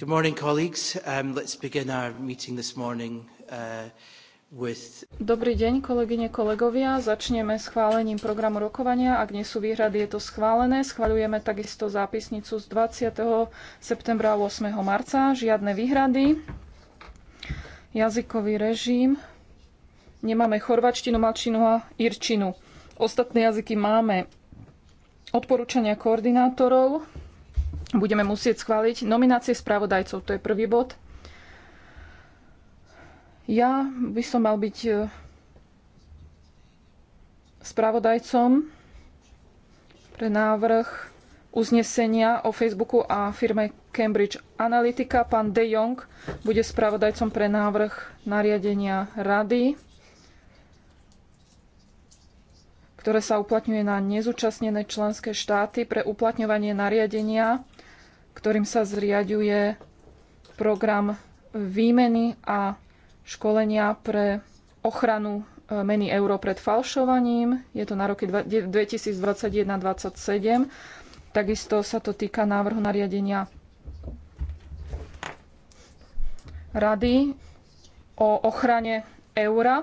Good morning, colleagues. Um, let's begin our meeting this morning uh, with... Dobrý deň, kolegyne, kolegovia. Začneme schválením programu rokovania. Ak nie sú výhrady, je to schválené. Schváľujeme takisto zápisnicu z 20. septembra a 8. marca. Žiadne výhrady. Jazykový režim. Nemáme chorvačtinu, malčinu a irčinu. Ostatné jazyky máme. Odporúčania koordinátorov budeme musieť schváliť nominácie spravodajcov. To je prvý bod. Ja by som mal byť e, spravodajcom pre návrh uznesenia o Facebooku a firme Cambridge Analytica. Pán De Jong bude spravodajcom pre návrh nariadenia rady, ktoré sa uplatňuje na nezúčastnené členské štáty pre uplatňovanie nariadenia ktorým sa zriaďuje program výmeny a školenia pre ochranu e, meny euro pred falšovaním. Je to na roky 2021-2027. Takisto sa to týka návrhu nariadenia Rady o ochrane eura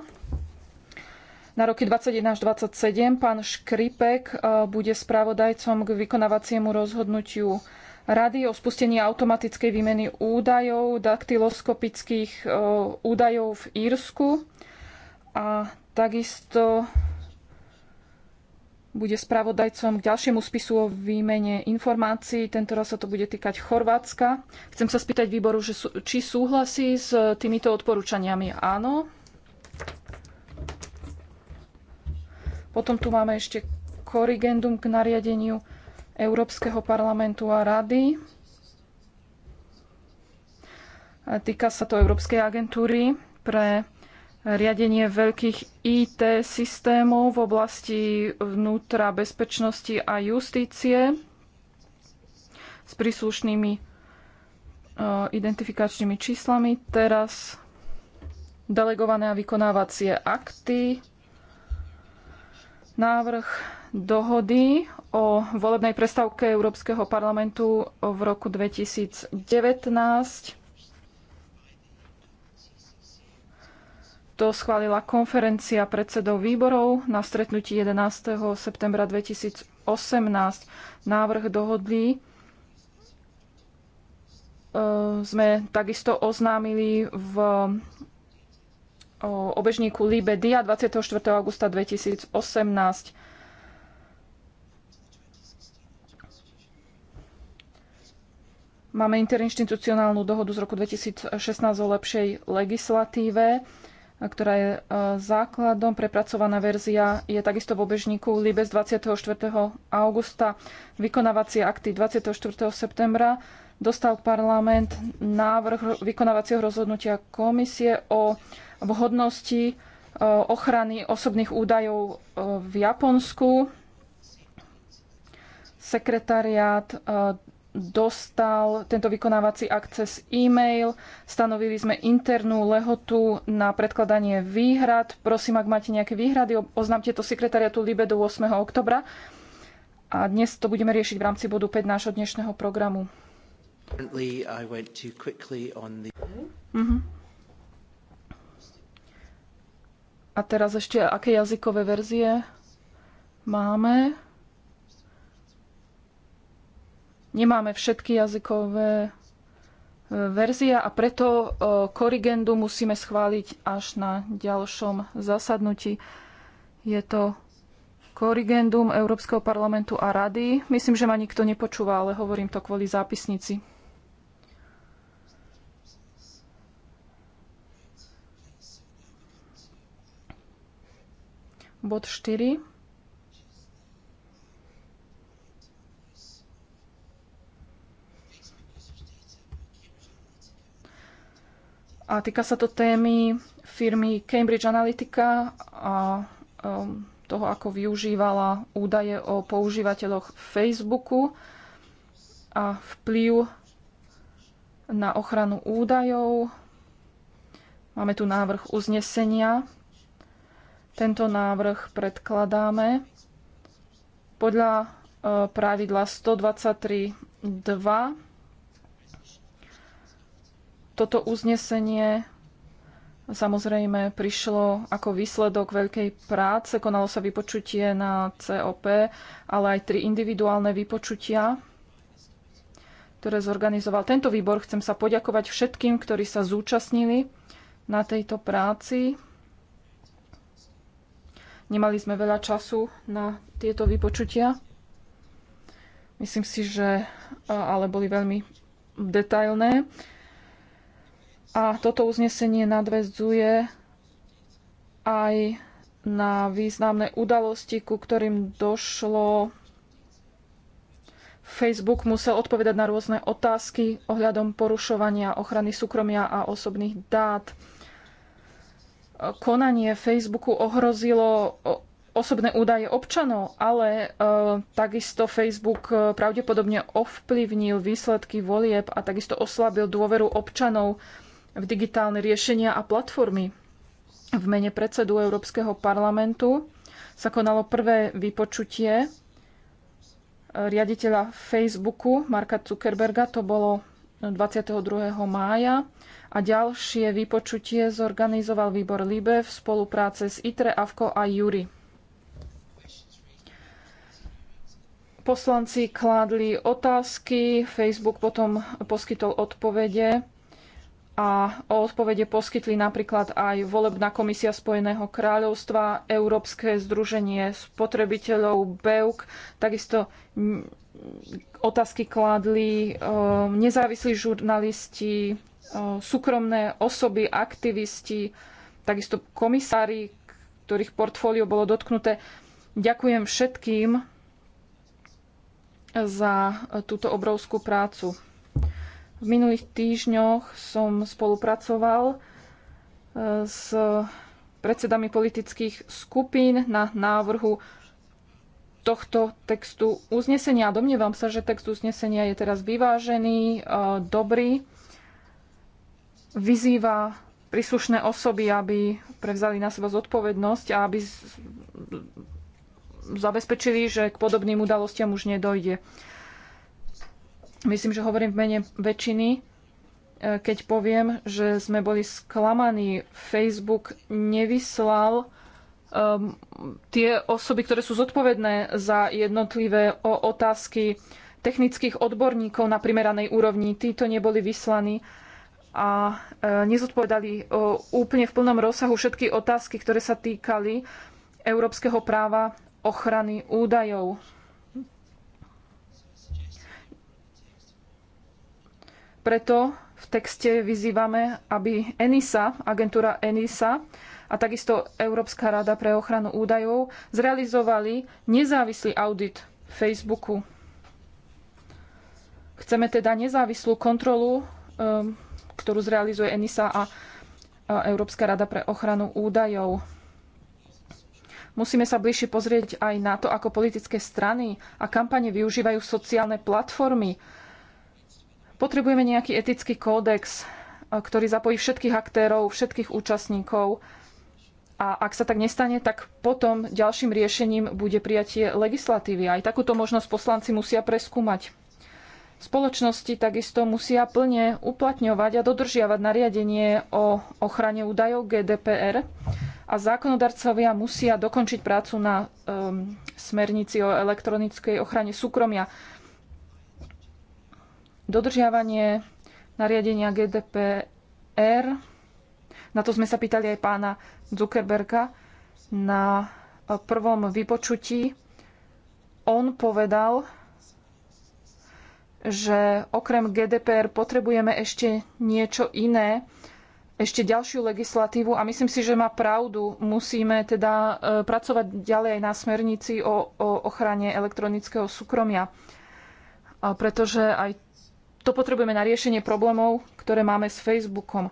na roky 21 až 27. Pán Škripek e, bude spravodajcom k vykonávaciemu rozhodnutiu rady o spustení automatickej výmeny údajov, daktyloskopických e, údajov v Írsku a takisto bude spravodajcom k ďalšiemu spisu o výmene informácií. Tentoraz sa to bude týkať Chorvátska. Chcem sa spýtať výboru, že, či súhlasí s týmito odporúčaniami. Áno. Potom tu máme ešte korigendum k nariadeniu Európskeho parlamentu a rady. Týka sa to Európskej agentúry pre riadenie veľkých IT systémov v oblasti vnútra, bezpečnosti a justície s príslušnými e, identifikačnými číslami. Teraz delegované a vykonávacie akty, návrh dohody o volebnej prestávke Európskeho parlamentu v roku 2019. To schválila konferencia predsedov výborov na stretnutí 11. septembra 2018. Návrh dohodli e, sme takisto oznámili v obežníku Libe Dia 24. augusta 2018 Máme interinstitucionálnu dohodu z roku 2016 o lepšej legislatíve, ktorá je e, základom. Prepracovaná verzia je takisto v obežníku Libes 24. augusta. Vykonávacie akty 24. septembra dostal parlament návrh vykonávacieho rozhodnutia komisie o vhodnosti e, ochrany osobných údajov e, v Japonsku. Sekretariát dostal tento vykonávací akt cez e-mail. Stanovili sme internú lehotu na predkladanie výhrad. Prosím, ak máte nejaké výhrady, oznámte to sekretariatu Libe do 8. oktobra. A dnes to budeme riešiť v rámci bodu 5 nášho dnešného programu. Mhm. A teraz ešte, aké jazykové verzie máme? Nemáme všetky jazykové e, verzie a preto e, korigendu musíme schváliť až na ďalšom zasadnutí. Je to korigendum Európskeho parlamentu a rady. Myslím, že ma nikto nepočúva, ale hovorím to kvôli zápisnici. Bod 4. A týka sa to témy firmy Cambridge Analytica a um, toho, ako využívala údaje o používateľoch Facebooku a vplyv na ochranu údajov. Máme tu návrh uznesenia. Tento návrh predkladáme podľa e, pravidla 123.2 toto uznesenie samozrejme prišlo ako výsledok veľkej práce. Konalo sa vypočutie na COP, ale aj tri individuálne vypočutia, ktoré zorganizoval tento výbor. Chcem sa poďakovať všetkým, ktorí sa zúčastnili na tejto práci. Nemali sme veľa času na tieto vypočutia. Myslím si, že ale boli veľmi detailné. A toto uznesenie nadvezuje aj na významné udalosti, ku ktorým došlo. Facebook musel odpovedať na rôzne otázky ohľadom porušovania ochrany súkromia a osobných dát. Konanie Facebooku ohrozilo osobné údaje občanov, ale e, takisto Facebook e, pravdepodobne ovplyvnil výsledky volieb a takisto oslabil dôveru občanov v digitálne riešenia a platformy. V mene predsedu Európskeho parlamentu sa konalo prvé vypočutie eh, riaditeľa Facebooku Marka Zuckerberga. To bolo 22. Eh, mája a ďalšie vypočutie zorganizoval výbor LIBE v spolupráce s ITRE, AVKO a JURI. Poslanci kládli otázky, Facebook potom poskytol odpovede a o odpovede poskytli napríklad aj Volebná komisia Spojeného kráľovstva, Európske združenie spotrebiteľov BEUK, takisto otázky kladli, e, nezávislí žurnalisti, e, súkromné osoby, aktivisti, takisto komisári, ktorých portfólio bolo dotknuté. Ďakujem všetkým za túto obrovskú prácu. V minulých týždňoch som spolupracoval e, s predsedami politických skupín na návrhu tohto textu uznesenia. Domnievam sa, že text uznesenia je teraz vyvážený, e, dobrý. Vyzýva príslušné osoby, aby prevzali na seba zodpovednosť a aby zabezpečili, že k podobným udalostiam už nedojde myslím, že hovorím v mene väčšiny, e, keď poviem, že sme boli sklamaní. Facebook nevyslal um, tie osoby, ktoré sú zodpovedné za jednotlivé otázky technických odborníkov na primeranej úrovni. Títo neboli vyslaní a e, nezodpovedali e, úplne v plnom rozsahu všetky otázky, ktoré sa týkali európskeho práva ochrany údajov. Preto v texte vyzývame, aby ENISA, agentúra ENISA a takisto Európska rada pre ochranu údajov zrealizovali nezávislý audit Facebooku. Chceme teda nezávislú kontrolu, ehm, ktorú zrealizuje ENISA a Európska rada pre ochranu údajov. Musíme sa bližšie pozrieť aj na to, ako politické strany a kampane využívajú sociálne platformy Potrebujeme nejaký etický kódex, e, ktorý zapojí všetkých aktérov, všetkých účastníkov. A ak sa tak nestane, tak potom ďalším riešením bude prijatie legislatívy. Aj takúto možnosť poslanci musia preskúmať. Spoločnosti takisto musia plne uplatňovať a dodržiavať nariadenie o ochrane údajov GDPR a zákonodarcovia musia dokončiť prácu na um, smernici o elektronickej ochrane súkromia. Dodržiavanie nariadenia GDPR, na to sme sa pýtali aj pána Zuckerberga na prvom vypočutí. On povedal, že okrem GDPR potrebujeme ešte niečo iné, ešte ďalšiu legislatívu a myslím si, že má pravdu. Musíme teda e, pracovať ďalej aj na smernici o, o ochrane elektronického súkromia. pretože aj to potrebujeme na riešenie problémov, ktoré máme s Facebookom.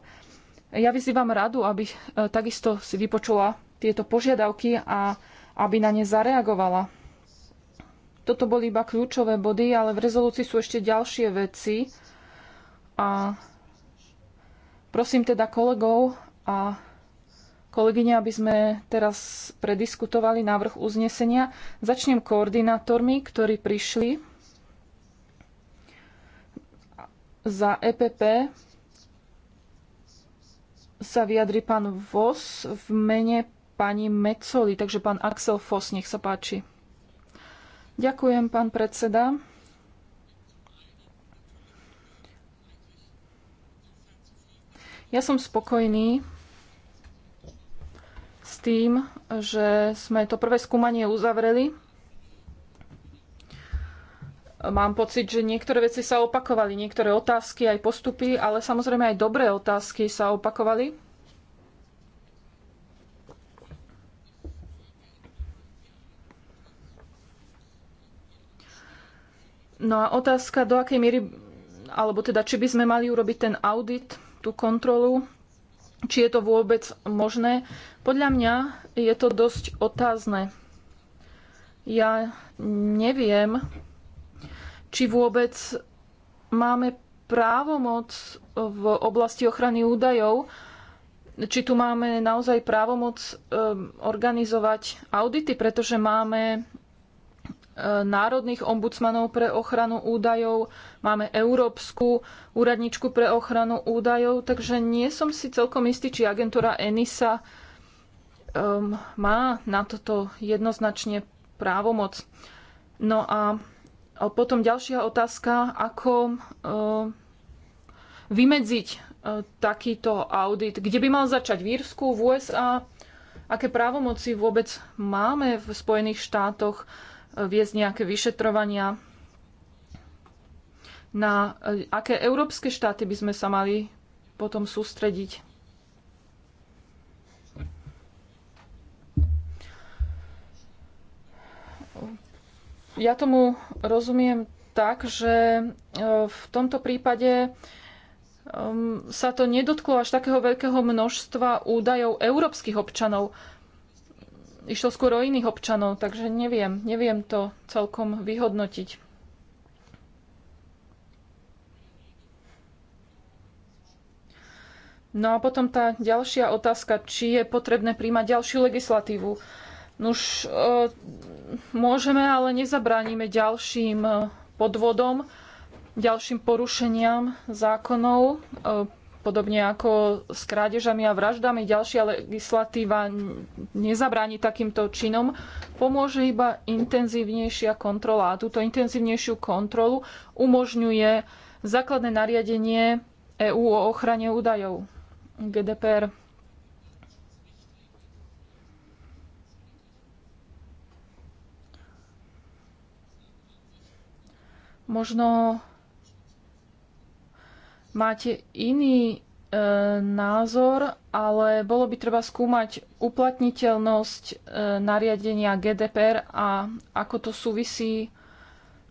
Ja vyzývam radu, aby e, takisto si vypočula tieto požiadavky a aby na ne zareagovala. Toto boli iba kľúčové body, ale v rezolúcii sú ešte ďalšie veci. A prosím teda kolegov a kolegyne, aby sme teraz prediskutovali návrh uznesenia. Začnem koordinátormi, ktorí prišli. Za EPP sa vyjadri pán Vos v mene pani Mecoli, takže pán Axel Fos, nech sa páči. Ďakujem, pán predseda. Ja som spokojný s tým, že sme to prvé skúmanie uzavreli Mám pocit, že niektoré veci sa opakovali, niektoré otázky, aj postupy, ale samozrejme aj dobré otázky sa opakovali. No a otázka, do akej miery, alebo teda, či by sme mali urobiť ten audit, tú kontrolu, či je to vôbec možné. Podľa mňa je to dosť otázne. Ja neviem, či vôbec máme právomoc v oblasti ochrany údajov, či tu máme naozaj právomoc ehm, organizovať audity, pretože máme ehm, národných ombudsmanov pre ochranu údajov, máme európsku úradničku pre ochranu údajov, takže nie som si celkom istý, či agentúra ENISA ehm, má na toto jednoznačne právomoc. No a a potom ďalšia otázka, ako eh, vymedziť eh, takýto audit, kde by mal začať v Írsku, v USA, aké právomoci vôbec máme v Spojených štátoch eh, viesť nejaké vyšetrovania, na aké európske štáty by sme sa mali potom sústrediť. ja tomu rozumiem tak, že e, v tomto prípade um, sa to nedotklo až takého veľkého množstva údajov európskych občanov. Išlo skôr o iných občanov, takže neviem, neviem to celkom vyhodnotiť. No a potom tá ďalšia otázka, či je potrebné príjmať ďalšiu legislatívu. Nuž, e, môžeme, ale nezabránime ďalším e, podvodom, ďalším porušeniam zákonov, e, podobne ako s krádežami a vraždami. Ďalšia legislatíva nezabráni takýmto činom. Pomôže iba intenzívnejšia kontrola. A túto intenzívnejšiu kontrolu umožňuje základné nariadenie EÚ o ochrane údajov, GDPR. Možno máte iný e, názor, ale bolo by treba skúmať uplatniteľnosť e, nariadenia GDPR a ako to súvisí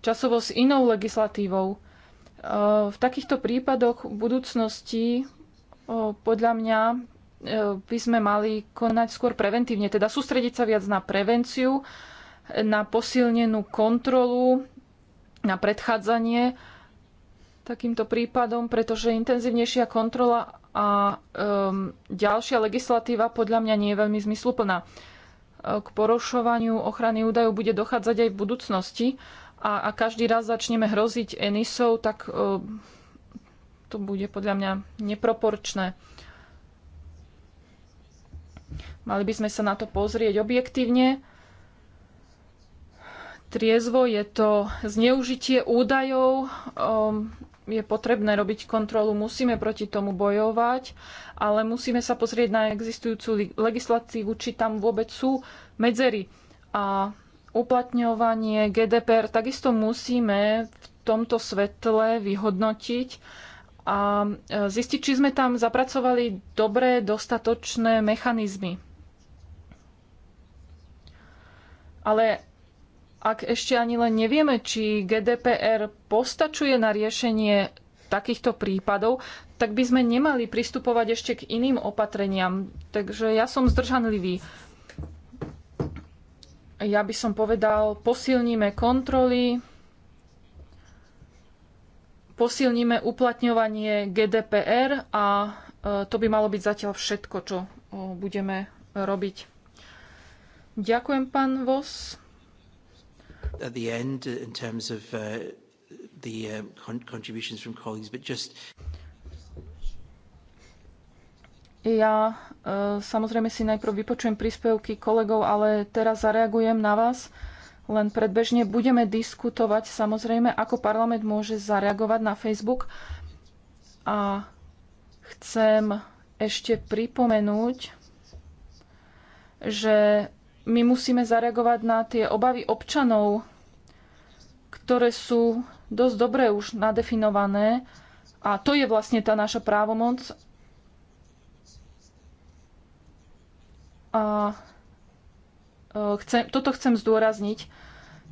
časovo s inou legislatívou. E, v takýchto prípadoch v budúcnosti e, podľa mňa e, by sme mali konať skôr preventívne, teda sústrediť sa viac na prevenciu, na posilnenú kontrolu na predchádzanie takýmto prípadom, pretože intenzívnejšia kontrola a um, ďalšia legislatíva podľa mňa nie je veľmi zmysluplná. E, k porušovaniu ochrany údajov bude dochádzať aj v budúcnosti a, a každý raz začneme hroziť enisov, tak um, to bude podľa mňa neproporčné. Mali by sme sa na to pozrieť objektívne triezvo, je to zneužitie údajov, um, je potrebné robiť kontrolu, musíme proti tomu bojovať, ale musíme sa pozrieť na existujúcu legislatívu, či tam vôbec sú medzery. A uplatňovanie GDPR takisto musíme v tomto svetle vyhodnotiť a e, zistiť, či sme tam zapracovali dobré, dostatočné mechanizmy. Ale ak ešte ani len nevieme, či GDPR postačuje na riešenie takýchto prípadov, tak by sme nemali pristupovať ešte k iným opatreniam. Takže ja som zdržanlivý. Ja by som povedal, posilníme kontroly, posilníme uplatňovanie GDPR a e, to by malo byť zatiaľ všetko, čo e, budeme robiť. Ďakujem, pán Vos at the end in terms of uh, the um, con contributions from colleagues, but just... Ja uh, samozrejme si najprv vypočujem príspevky kolegov, ale teraz zareagujem na vás. Len predbežne budeme diskutovať samozrejme, ako parlament môže zareagovať na Facebook. A chcem ešte pripomenúť, že my musíme zareagovať na tie obavy občanov, ktoré sú dosť dobre už nadefinované. A to je vlastne tá naša právomoc. A e, chcem, toto chcem zdôrazniť,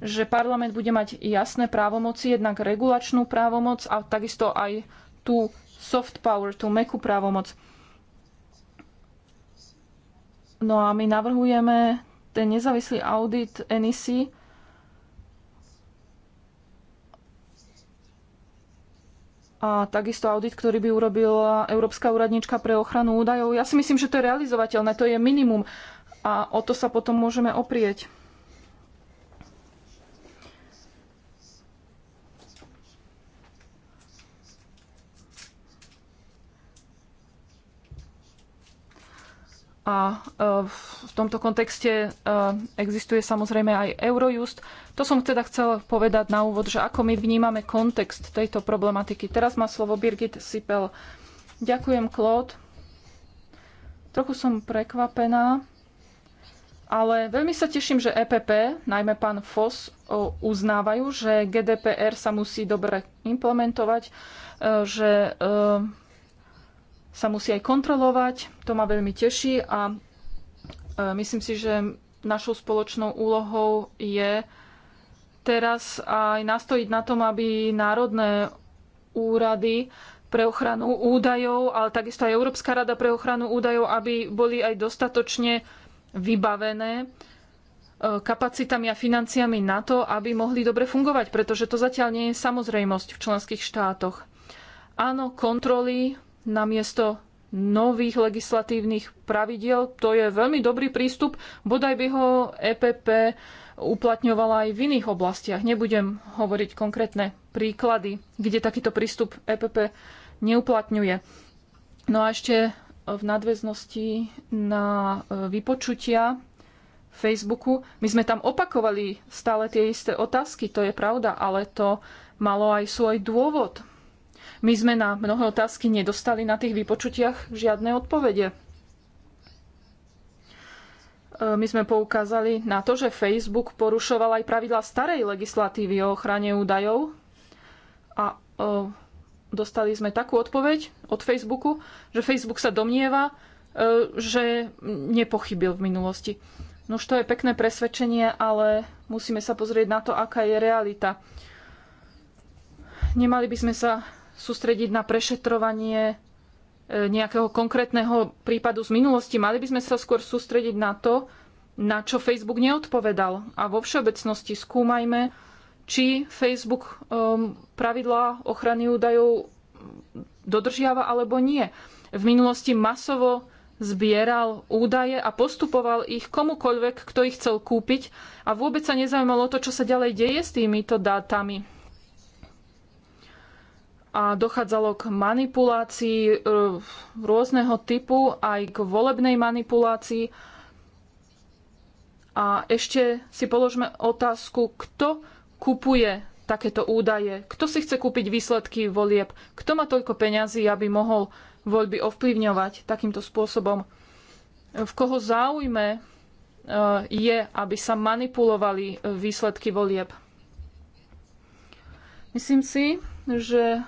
že parlament bude mať jasné právomoci, jednak regulačnú právomoc a takisto aj tú soft power, tú mekú právomoc. No a my navrhujeme ten nezávislý audit NEC a takisto audit, ktorý by urobila Európska úradnička pre ochranu údajov. Ja si myslím, že to je realizovateľné, to je minimum a o to sa potom môžeme oprieť. A e, v tomto kontexte e, existuje samozrejme aj Eurojust. To som teda chcel povedať na úvod, že ako my vnímame kontext tejto problematiky. Teraz má slovo Birgit Sipel. Ďakujem, Claude. Trochu som prekvapená, ale veľmi sa teším, že EPP, najmä pán FOS, e, uznávajú, že GDPR sa musí dobre implementovať, že sa musí aj kontrolovať. To ma veľmi teší a e, myslím si, že našou spoločnou úlohou je teraz aj nastojiť na tom, aby národné úrady pre ochranu údajov, ale takisto aj Európska rada pre ochranu údajov, aby boli aj dostatočne vybavené e, kapacitami a financiami na to, aby mohli dobre fungovať, pretože to zatiaľ nie je samozrejmosť v členských štátoch. Áno, kontroly namiesto nových legislatívnych pravidiel. To je veľmi dobrý prístup, bodaj by ho EPP uplatňovala aj v iných oblastiach. Nebudem hovoriť konkrétne príklady, kde takýto prístup EPP neuplatňuje. No a ešte v nadväznosti na e, vypočutia Facebooku. My sme tam opakovali stále tie isté otázky, to je pravda, ale to malo aj svoj dôvod my sme na mnohé otázky nedostali na tých vypočutiach žiadne odpovede. E, my sme poukázali na to, že Facebook porušoval aj pravidla starej legislatívy o ochrane údajov a e, dostali sme takú odpoveď od Facebooku, že Facebook sa domnieva, e, že nepochybil v minulosti. No už to je pekné presvedčenie, ale musíme sa pozrieť na to, aká je realita. Nemali by sme sa sústrediť na prešetrovanie e, nejakého konkrétneho prípadu z minulosti. Mali by sme sa skôr sústrediť na to, na čo Facebook neodpovedal. A vo všeobecnosti skúmajme, či Facebook um, pravidlá ochrany údajov dodržiava alebo nie. V minulosti masovo zbieral údaje a postupoval ich komukoľvek, kto ich chcel kúpiť a vôbec sa nezaujímalo to, čo sa ďalej deje s týmito dátami a dochádzalo k manipulácii e, rôzneho typu, aj k volebnej manipulácii. A ešte si položme otázku, kto kupuje takéto údaje, kto si chce kúpiť výsledky volieb, kto má toľko peňazí, aby mohol voľby ovplyvňovať takýmto spôsobom, v koho záujme e, je, aby sa manipulovali e, výsledky volieb. Myslím si, že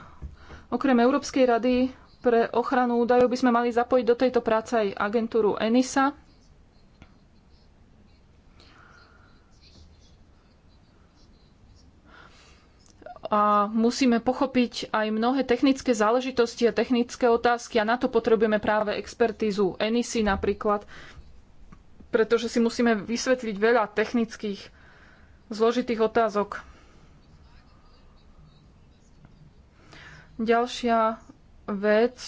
Okrem Európskej rady pre ochranu údajov by sme mali zapojiť do tejto práce aj agentúru ENISA. A musíme pochopiť aj mnohé technické záležitosti a technické otázky a na to potrebujeme práve expertízu ENISY napríklad, pretože si musíme vysvetliť veľa technických zložitých otázok. Ďalšia vec,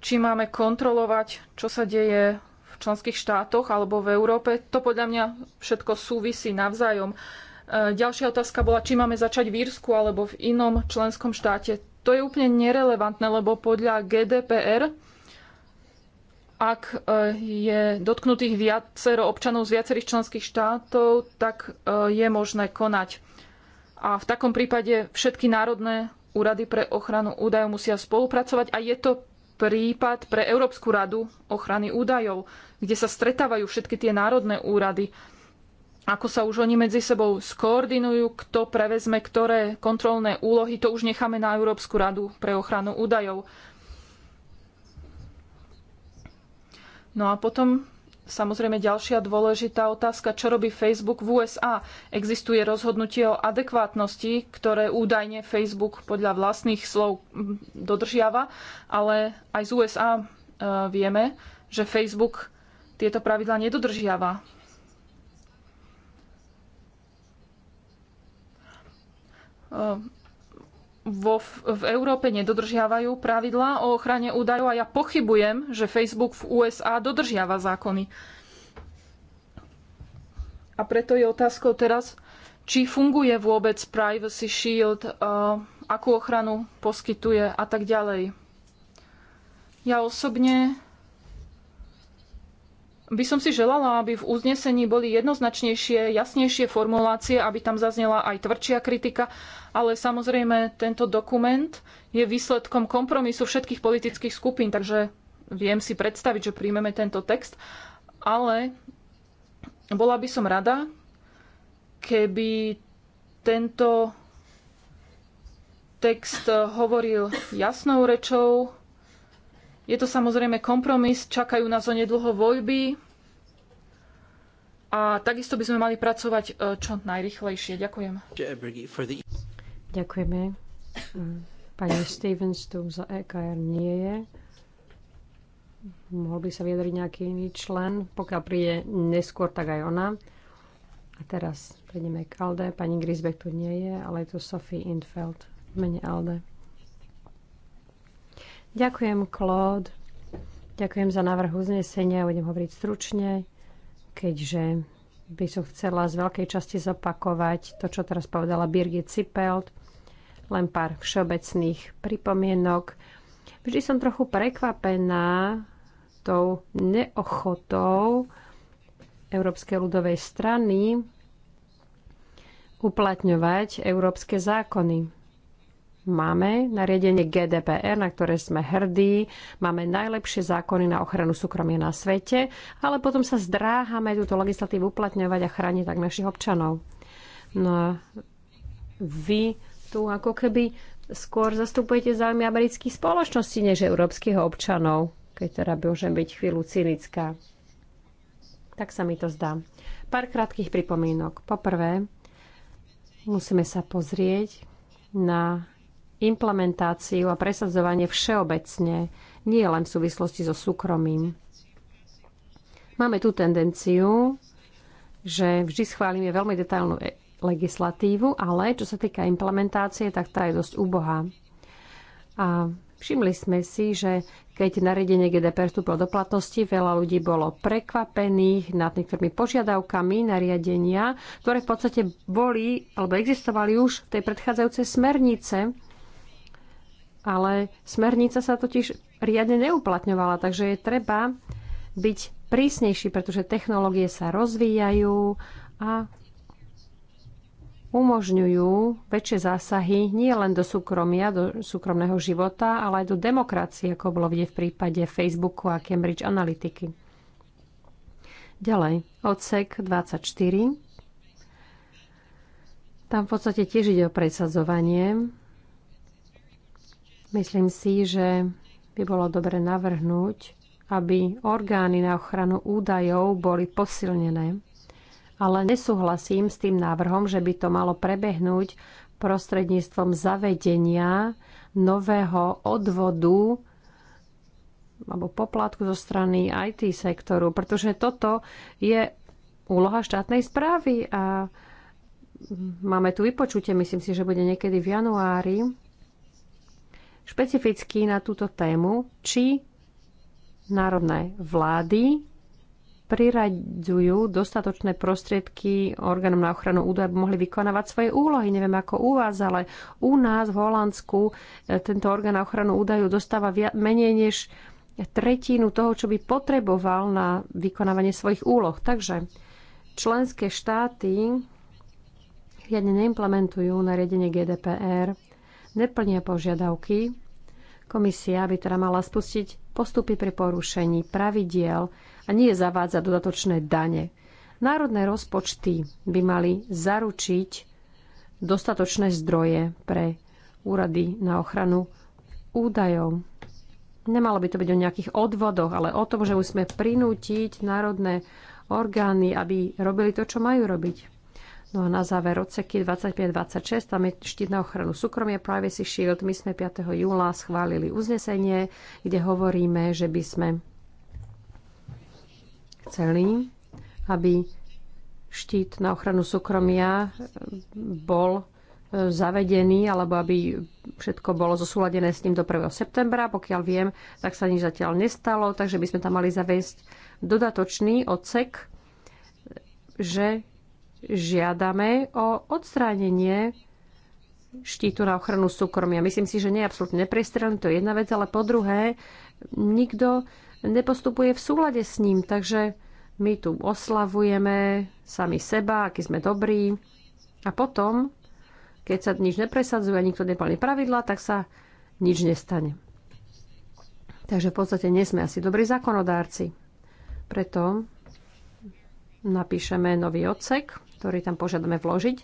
či máme kontrolovať, čo sa deje v členských štátoch alebo v Európe, to podľa mňa všetko súvisí navzájom. E, ďalšia otázka bola, či máme začať v Írsku alebo v inom členskom štáte. To je úplne nerelevantné, lebo podľa GDPR, ak e, je dotknutých viacero občanov z viacerých členských štátov, tak e, je možné konať. A v takom prípade všetky národné úrady pre ochranu údajov musia spolupracovať a je to prípad pre Európsku radu ochrany údajov, kde sa stretávajú všetky tie národné úrady. Ako sa už oni medzi sebou skoordinujú, kto prevezme ktoré kontrolné úlohy, to už necháme na Európsku radu pre ochranu údajov. No a potom Samozrejme ďalšia dôležitá otázka, čo robí Facebook v USA. Existuje rozhodnutie o adekvátnosti, ktoré údajne Facebook podľa vlastných slov mm, dodržiava, ale aj z USA e, vieme, že Facebook tieto pravidla nedodržiava. Uh, vo, v Európe nedodržiavajú pravidlá o ochrane údajov a ja pochybujem, že Facebook v USA dodržiava zákony. A preto je otázkou teraz, či funguje vôbec Privacy Shield, akú ochranu poskytuje a tak ďalej. Ja osobne by som si želala, aby v uznesení boli jednoznačnejšie, jasnejšie formulácie, aby tam zaznela aj tvrdšia kritika, ale samozrejme tento dokument je výsledkom kompromisu všetkých politických skupín, takže viem si predstaviť, že príjmeme tento text, ale bola by som rada, keby tento text hovoril jasnou rečou, je to samozrejme kompromis, čakajú nás nedlho voľby a takisto by sme mali pracovať e, čo najrychlejšie. Ďakujem. Ďakujeme. Pani Stevens tu za EKR nie je. Mohol by sa vyjadriť nejaký iný člen. Pokiaľ príde neskôr, tak aj ona. A teraz prejdeme k Alde. Pani Grisbeck tu nie je, ale je tu Sophie Infeld v mene Alde. Ďakujem, Claude. Ďakujem za návrh uznesenia. Budem hovoriť stručne, keďže by som chcela z veľkej časti zopakovať to, čo teraz povedala Birgit Cipelt. Len pár všeobecných pripomienok. Vždy som trochu prekvapená tou neochotou Európskej ľudovej strany uplatňovať európske zákony. Máme nariadenie GDPR, na ktoré sme hrdí, máme najlepšie zákony na ochranu súkromia na svete, ale potom sa zdráhame túto legislatívu uplatňovať a chrániť tak našich občanov. No a vy tu ako keby skôr zastupujete záujmy amerických spoločností než európskych občanov, keď teda môžem byť chvíľu cynická. Tak sa mi to zdá. Pár krátkých pripomínok. Poprvé, musíme sa pozrieť na implementáciu a presadzovanie všeobecne, nie len v súvislosti so súkromím. Máme tu tendenciu, že vždy schválime veľmi detailnú e- legislatívu, ale čo sa týka implementácie, tak tá je dosť úbohá. A všimli sme si, že keď nariadenie GDPR vstúpilo do platnosti, veľa ľudí bolo prekvapených nad niektorými požiadavkami nariadenia, ktoré v podstate boli alebo existovali už v tej predchádzajúcej smernice ale smernica sa totiž riadne neuplatňovala, takže je treba byť prísnejší, pretože technológie sa rozvíjajú a umožňujú väčšie zásahy nie len do súkromia, do súkromného života, ale aj do demokracie, ako bolo vidieť v prípade Facebooku a Cambridge Analytiky. Ďalej, odsek 24. Tam v podstate tiež ide o presadzovanie Myslím si, že by bolo dobre navrhnúť, aby orgány na ochranu údajov boli posilnené. Ale nesúhlasím s tým návrhom, že by to malo prebehnúť prostredníctvom zavedenia nového odvodu alebo poplatku zo strany IT sektoru, pretože toto je úloha štátnej správy a máme tu vypočutie, myslím si, že bude niekedy v januári špecificky na túto tému, či národné vlády priradzujú dostatočné prostriedky orgánom na ochranu údajov, aby mohli vykonávať svoje úlohy. Neviem ako u vás, ale u nás v Holandsku e, tento orgán na ochranu údajov dostáva menej než tretinu toho, čo by potreboval na vykonávanie svojich úloh. Takže členské štáty riadne neimplementujú nariadenie GDPR neplnia požiadavky, komisia by teda mala spustiť postupy pri porušení pravidiel a nie zavádzať dodatočné dane. Národné rozpočty by mali zaručiť dostatočné zdroje pre úrady na ochranu údajov. Nemalo by to byť o nejakých odvodoch, ale o tom, že musíme prinútiť národné orgány, aby robili to, čo majú robiť. No a na záver odseky 25-26, tam je štít na ochranu súkromia Privacy Shield. My sme 5. júla schválili uznesenie, kde hovoríme, že by sme chceli, aby štít na ochranu súkromia bol e, zavedený, alebo aby všetko bolo zosúladené s ním do 1. septembra. Pokiaľ viem, tak sa nič zatiaľ nestalo, takže by sme tam mali zaviesť dodatočný odsek, že žiadame o odstránenie štítu na ochranu súkromia. Myslím si, že nie je absolútne neprestrelné, to je jedna vec, ale po druhé, nikto nepostupuje v súlade s ním, takže my tu oslavujeme sami seba, aký sme dobrí. A potom, keď sa nič nepresadzuje a nikto neplní pravidla, tak sa nič nestane. Takže v podstate nie sme asi dobrí zákonodárci. Preto napíšeme nový odsek ktorý tam požiadame vložiť,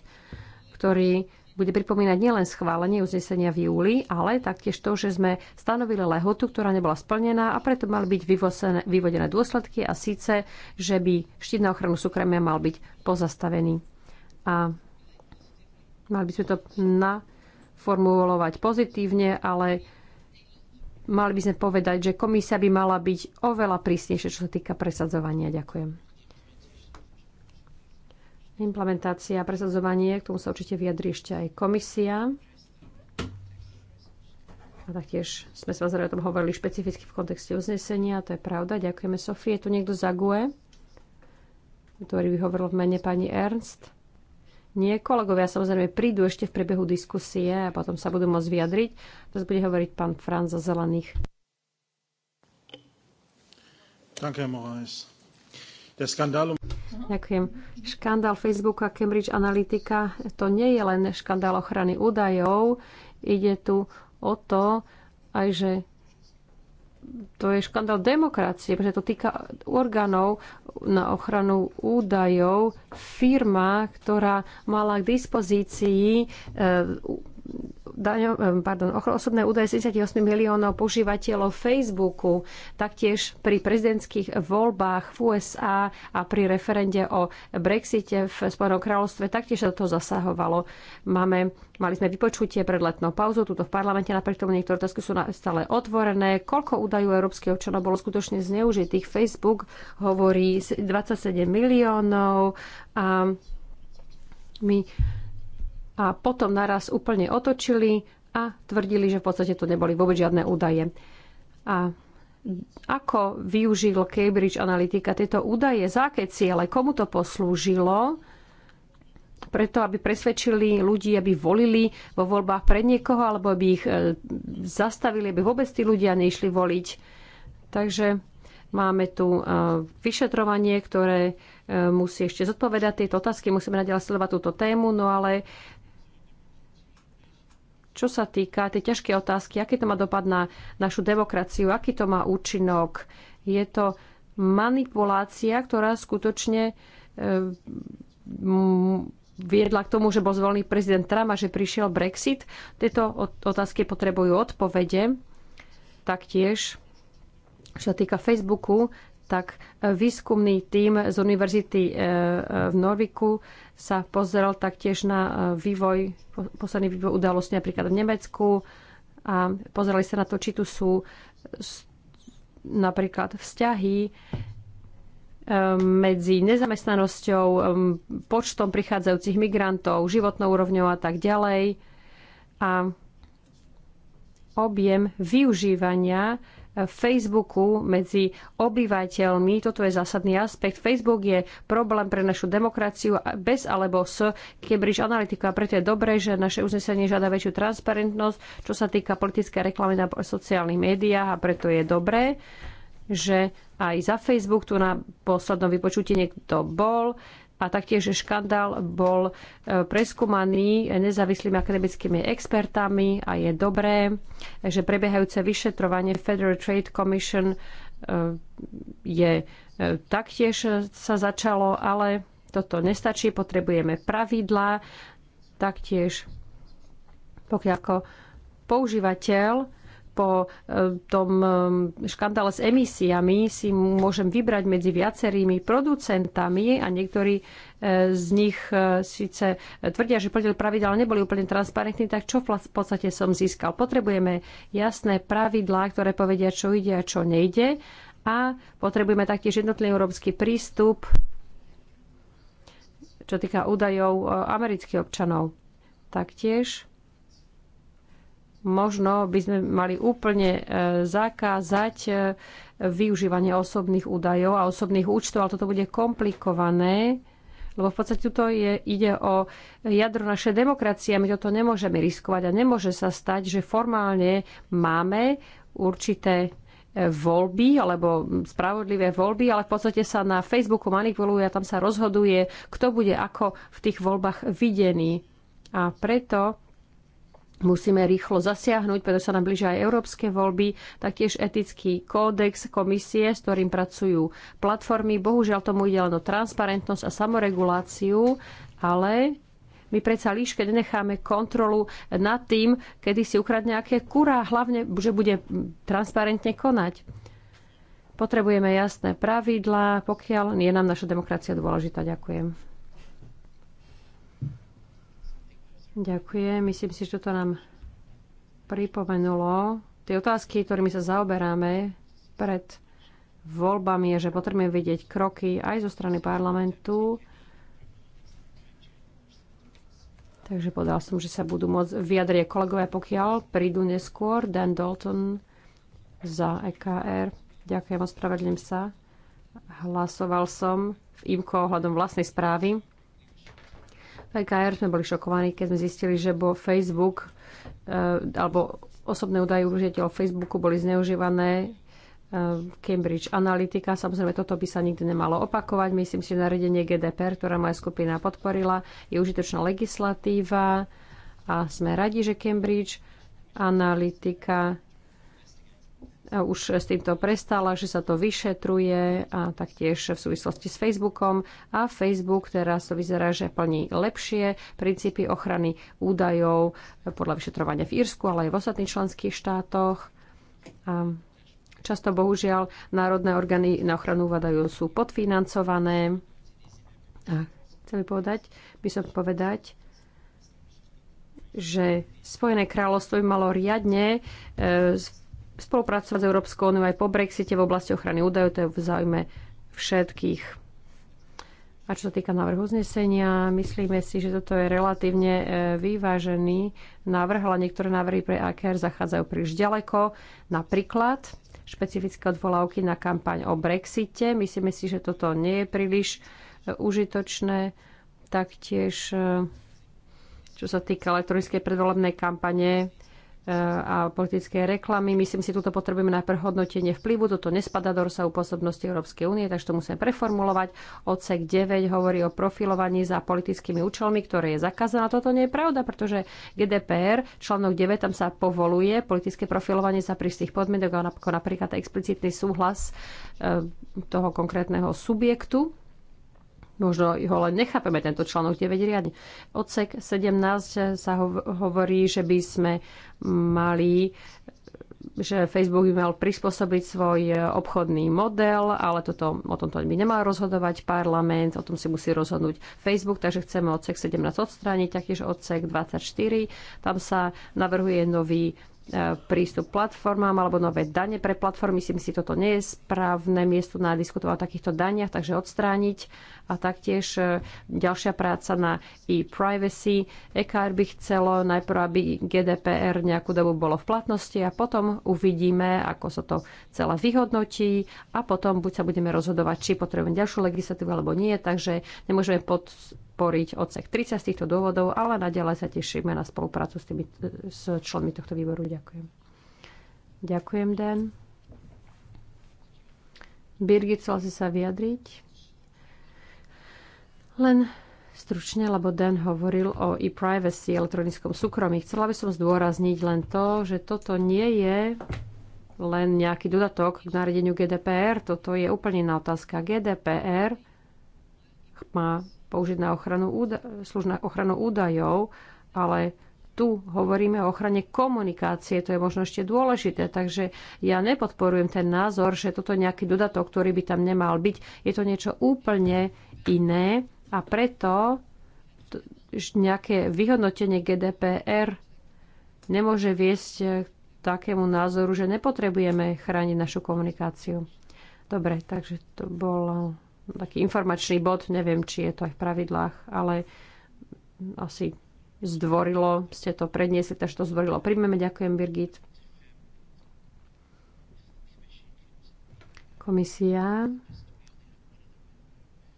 ktorý bude pripomínať nielen schválenie uznesenia v júli, ale taktiež to, že sme stanovili lehotu, ktorá nebola splnená a preto mali byť vyvosené, vyvodené dôsledky a síce, že by štít na ochranu súkromia mal byť pozastavený. A mali by sme to naformulovať pozitívne, ale mali by sme povedať, že komisia by mala byť oveľa prísnejšia, čo sa týka presadzovania. Ďakujem implementácia a presadzovanie, k tomu sa určite vyjadrí ešte aj komisia. A taktiež sme sa o tom hovorili špecificky v kontexte uznesenia, to je pravda. Ďakujeme Sofie. Je tu niekto za GUE, ktorý by hovoril v mene pani Ernst? Nie, kolegovia samozrejme prídu ešte v priebehu diskusie a potom sa budú môcť vyjadriť. Teraz bude hovoriť pán Franz za zelených. Ďakujem, Moraes. Der Skandal um Mhm. Ďakujem. Škandál Facebooka a Cambridge Analytica to nie je len škandál ochrany údajov. Ide tu o to aj, že to je škandál demokracie, pretože to týka orgánov na ochranu údajov. Firma, ktorá mala k dispozícii e, daňo, pardon, osobné údaje 78 miliónov používateľov Facebooku, taktiež pri prezidentských voľbách v USA a pri referende o Brexite v Spojenom kráľovstve, taktiež sa do toho zasahovalo. Máme, mali sme vypočutie pred letnou pauzou, tuto v parlamente, napriek tomu niektoré otázky sú stále otvorené. Koľko údajov európskych občanov bolo skutočne zneužitých? Facebook hovorí 27 miliónov a my a potom naraz úplne otočili a tvrdili, že v podstate tu neboli vôbec žiadne údaje. A ako využil Cambridge Analytica tieto údaje, za aké ciele, komu to poslúžilo, preto, aby presvedčili ľudí, aby volili vo voľbách pre niekoho, alebo aby ich e, zastavili, aby vôbec tí ľudia neišli voliť. Takže máme tu e, vyšetrovanie, ktoré e, musí ešte zodpovedať tieto otázky, musíme naďalej sledovať túto tému, no ale čo sa týka tej ťažkej otázky, aký to má dopad na našu demokraciu, aký to má účinok, je to manipulácia, ktorá skutočne eh, viedla k tomu, že bol zvolený prezident Trump a že prišiel Brexit. Tieto otázky potrebujú odpovede. Taktiež, čo sa týka Facebooku, tak e, výskumný tím z univerzity e, e, v Norviku sa pozrel taktiež na vývoj, posledný vývoj udalosti napríklad v Nemecku a pozerali sa na to, či tu sú napríklad vzťahy medzi nezamestnanosťou, počtom prichádzajúcich migrantov, životnou úrovňou a tak ďalej. A objem využívania Facebooku medzi obyvateľmi. Toto je zásadný aspekt. Facebook je problém pre našu demokraciu bez alebo s Cambridge Analytica. Preto je dobré, že naše uznesenie žiada väčšiu transparentnosť, čo sa týka politické reklamy na sociálnych médiách a preto je dobré, že aj za Facebook tu na poslednom vypočutí niekto bol a taktiež škandál bol e, preskúmaný nezávislými akademickými expertami a je dobré, že prebiehajúce vyšetrovanie Federal Trade Commission e, je e, taktiež sa začalo, ale toto nestačí, potrebujeme pravidlá, taktiež pokiaľ ako používateľ po e, tom e, škandále s emisiami si môžem vybrať medzi viacerými producentami a niektorí e, z nich síce tvrdia, že plnili pravidla, neboli úplne transparentní, tak čo v podstate som získal? Potrebujeme jasné pravidlá, ktoré povedia, čo ide a čo nejde a potrebujeme taktiež jednotný európsky prístup, čo týka údajov amerických občanov. Taktiež možno by sme mali úplne e, zakázať e, využívanie osobných údajov a osobných účtov, ale toto bude komplikované, lebo v podstate tuto je, ide o jadro našej demokracie a my toto nemôžeme riskovať a nemôže sa stať, že formálne máme určité e, voľby alebo spravodlivé voľby, ale v podstate sa na Facebooku manipuluje a tam sa rozhoduje, kto bude ako v tých voľbách videný. A preto Musíme rýchlo zasiahnuť, pretože sa nám blížia aj európske voľby, taktiež etický kódex komisie, s ktorým pracujú platformy. Bohužiaľ tomu ide len o transparentnosť a samoreguláciu, ale my predsa líške nenecháme kontrolu nad tým, kedy si ukradne aké kurá, hlavne, že bude transparentne konať. Potrebujeme jasné pravidlá, pokiaľ je nám naša demokracia dôležitá. Ďakujem. Ďakujem. Myslím si, že toto nám pripomenulo tie otázky, ktorými sa zaoberáme pred voľbami, je, že potrebujeme vidieť kroky aj zo strany parlamentu. Takže povedal som, že sa budú môcť vyjadrie kolegovia, pokiaľ prídu neskôr. Dan Dalton za EKR. Ďakujem, ospravedlím sa. Hlasoval som v IMKO ohľadom vlastnej správy. PKR sme boli šokovaní, keď sme zistili, že bol Facebook e, alebo osobné údaje užiteľov Facebooku boli zneužívané e, Cambridge Analytica. Samozrejme, toto by sa nikdy nemalo opakovať. Myslím si, že nariadenie GDPR, ktorá moja skupina podporila, je užitočná legislatíva a sme radi, že Cambridge Analytica už s týmto prestala, že sa to vyšetruje a taktiež v súvislosti s Facebookom. A Facebook teraz to vyzerá, že plní lepšie princípy ochrany údajov eh, podľa vyšetrovania v Írsku, ale aj v ostatných členských štátoch. A často bohužiaľ národné orgány na ochranu údajov sú podfinancované. A chcem povedať, by som povedať, že Spojené kráľovstvo by malo riadne eh, spolupracovať s Európskou úniou aj po Brexite v oblasti ochrany údajov, to je v záujme všetkých. A čo sa týka návrhu uznesenia, myslíme si, že toto je relatívne e, vyvážený návrh, ale niektoré návrhy pre AKR zachádzajú príliš ďaleko. Napríklad špecifické odvolávky na kampaň o Brexite. Myslíme si, že toto nie je príliš e, užitočné. Taktiež, e, čo sa týka elektronickej predvolebnej kampane, a politické reklamy. Myslím si, tuto potrebujeme najprv hodnotenie vplyvu. Toto nespada do rozsahu pôsobnosti Európskej únie, takže to musíme preformulovať. Odsek 9 hovorí o profilovaní za politickými účelmi, ktoré je zakázané. Toto nie je pravda, pretože GDPR, článok 9, tam sa povoluje politické profilovanie za prísnych podmienok, ako napríklad explicitný súhlas e, toho konkrétneho subjektu Možno ho len nechápeme, tento článok 9 riadne. Odsek 17 sa hovorí, že by sme mali že Facebook by mal prispôsobiť svoj obchodný model, ale toto, o tomto by nemal rozhodovať parlament, o tom si musí rozhodnúť Facebook, takže chceme odsek 17 odstrániť, taktiež odsek 24. Tam sa navrhuje nový E, prístup platformám alebo nové dane pre platformy. Myslím si, toto nie je správne miesto na diskutovať o takýchto daniach, takže odstrániť. A taktiež e, ďalšia práca na e-privacy. EKR by chcelo najprv, aby GDPR nejakú dobu bolo v platnosti a potom uvidíme, ako sa to celé vyhodnotí a potom buď sa budeme rozhodovať, či potrebujeme ďalšiu legislatívu alebo nie. Takže nemôžeme pod podporiť odsek 30 z týchto dôvodov, ale naďalej sa tešíme na spoluprácu s, tými, s členmi tohto výboru. Ďakujem. Ďakujem, Dan. Birgit, chcela si sa vyjadriť? Len stručne, lebo Dan hovoril o e-privacy, elektronickom súkromí. Chcela by som zdôrazniť len to, že toto nie je len nejaký dodatok k nariadeniu GDPR. Toto je úplne iná otázka. GDPR má použiť na ochranu, úda- služ ochranu údajov, ale tu hovoríme o ochrane komunikácie, to je možno ešte dôležité, takže ja nepodporujem ten názor, že toto je nejaký dodatok, ktorý by tam nemal byť. Je to niečo úplne iné a preto nejaké vyhodnotenie GDPR nemôže viesť eh, k takému názoru, že nepotrebujeme chrániť našu komunikáciu. Dobre, takže to bolo taký informačný bod, neviem, či je to aj v pravidlách, ale asi zdvorilo, ste to predniesli, takže to zdvorilo. Príjmeme, ďakujem, Birgit. Komisia.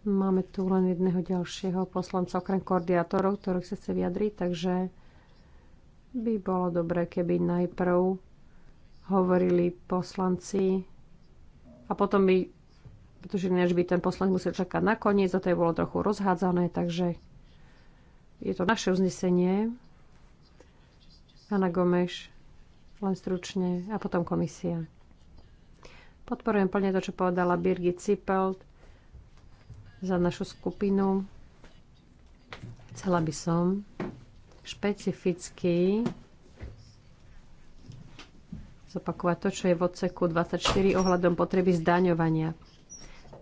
Máme tu len jedného ďalšieho poslanca, okrem koordinátorov, ktorých sa chce vyjadriť, takže by bolo dobré, keby najprv hovorili poslanci a potom by pretože ináč by ten poslanec musel čakať na koniec a to je bolo trochu rozhádzané, takže je to naše uznesenie. Ana Gomeš, len stručne, a potom komisia. Podporujem plne to, čo povedala Birgit Cipelt za našu skupinu. Chcela by som špecificky zopakovať to, čo je v odseku 24 ohľadom potreby zdaňovania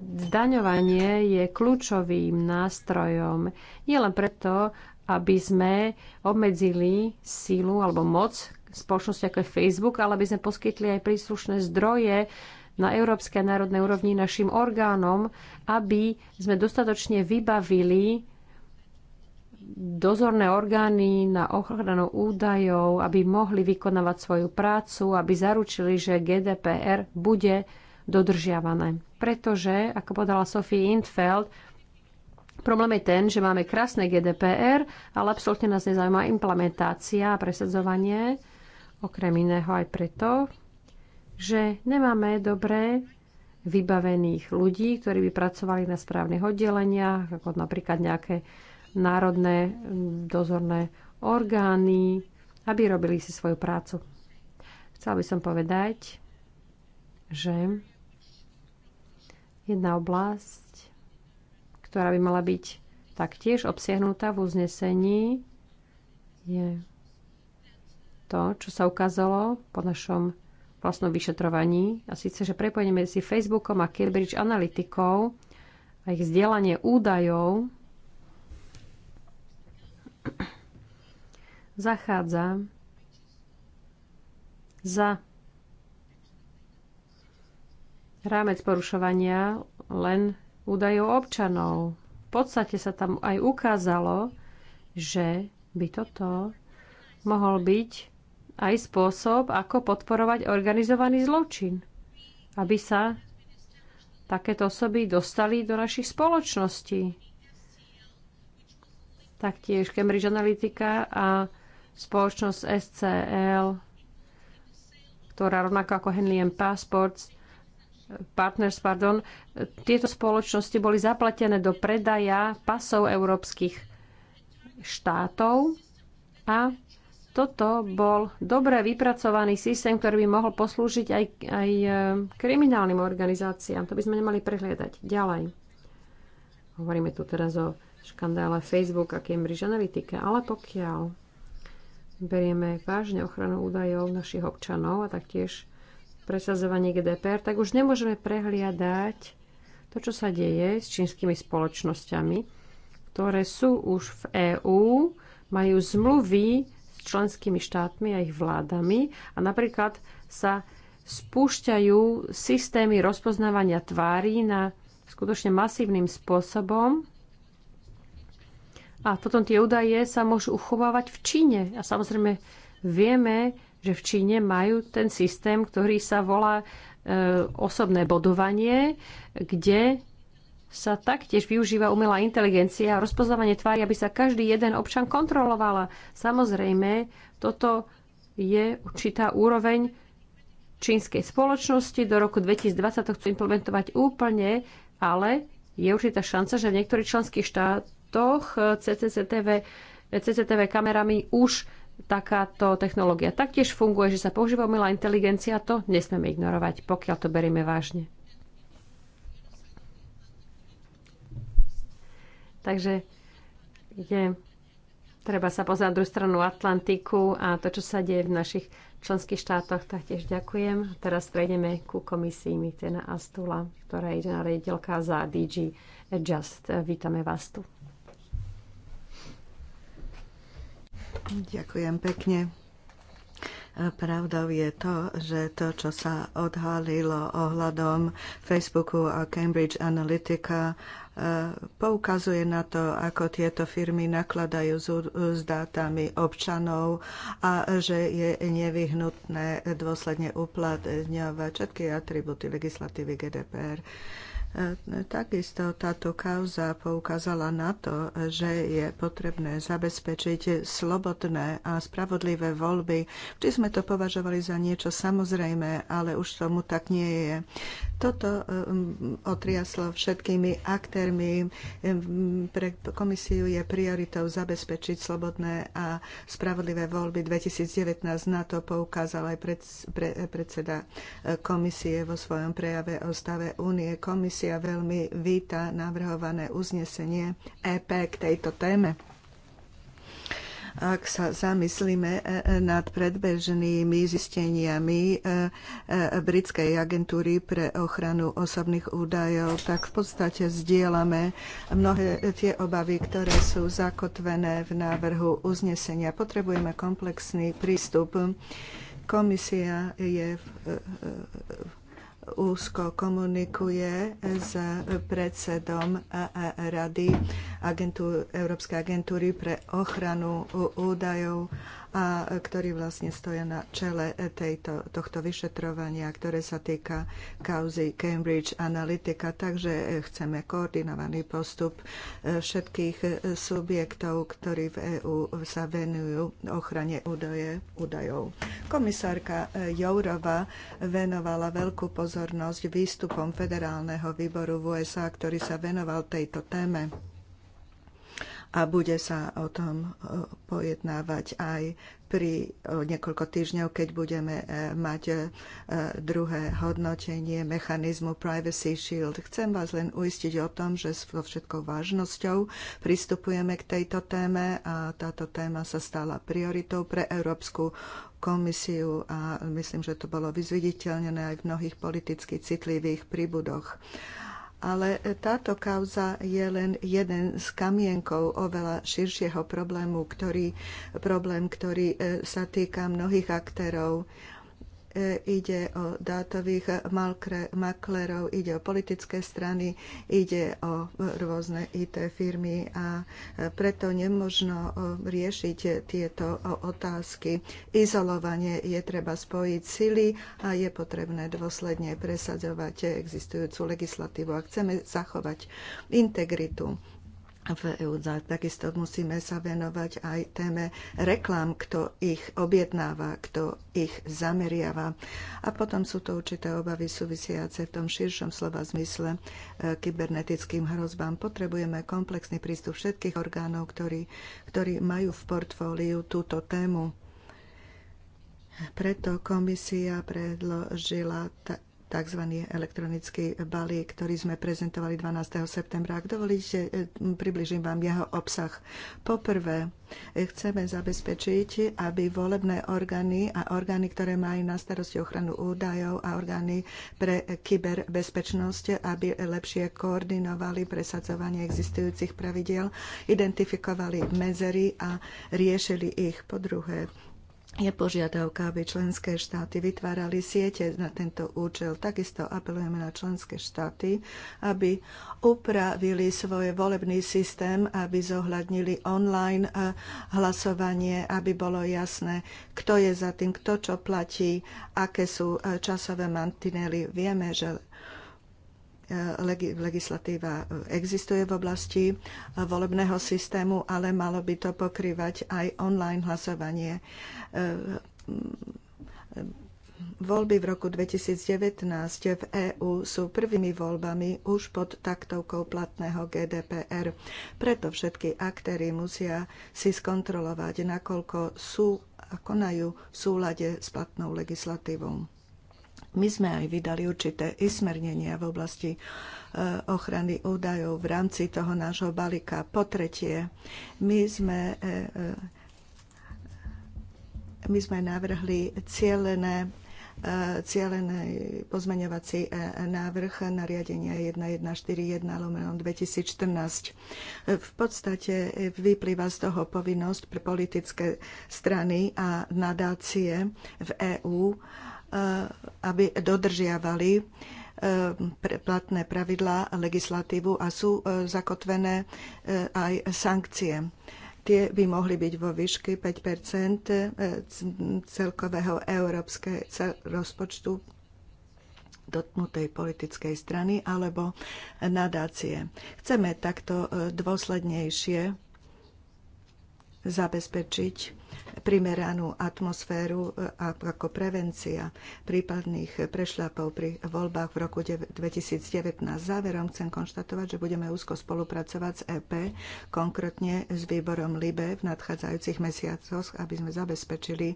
zdaňovanie je kľúčovým nástrojom. Nie len preto, aby sme obmedzili sílu alebo moc spoločnosti ako je Facebook, ale aby sme poskytli aj príslušné zdroje na európskej a národnej úrovni našim orgánom, aby sme dostatočne vybavili dozorné orgány na ochranu údajov, aby mohli vykonávať svoju prácu, aby zaručili, že GDPR bude dodržiavané pretože, ako podala Sophie Intfeld, problém je ten, že máme krásne GDPR, ale absolútne nás nezaujíma implementácia a presadzovanie, okrem iného aj preto, že nemáme dobré vybavených ľudí, ktorí by pracovali na správnych oddeleniach, ako napríklad nejaké národné mm, dozorné orgány, aby robili si svoju prácu. Chcela by som povedať, že Jedna oblasť, ktorá by mala byť taktiež obsiahnutá v uznesení, je to, čo sa ukázalo po našom vlastnom vyšetrovaní, a síce, že prepojenie medzi Facebookom a Cambridge Analytikou a ich zdieľanie údajov zachádza za rámec porušovania len údajov občanov. V podstate sa tam aj ukázalo, že by toto mohol byť aj spôsob, ako podporovať organizovaný zločin, aby sa takéto osoby dostali do našich spoločností. Taktiež Cambridge Analytica a spoločnosť SCL, ktorá rovnako ako Henley Passports Partners, pardon, tieto spoločnosti boli zaplatené do predaja pasov európskych štátov a toto bol dobre vypracovaný systém, ktorý by mohol poslúžiť aj, aj e, kriminálnym organizáciám. To by sme nemali prehliadať. Ďalej. Hovoríme tu teraz o škandále Facebook a Cambridge Analytica, ale pokiaľ berieme vážne ochranu údajov našich občanov a taktiež presadzovanie GDPR, tak už nemôžeme prehliadať to, čo sa deje s čínskymi spoločnosťami, ktoré sú už v EÚ, majú zmluvy s členskými štátmi a ich vládami a napríklad sa spúšťajú systémy rozpoznávania tvári na skutočne masívnym spôsobom. A potom tie údaje sa môžu uchovávať v Číne. A samozrejme vieme, že v Číne majú ten systém, ktorý sa volá e, osobné bodovanie, kde sa taktiež využíva umelá inteligencia a rozpoznávanie tvári, aby sa každý jeden občan kontrolovala. Samozrejme, toto je určitá úroveň čínskej spoločnosti. Do roku 2020 to chcú implementovať úplne, ale je určitá šanca, že v niektorých členských štátoch e, CCTV, e, CCTV kamerami už takáto technológia taktiež funguje, že sa používa umelá inteligencia, to nesmieme ignorovať, pokiaľ to berieme vážne. Takže je treba sa pozrieť na druhú stranu Atlantiku a to, čo sa deje v našich členských štátoch, tak tiež ďakujem. Teraz prejdeme ku komisii Mitena Astula, ktorá je na riaditeľka za DG Just. Vítame vás tu. Ďakujem pekne. Pravdou je to, že to, čo sa odhalilo ohľadom Facebooku a Cambridge Analytica, e, poukazuje na to, ako tieto firmy nakladajú s dátami občanov a že je nevyhnutné dôsledne uplatňovať všetky atributy legislatívy GDPR. E, takisto táto kauza poukázala na to, že je potrebné zabezpečiť slobodné a spravodlivé voľby. Vždy sme to považovali za niečo samozrejme, ale už tomu tak nie je. Toto e, otriaslo všetkými aktérmi. E, pre komisiu je prioritou zabezpečiť slobodné a spravodlivé voľby 2019. Na to poukázal aj predseda komisie vo svojom prejave o stave únie. komisie komisia veľmi víta navrhované uznesenie EP k tejto téme ak sa zamyslíme e, e, nad predbežnými zisteniami e, britskej agentúry pre ochranu osobných údajov, tak v podstate zdieľame mnohé tie obavy, ktoré sú zakotvené v návrhu uznesenia. Potrebujeme komplexný prístup. Komisia je v úzko komunikuje s predsedom Rady agentúr, Európskej agentúry pre ochranu údajov a ktorí vlastne stoja na čele tejto, tohto vyšetrovania, ktoré sa týka kauzy Cambridge Analytica. Takže e, chceme koordinovaný postup e, všetkých e, subjektov, ktorí v EÚ sa venujú ochrane údaje, údajov. Komisárka Jourova venovala veľkú pozornosť výstupom Federálneho výboru v USA, ktorý sa venoval tejto téme a bude sa o tom e, pojednávať aj pri e, niekoľko týždňov, keď budeme e, mať druhé hodnotenie mechanizmu Privacy Shield. Chcem vás len uistiť o tom, že so všetkou vážnosťou pristupujeme k tejto téme a táto téma sa stala prioritou pre Európsku komisiu a myslím, že to bolo vyzviditeľnené aj v mnohých politicky citlivých príbudoch. Ale táto kauza je len jeden z kamienkov oveľa širšieho problému, ktorý, problém, ktorý e, sa týka mnohých aktérov. E, ide o dátových maklerov, ide o politické strany, ide o e, rôzne IT firmy a e, preto nemožno riešiť tieto otázky. Izolovanie je treba spojiť sily a je potrebné dôsledne presadzovať existujúcu legislatívu a chceme zachovať integritu v EU. Takisto musíme sa venovať aj téme reklám, kto ich objednáva, kto ich zameriava. A potom sú to určité obavy súvisiace v tom širšom slova zmysle e, kybernetickým hrozbám. Potrebujeme komplexný prístup všetkých orgánov, ktorí, ktorí majú v portfóliu túto tému. Preto komisia predložila tzv. elektronický balík, ktorý sme prezentovali 12. septembra. Ak dovolíte, e, približím vám jeho obsah. Poprvé, e, chceme zabezpečiť, aby volebné orgány a orgány, ktoré majú na starosti ochranu údajov a orgány pre kyberbezpečnosť, aby lepšie koordinovali presadzovanie existujúcich pravidiel, identifikovali medzery a riešili ich. Po druhé, je požiadavka, aby členské štáty vytvárali siete na tento účel. Takisto apelujeme na členské štáty, aby upravili svoj volebný systém, aby zohľadnili online eh, hlasovanie, aby bolo jasné, kto je za tým, kto čo platí, aké sú eh, časové mantinely. Vieme, že Eh, legislatíva eh, existuje v oblasti eh, volebného systému, ale malo by to pokrývať aj online hlasovanie. Voľby v roku 2019 v EÚ sú prvými voľbami už pod taktovkou platného GDPR. Preto všetky aktéry musia si skontrolovať, nakoľko sú a konajú v súlade s platnou legislatívou. My sme aj vydali určité ismernenia v oblasti e, ochrany údajov v rámci toho nášho balíka. Po tretie, my sme, e, e, my sme navrhli cieľené cieľený pozmeňovací návrh nariadenia 1141 lomeno 2014. V podstate vyplýva z toho povinnosť pre politické strany a nadácie v EÚ Eh, aby dodržiavali eh, platné pravidlá, legislatívu a sú eh, zakotvené aj sankcie. Tie by mohli byť vo výšky 5 celkového európskeho rozpočtu dotknutej politickej strany alebo nadácie. Chceme takto dôslednejšie zabezpečiť primeranú atmosféru eh, ako prevencia prípadných prešľapov pri voľbách v roku 2019. Záverom chcem konštatovať, že budeme úzko spolupracovať s EP, konkrétne s výborom LIBE v nadchádzajúcich mesiacoch, aby sme zabezpečili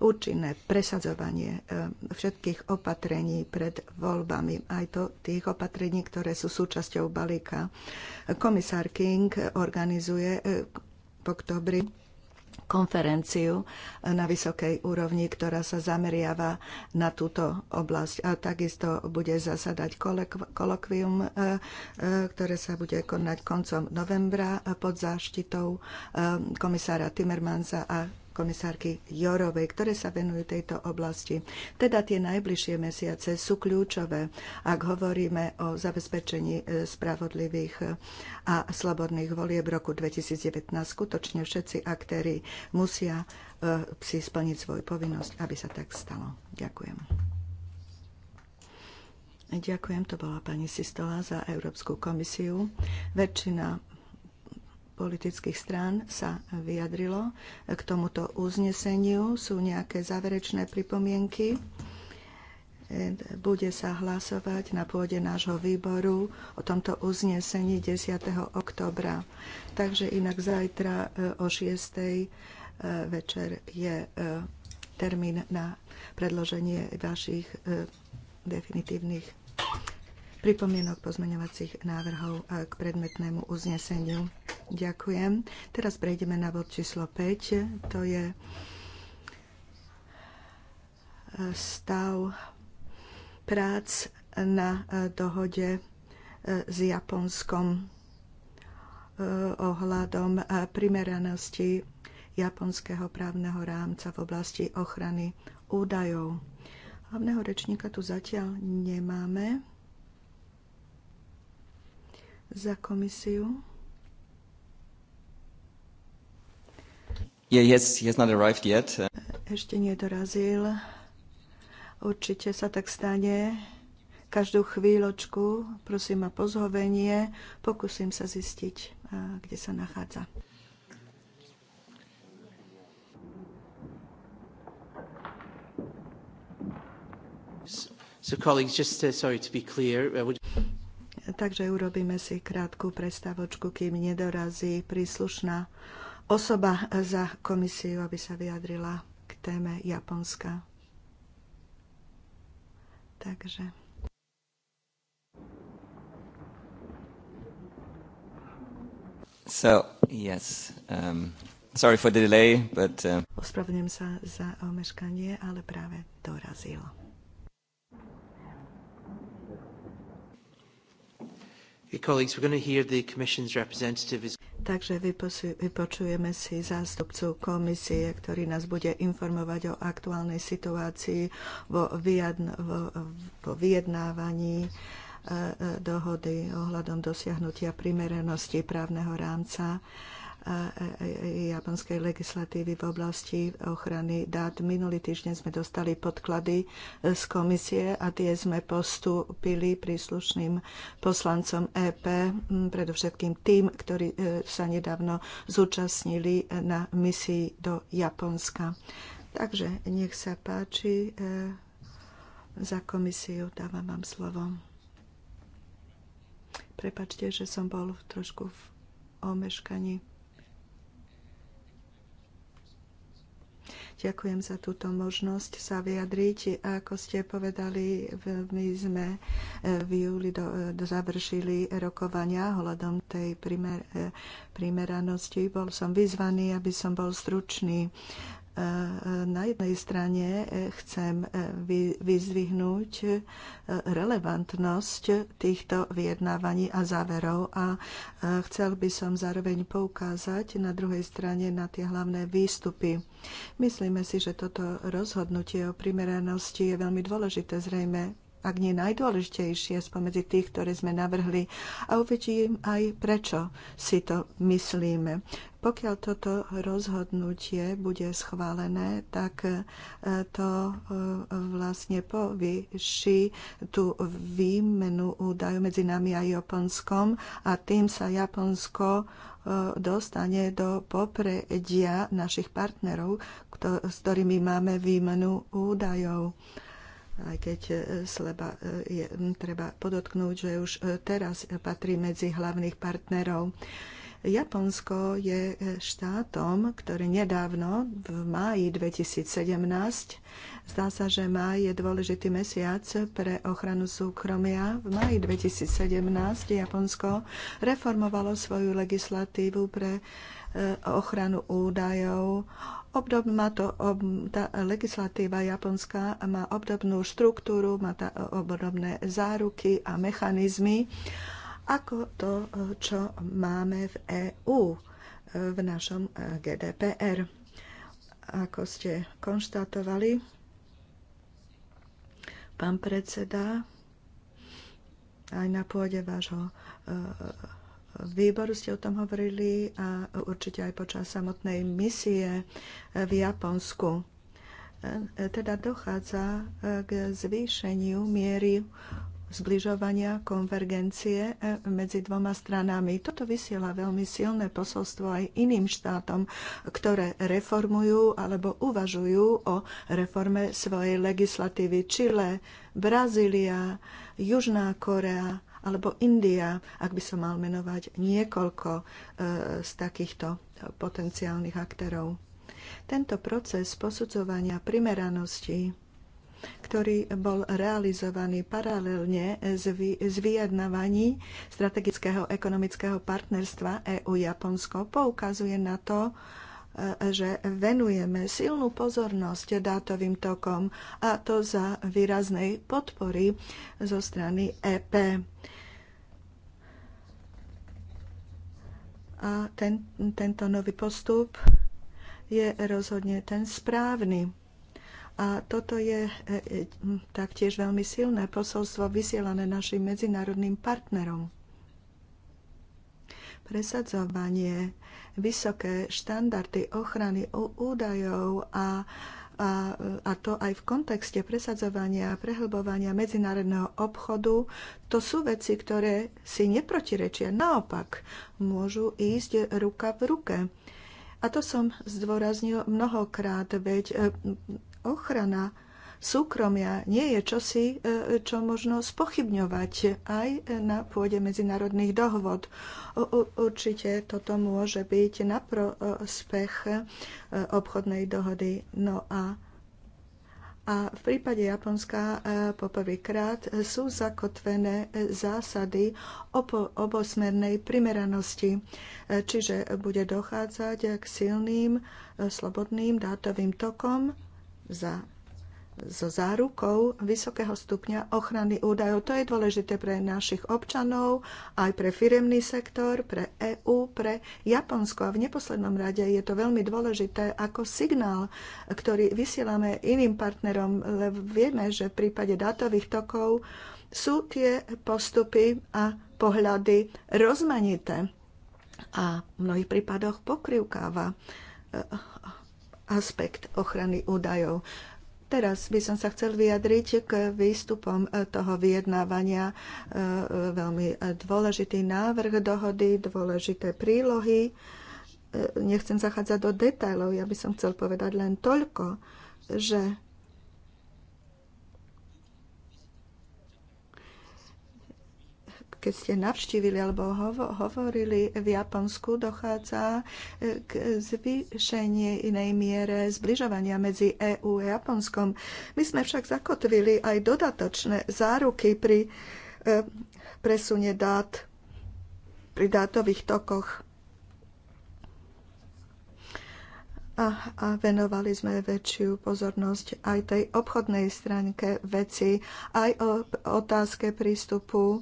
účinné presadzovanie eh, všetkých opatrení pred voľbami, aj to tých opatrení, ktoré sú súčasťou balíka. Komisár King organizuje eh, v oktobri konferenciu na vysokej úrovni, ktorá sa zameriava na túto oblasť. A takisto bude zasadať kolokvium, e, e, ktoré sa bude konať koncom novembra pod záštitou e, komisára Timmermansa a komisárky Jorovej, ktoré sa venujú tejto oblasti. Teda tie najbližšie mesiace sú kľúčové, ak hovoríme o zabezpečení e, spravodlivých e, a slobodných volieb roku 2019. Skutočne všetci aktéry musia e, si splniť svoju povinnosť, aby sa tak stalo. Ďakujem. Ďakujem, to bola pani Sistola za Európsku komisiu. Väčšina politických strán sa vyjadrilo k tomuto uzneseniu. Sú nejaké záverečné pripomienky? Bude sa hlasovať na pôde nášho výboru o tomto uznesení 10. oktobra. Takže inak zajtra e, o 6. E, večer je e, termín na predloženie vašich definitívnych pripomienok pozmeňovacích návrhov k predmetnému uzneseniu. Ďakujem. Teraz prejdeme na bod číslo 5. To je e, stav prác na e, dohode e, s Japonskom ohľadom primeranosti japonského právneho rámca v oblasti ochrany údajov. Hlavného rečníka tu zatiaľ nemáme za komisiu. Yeah, he has not arrived yet. Ešte nedorazil. Určite sa tak stane. Každú chvíľočku prosím ma pozhovenie. Pokúsim sa zistiť, kde sa nachádza. So colleagues, just to, sorry to be clear, uh, would... Takže urobíme si krátku prestavočku, kým nedorazí príslušná osoba za komisiu, aby sa vyjadrila k téme Japonska. Takže. So, yes, um, sorry for the delay, but... Um... Uh... Ospravedlňujem sa za omeškanie, ale práve dorazil. Hey, colleagues, we're going to hear the Commission's representative is... Takže vypočujeme si zástupcu komisie, ktorý nás bude informovať o aktuálnej situácii vo, vyjadn- vo, vo vyjednávaní e, e, dohody ohľadom dosiahnutia primeranosti právneho rámca japonskej legislatívy v oblasti ochrany dát. Minulý týždeň sme dostali podklady e, z komisie a tie sme postúpili príslušným poslancom EP, predovšetkým tým, ktorí e, sa nedávno zúčastnili e, na misii do Japonska. Takže nech sa páči, za komisiu dávam vám slovo. Prepačte, že som bol trošku v omeškaní. Ďakujem za túto možnosť sa vyjadriť. A ako ste povedali, my sme e, v júli do, e, do završili rokovania hľadom tej primer, e, primeranosti. Bol som vyzvaný, aby som bol stručný na jednej strane e, chcem e, vyzvihnúť e, relevantnosť týchto vyjednávaní a záverov a chcel by som zároveň poukázať na druhej strane na tie hlavné výstupy. Myslíme si, že toto rozhodnutie o primeranosti je veľmi dôležité zrejme ak nie najdôležitejšie spomedzi tých, ktoré sme navrhli a uvedím aj prečo si to myslíme. Pokiaľ toto rozhodnutie bude schválené, tak e, to e, vlastne povyši tú výmenu údajov medzi nami a Japonskom a tým sa Japonsko e, dostane do popredia našich partnerov, s ktorými máme výmenu údajov aj keď e, sleba e, je, treba podotknúť, že už e, teraz patrí medzi hlavných partnerov. Japonsko je štátom, ktorý nedávno, v máji 2017, zdá sa, že máj je dôležitý mesiac pre ochranu súkromia. V máji 2017 Japonsko reformovalo svoju legislatívu pre Eh, ochranu údajov. Obdob, má to, ob, tá legislatíva japonská má obdobnú štruktúru, má tá, eh, obdobné záruky a mechanizmy, ako to, eh, čo máme v EÚ, v našom GDPR. Ako ste konštatovali, pán predseda, aj na pôde vášho výboru ste o tom hovorili a určite aj počas samotnej misie eh, v Japonsku. Eh, teda dochádza eh, k zvýšeniu miery zbližovania, konvergencie medzi dvoma stranami. Toto vysiela veľmi silné posolstvo aj iným štátom, ktoré reformujú alebo uvažujú o reforme svojej legislatívy. Čile, Brazília, Južná Korea, alebo India, ak by som mal menovať niekoľko e, z takýchto potenciálnych aktérov. Tento proces posudzovania primeranosti, ktorý bol realizovaný paralelne s vyjednávaní strategického ekonomického partnerstva EU-Japonsko, poukazuje na to, e, že venujeme silnú pozornosť dátovým tokom a to za výraznej podpory zo strany EP. A ten, tento nový postup je rozhodne ten správny. A toto je e, e, taktiež veľmi silné posolstvo vysielané našim medzinárodným partnerom. Presadzovanie vysoké štandardy ochrany údajov a a, a to aj v kontexte presadzovania a prehlbovania medzinárodného obchodu, to sú veci, ktoré si neprotirečia. Naopak, môžu ísť ruka v ruke. A to som zdôraznil mnohokrát, veď eh, ochrana súkromia nie je čosi, e, čo možno spochybňovať aj na pôde medzinárodných dohovod. Určite toto môže byť na prospech e, obchodnej dohody. No a a v prípade Japonska e, poprvýkrát sú zakotvené zásady obosmernej primeranosti, čiže bude dochádzať k silným slobodným dátovým tokom za so zárukou vysokého stupňa ochrany údajov. To je dôležité pre našich občanov, aj pre firemný sektor, pre EÚ, pre Japonsko. A v neposlednom rade je to veľmi dôležité ako signál, ktorý vysielame iným partnerom, lebo vieme, že v prípade dátových tokov sú tie postupy a pohľady rozmanité a v mnohých prípadoch pokrivkáva eh, aspekt ochrany údajov. Teraz by som sa chcel vyjadriť k výstupom e, toho vyjednávania. E, e, veľmi dôležitý návrh dohody, dôležité prílohy. Nechcem zachádzať do detajlov, ja by som chcel povedať len toľko, že keď ste navštívili alebo hovorili v Japonsku, dochádza e, k zvýšenie inej miere zbližovania medzi EÚ a Japonskom. My sme však zakotvili aj dodatočné záruky pri e, presune dát pri dátových tokoch. a, a venovali sme väčšiu pozornosť aj tej obchodnej stránke veci, aj o otázke prístupu e, e,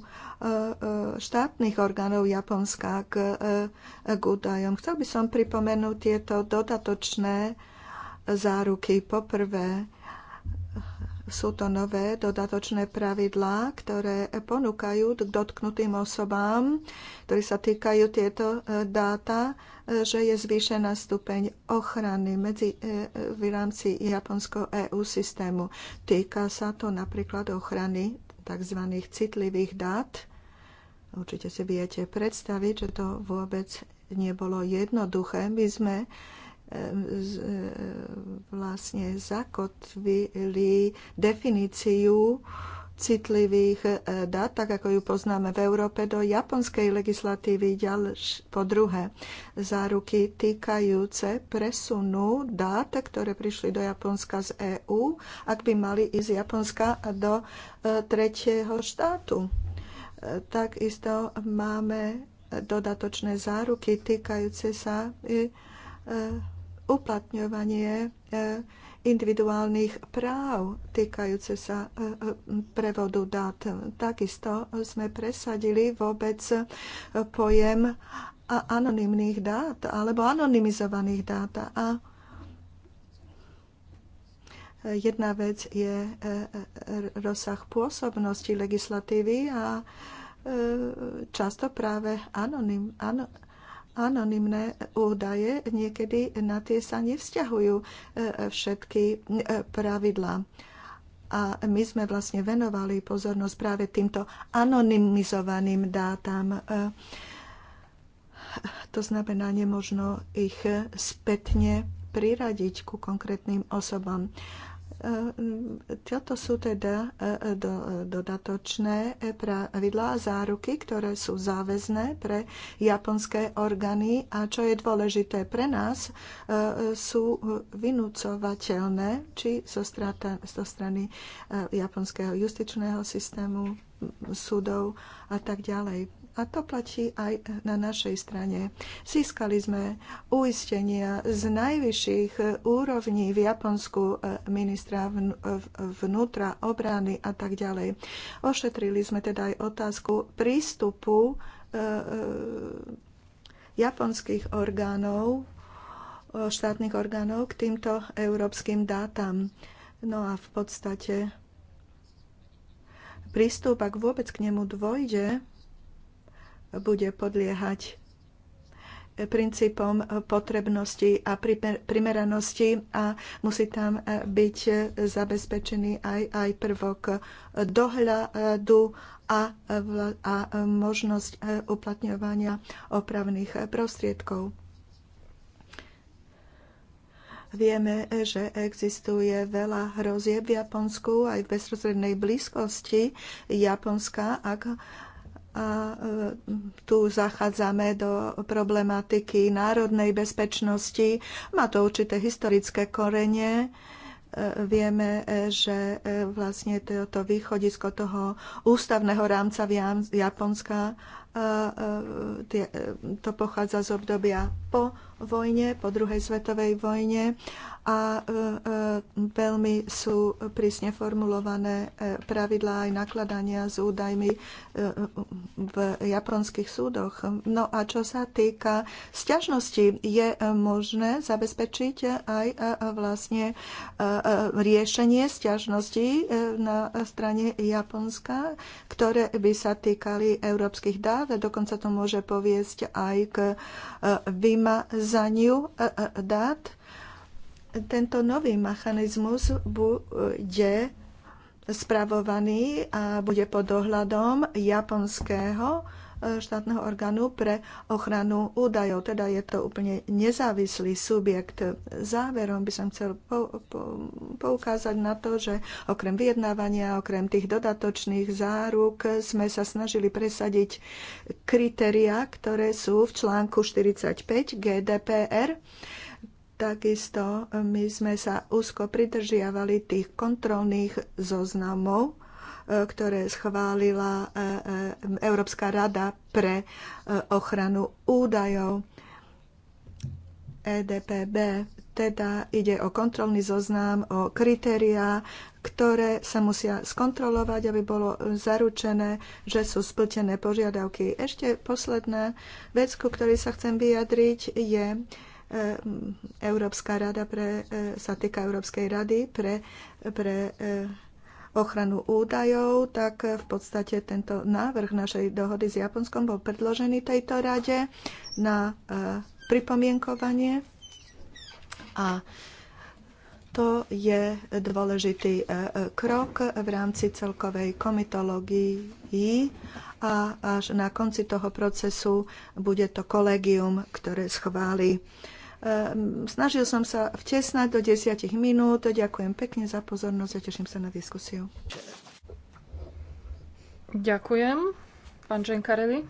štátnych orgánov Japonska k, e, k údajom. Chcel by som pripomenúť tieto dodatočné záruky. Poprvé, sú to nové dodatočné pravidlá, ktoré ponúkajú k dotknutým osobám, ktorí sa týkajú tieto e, dáta, e, že je zvýšená stupeň ochrany medzi, e, v rámci Japonsko-EU systému. Týka sa to napríklad ochrany tzv. citlivých dát. Určite si viete predstaviť, že to vôbec nebolo jednoduché. My sme vlastne zakotvili definíciu citlivých e, dát, tak ako ju poznáme v Európe, do japonskej legislatívy ďalš, po druhé záruky týkajúce presunu dát, ktoré prišli do Japonska z EÚ, ak by mali ísť z Japonska do e, tretieho štátu. E, takisto máme dodatočné záruky týkajúce sa uplatňovanie e, individuálnych práv týkajúce sa e, e, prevodu dát. Takisto sme presadili vôbec pojem anonymných dát alebo anonymizovaných dát. A jedna vec je rozsah pôsobnosti legislatívy a často práve anonym, anonymné údaje, niekedy na tie sa nevzťahujú e, e, všetky e, pravidlá. A my sme vlastne venovali pozornosť práve týmto anonymizovaným dátam. To znamená, nemožno ich spätne priradiť ku konkrétnym osobám. Toto sú teda e, e, dodatočné e, pravidlá a záruky, ktoré sú záväzné pre japonské orgány a čo je dôležité pre nás, sú vynúcovateľné či zo, strata, zo strany japonského justičného systému, súdov a tak ďalej a to platí aj na našej strane. Získali sme uistenia z najvyšších úrovní v Japonsku e, ministra vnútra, obrany a tak ďalej. Ošetrili sme teda aj otázku prístupu e, e, japonských orgánov, štátnych orgánov k týmto európskym dátam. No a v podstate prístup, ak vôbec k nemu dôjde, bude podliehať princípom potrebnosti a primeranosti a musí tam eh, byť eh, zabezpečený aj, aj prvok dohľadu a, a možnosť eh, uplatňovania opravných prostriedkov. Vieme, že existuje veľa hrozieb v Japonsku aj v bezprostrednej blízkosti Japonska, ak a e, tu zachádzame do problematiky národnej bezpečnosti. Má to určité historické korenie, e, Vieme, e, že vlastne toto východisko toho ústavného rámca Japonska to pochádza z obdobia po vojne, po druhej svetovej vojne a e, e, veľmi sú prísne formulované e, pravidlá aj nakladania s údajmi v japonských súdoch. No a čo sa týka sťažnosti, je možné zabezpečiť aj vlastne riešenie sťažností na strane Japonska, ktoré by sa týkali európskych dáv. Dokonca to môže poviesť aj k vymazaniu ňu e, e, dát. Tento nový mechanizmus bude spravovaný a bude pod dohľadom japonského štátneho orgánu pre ochranu údajov. Teda je to úplne nezávislý subjekt. Záverom by som chcel poukázať na to, že okrem vyjednávania, okrem tých dodatočných záruk sme sa snažili presadiť kritériá, ktoré sú v článku 45 GDPR. Takisto my sme sa úzko pridržiavali tých kontrolných zoznamov, E, ktoré schválila e, e, Európska rada pre ochranu údajov EDPB. Teda ide o kontrolný zoznam, o kritériá, ktoré sa musia skontrolovať, aby bolo zaručené, že sú spltené požiadavky. Ešte posledná vec, ku ktorej sa chcem vyjadriť, je, Európska rada pre, sa týka Európskej rady pre, pre ochranu údajov, tak v podstate tento návrh našej dohody s Japonskom bol predložený tejto rade na e, pripomienkovanie a to je dôležitý e, e, krok v rámci celkovej komitológii a až na konci toho procesu bude to kolegium, ktoré schváli Ehm, snažil som sa vtesnať do desiatich minút. Ďakujem pekne za pozornosť a teším sa na diskusiu. Ďakujem. Pán Genkarelli.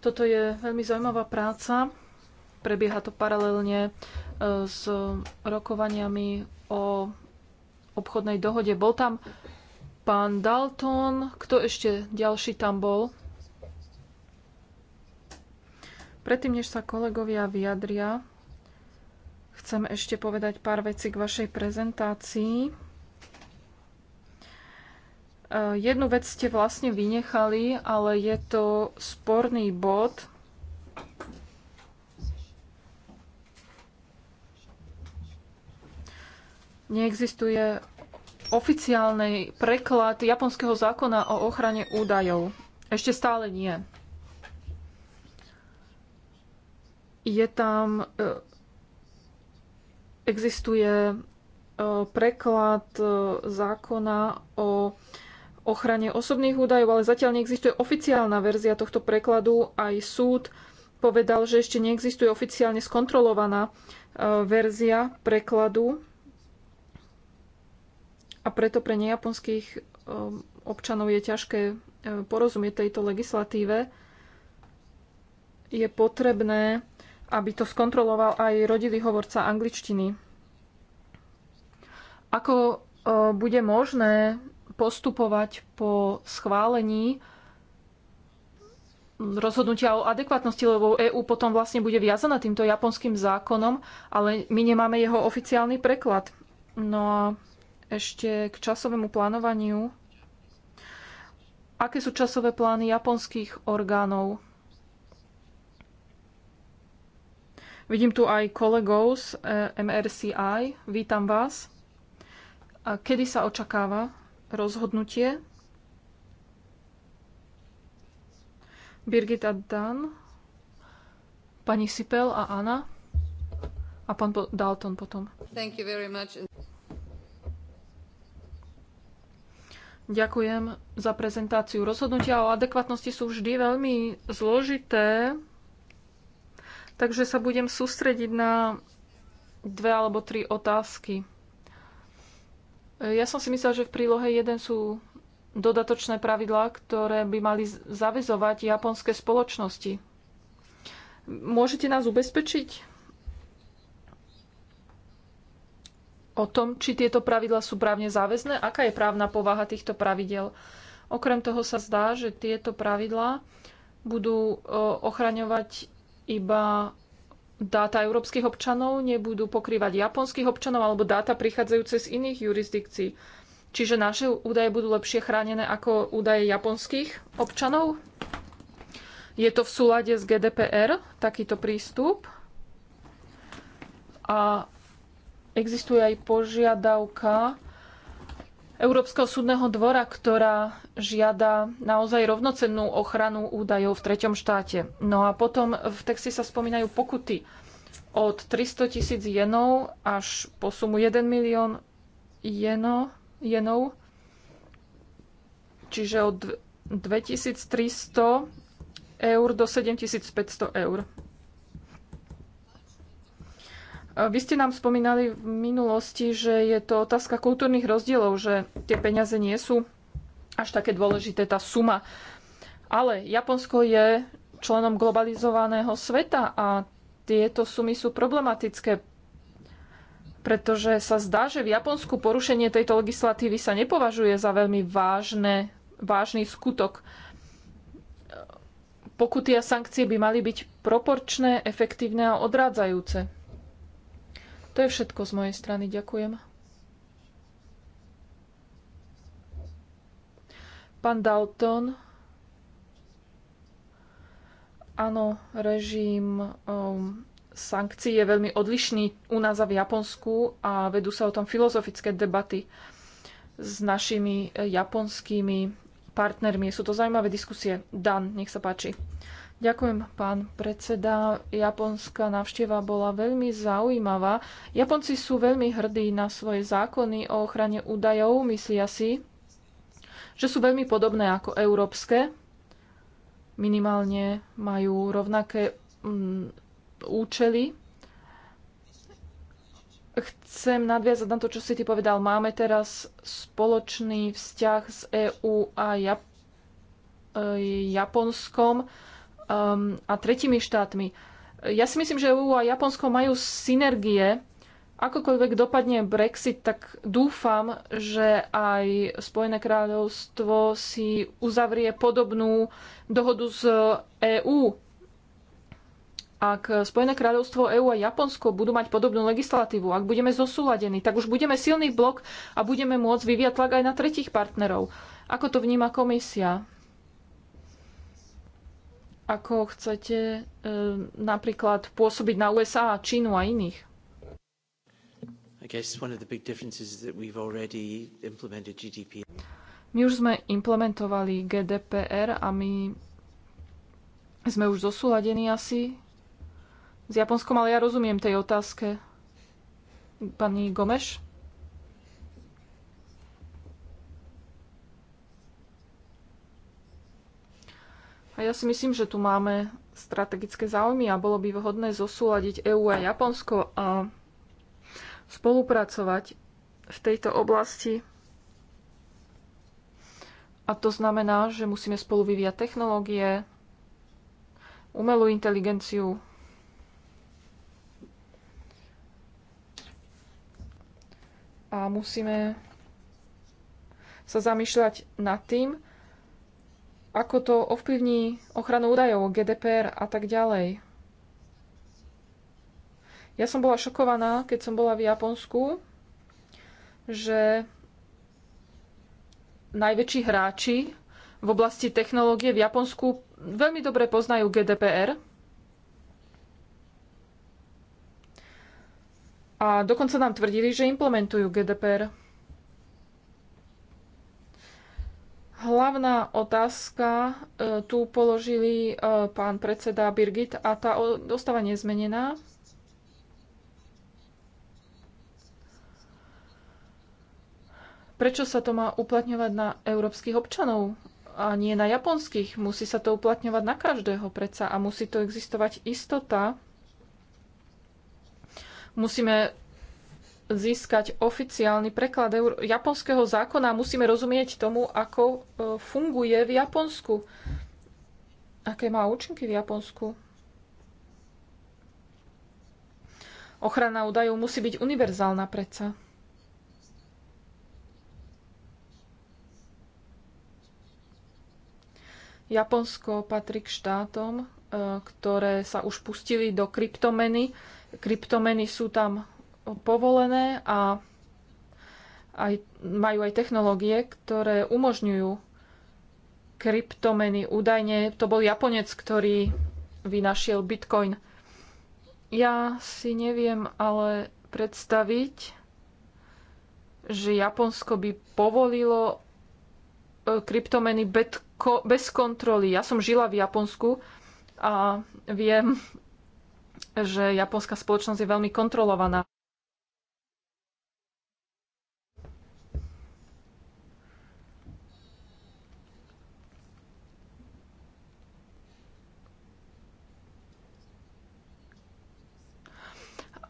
Toto je veľmi zaujímavá práca. Prebieha to paralelne e, s rokovaniami o obchodnej dohode. Bol tam pán Dalton, kto ešte ďalší tam bol? Predtým, než sa kolegovia vyjadria, chcem ešte povedať pár vecí k vašej prezentácii. Eh, jednu vec ste vlastne vynechali, ale je to sporný bod. Neexistuje oficiálny preklad japonského zákona o ochrane údajov. Ešte stále nie. Je tam, e, existuje e, preklad e, zákona o ochrane osobných údajov, ale zatiaľ neexistuje oficiálna verzia tohto prekladu. Aj súd povedal, že ešte neexistuje oficiálne skontrolovaná verzia prekladu a preto pre nejaponských um, občanov je ťažké um, porozumieť tejto legislatíve. Je potrebné, aby to skontroloval aj rodilý hovorca angličtiny. Ako uh, bude možné postupovať po schválení rozhodnutia o adekvátnosti, lebo EÚ potom vlastne bude viazaná týmto japonským zákonom, ale my nemáme jeho oficiálny preklad. No a ešte k časovému plánovaniu. Aké sú časové plány japonských orgánov? Vidím tu aj kolegov z eh, MRCI. Vítam vás. A kedy sa očakáva rozhodnutie? Birgita Dan, pani Sipel a Anna a pán Dalton potom. Ďakujem za prezentáciu. Rozhodnutia o adekvatnosti sú vždy veľmi zložité, takže sa budem sústrediť na dve alebo tri otázky. Ja som si myslela, že v prílohe 1 sú dodatočné pravidlá, ktoré by mali zavezovať japonské spoločnosti. Môžete nás ubezpečiť, o tom, či tieto pravidla sú právne záväzné, aká je právna povaha týchto pravidel. Okrem toho sa zdá, že tieto pravidlá budú e, ochraňovať iba dáta európskych občanov, nebudú pokrývať japonských občanov alebo dáta prichádzajúce z iných jurisdikcií. Čiže naše údaje budú lepšie chránené ako údaje japonských občanov. Je to v súlade s GDPR, takýto prístup. A existuje aj požiadavka Európskeho súdneho dvora, ktorá žiada naozaj rovnocennú ochranu údajov v treťom štáte. No a potom v texte sa spomínajú pokuty od 300 tisíc jenov až po sumu 1 milión jeno, jenov, čiže od 2300 eur do 7500 eur. Vy ste nám spomínali v minulosti, že je to otázka kultúrnych rozdielov, že tie peniaze nie sú až také dôležité, tá suma. Ale Japonsko je členom globalizovaného sveta a tieto sumy sú problematické, pretože sa zdá, že v Japonsku porušenie tejto legislatívy sa nepovažuje za veľmi vážne, vážny skutok. Pokuty a sankcie by mali byť proporčné, efektívne a odrádzajúce. To je všetko z mojej strany. Ďakujem. Pán Dalton. Áno, režim um, sankcií je veľmi odlišný u nás a v Japonsku a vedú sa o tom filozofické debaty s našimi eh, japonskými partnermi. Sú to zaujímavé diskusie. Dan, nech sa páči. Ďakujem, pán predseda. Japonská návšteva bola veľmi zaujímavá. Japonci sú veľmi hrdí na svoje zákony o ochrane údajov. Myslia si, že sú veľmi podobné ako európske. Minimálne majú rovnaké mm, účely. Chcem nadviazať na to, čo si ty povedal. Máme teraz spoločný vzťah s EÚ a Jap- e, Japonskom um, a tretimi štátmi. Ja si myslím, že EU a Japonsko majú synergie. Akokoľvek dopadne Brexit, tak dúfam, že aj Spojené kráľovstvo si uzavrie podobnú dohodu z EÚ. Ak Spojené kráľovstvo EÚ a Japonsko budú mať podobnú legislatívu, ak budeme zosúladení, tak už budeme silný blok a budeme môcť vyviať tlak aj na tretich partnerov. Ako to vníma komisia? ako chcete eh, napríklad pôsobiť na USA, Čínu a iných? My už sme implementovali GDPR a my sme už zosúladení asi s Japonskom, ale ja rozumiem tej otázke. Pani Gomeš? A ja si myslím, že tu máme strategické záujmy a bolo by vhodné zosúľadiť EÚ a Japonsko a spolupracovať v tejto oblasti. A to znamená, že musíme spolu vyvíjať technológie, umelú inteligenciu, a musíme sa zamýšľať nad tým, ako to ovplyvní ochranu údajov, GDPR a tak ďalej. Ja som bola šokovaná, keď som bola v Japonsku, že najväčší hráči v oblasti technológie v Japonsku veľmi dobre poznajú GDPR. A dokonca nám tvrdili, že implementujú GDPR. Hlavná otázka e, tu položili e, pán predseda Birgit a tá dostáva nezmenená. Prečo sa to má uplatňovať na európskych občanov a nie na japonských? Musí sa to uplatňovať na každého predsa a musí to existovať istota. Musíme získať oficiálny preklad japonského zákona, musíme rozumieť tomu, ako e, funguje v Japonsku. Aké má účinky v Japonsku? Ochrana údajov musí byť univerzálna predsa. Japonsko patrí k štátom, e, ktoré sa už pustili do kryptomeny. Kryptomeny sú tam povolené a aj, majú aj technológie, ktoré umožňujú kryptomeny. Údajne to bol Japonec, ktorý vynašiel Bitcoin. Ja si neviem ale predstaviť, že Japonsko by povolilo e, kryptomeny bez kontroly. Ja som žila v Japonsku a viem, že japonská spoločnosť je veľmi kontrolovaná.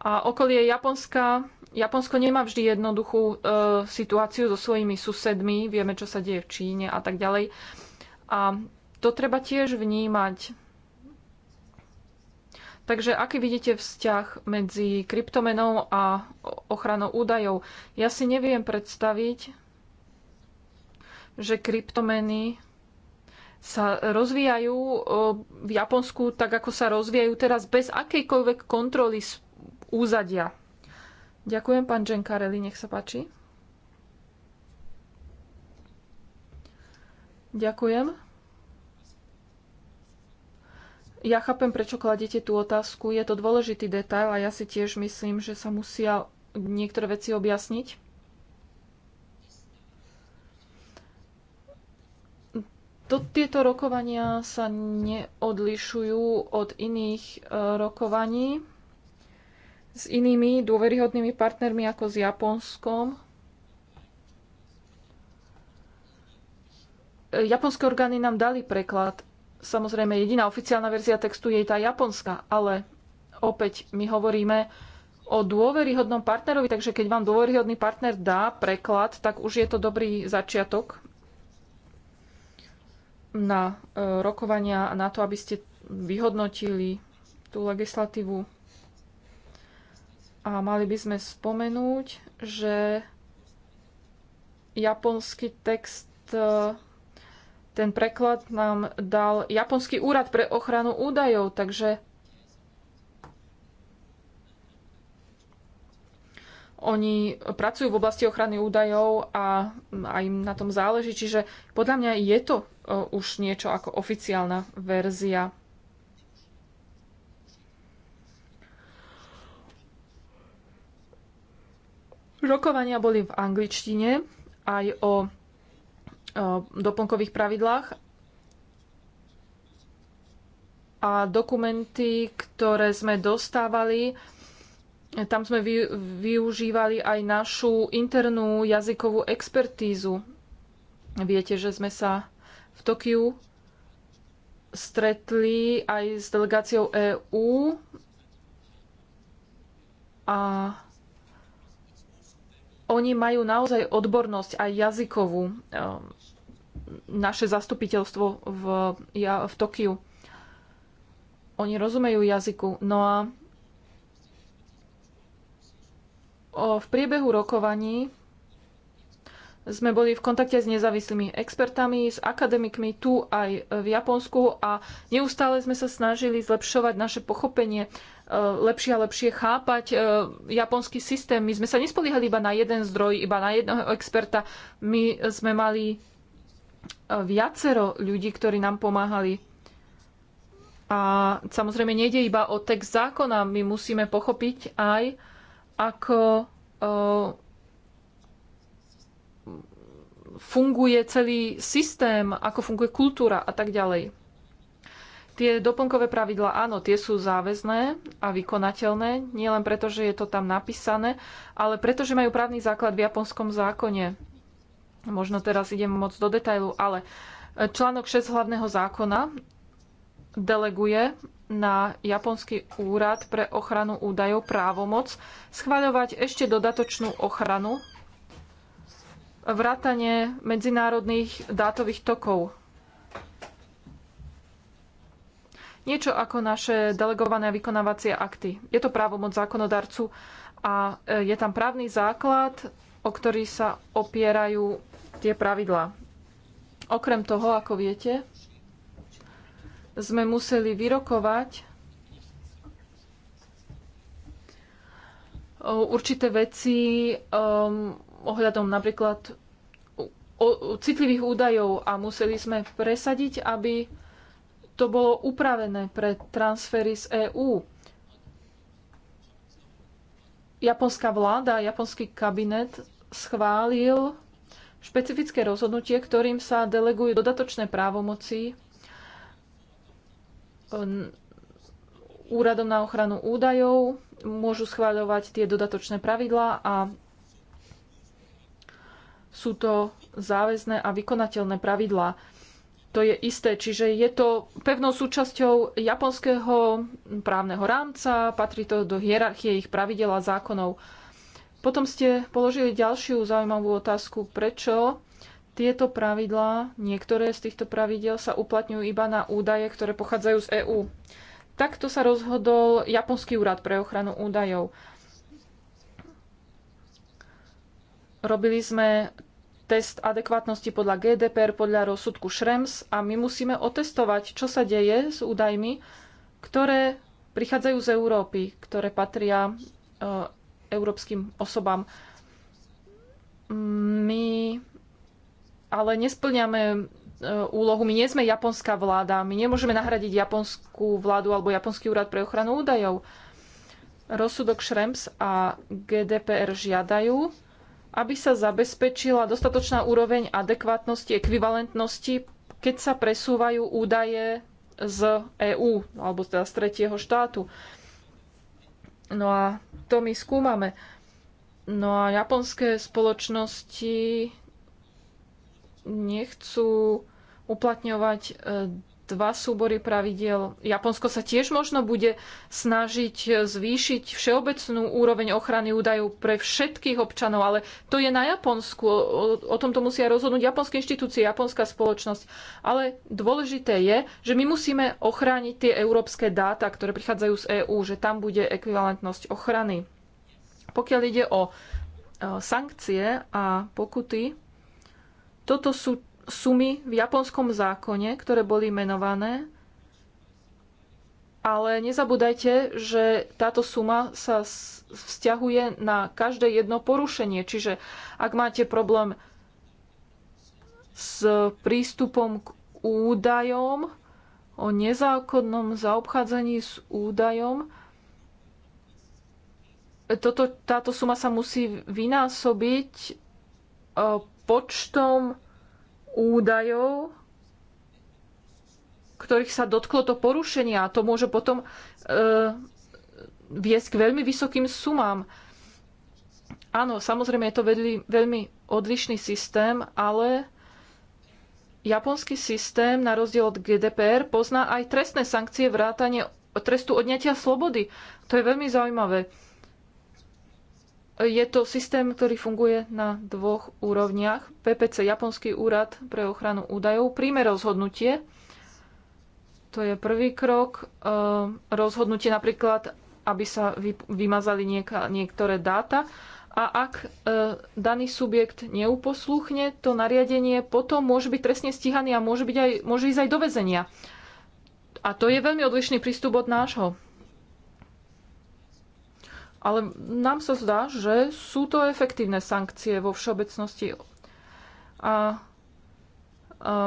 a okolie Japonska. Japonsko nemá vždy jednoduchú e, situáciu so svojimi susedmi, vieme, čo sa deje v Číne a tak ďalej. A to treba tiež vnímať. Takže aký vidíte vzťah medzi kryptomenou a ochranou údajov? Ja si neviem predstaviť, že kryptomeny sa rozvíjajú e, v Japonsku tak, ako sa rozvíjajú teraz, bez akejkoľvek kontroly úzadia. Ďakujem, pán Dženkareli, nech sa páči. Ďakujem. Ja chápem, prečo kladete tú otázku. Je to dôležitý detail a ja si tiež myslím, že sa musia niektoré veci objasniť. To, tieto rokovania sa neodlišujú od iných e, rokovaní s inými dôveryhodnými partnermi ako s Japonskom. Japonské orgány nám dali preklad. Samozrejme, jediná oficiálna verzia textu je tá japonská, ale opäť my hovoríme o dôveryhodnom partnerovi, takže keď vám dôveryhodný partner dá preklad, tak už je to dobrý začiatok na e, rokovania a na to, aby ste vyhodnotili tú legislatívu a mali by sme spomenúť, že japonský text, e, ten preklad nám dal Japonský úrad pre ochranu údajov, takže oni pracujú v oblasti ochrany údajov a, aj im na tom záleží. Čiže podľa mňa je to e, už niečo ako oficiálna verzia Rokovania boli v angličtine aj o doplnkových pravidlách a dokumenty, ktoré sme dostávali, tam sme využívali aj našu internú jazykovú expertízu. Viete, že sme sa v Tokiu stretli aj s delegáciou EÚ a oni majú naozaj odbornosť aj jazykovú. Eh, naše zastupiteľstvo v, ja, v Tokiu. Oni rozumejú jazyku. No a v priebehu rokovaní sme boli v kontakte s nezávislými expertami, s akademikmi tu aj v Japonsku a neustále sme sa snažili zlepšovať naše pochopenie Eh, lepšie a lepšie chápať eh, japonský systém. My sme sa nespoliehali iba na jeden zdroj, iba na jedného experta. My sme mali eh, viacero ľudí, ktorí nám pomáhali. A samozrejme nejde iba o text zákona. My musíme pochopiť aj, ako funguje celý systém, ako funguje kultúra a tak ďalej. Tie doplnkové pravidla, áno, tie sú záväzné a vykonateľné, nielen preto, že je to tam napísané, ale preto, že majú právny základ v japonskom zákone. Možno teraz idem moc do detailu, ale e, článok 6 hlavného zákona deleguje na Japonský úrad pre ochranu údajov právomoc schvaľovať ešte dodatočnú ochranu vrátanie medzinárodných dátových tokov. niečo ako naše delegované a vykonávacie akty. Je to právomoc zákonodarcu a e, je tam právny základ, o ktorý sa opierajú tie pravidlá. Okrem toho, ako viete, sme museli vyrokovať e, určité veci um, ohľadom napríklad o, o citlivých údajov a museli sme presadiť, aby to bolo upravené pre transfery z EÚ. Japonská vláda, japonský kabinet schválil špecifické rozhodnutie, ktorým sa delegujú dodatočné právomoci ehm, úradom na ochranu údajov, môžu schváľovať tie dodatočné pravidlá a sú to záväzné a vykonateľné pravidlá. To je isté, čiže je to pevnou súčasťou japonského právneho rámca, patrí to do hierarchie ich pravidel a zákonov. Potom ste položili ďalšiu zaujímavú otázku, prečo tieto pravidlá, niektoré z týchto pravidel sa uplatňujú iba na údaje, ktoré pochádzajú z EÚ. Takto sa rozhodol Japonský úrad pre ochranu údajov. Robili sme test adekvátnosti podľa GDPR, podľa rozsudku Šrems a my musíme otestovať, čo sa deje s údajmi, ktoré prichádzajú z Európy, ktoré patria e, európskym osobám. My ale nesplňame e, úlohu, my nie sme japonská vláda, my nemôžeme nahradiť japonskú vládu alebo japonský úrad pre ochranu údajov. Rozsudok Šrems a GDPR žiadajú, aby sa zabezpečila dostatočná úroveň adekvátnosti, ekvivalentnosti, keď sa presúvajú údaje z EÚ, alebo teda z tretieho štátu. No a to my skúmame. No a japonské spoločnosti nechcú uplatňovať e, dva súbory pravidiel. Japonsko sa tiež možno bude snažiť zvýšiť všeobecnú úroveň ochrany údajov pre všetkých občanov, ale to je na Japonsku. O, o tomto musia rozhodnúť japonské inštitúcie, japonská spoločnosť. Ale dôležité je, že my musíme ochrániť tie európske dáta, ktoré prichádzajú z EÚ, že tam bude ekvivalentnosť ochrany. Pokiaľ ide o e, sankcie a pokuty, toto sú sumy v japonskom zákone, ktoré boli menované, ale nezabúdajte, že táto suma sa vzťahuje na každé jedno porušenie. Čiže ak máte problém s prístupom k údajom, o nezákonnom zaobchádzaní s údajom, toto, táto suma sa musí vynásobiť e, počtom údajov, ktorých sa dotklo to porušenie a to môže potom e, viesť k veľmi vysokým sumám. Áno, samozrejme je to veľmi, veľmi odlišný systém, ale japonský systém, na rozdiel od GDPR, pozná aj trestné sankcie vrátanie trestu odňatia slobody. To je veľmi zaujímavé je to systém, ktorý funguje na dvoch úrovniach. PPC, Japonský úrad pre ochranu údajov, príjme rozhodnutie. To je prvý krok. E, rozhodnutie napríklad, aby sa vymazali niektoré dáta. A ak e, daný subjekt neuposluchne to nariadenie, potom môže byť trestne stíhaný a môže, byť aj, môže ísť aj do väzenia. A to je veľmi odlišný prístup od nášho. Ale nám sa zdá, že sú to efektívne sankcie vo všeobecnosti. A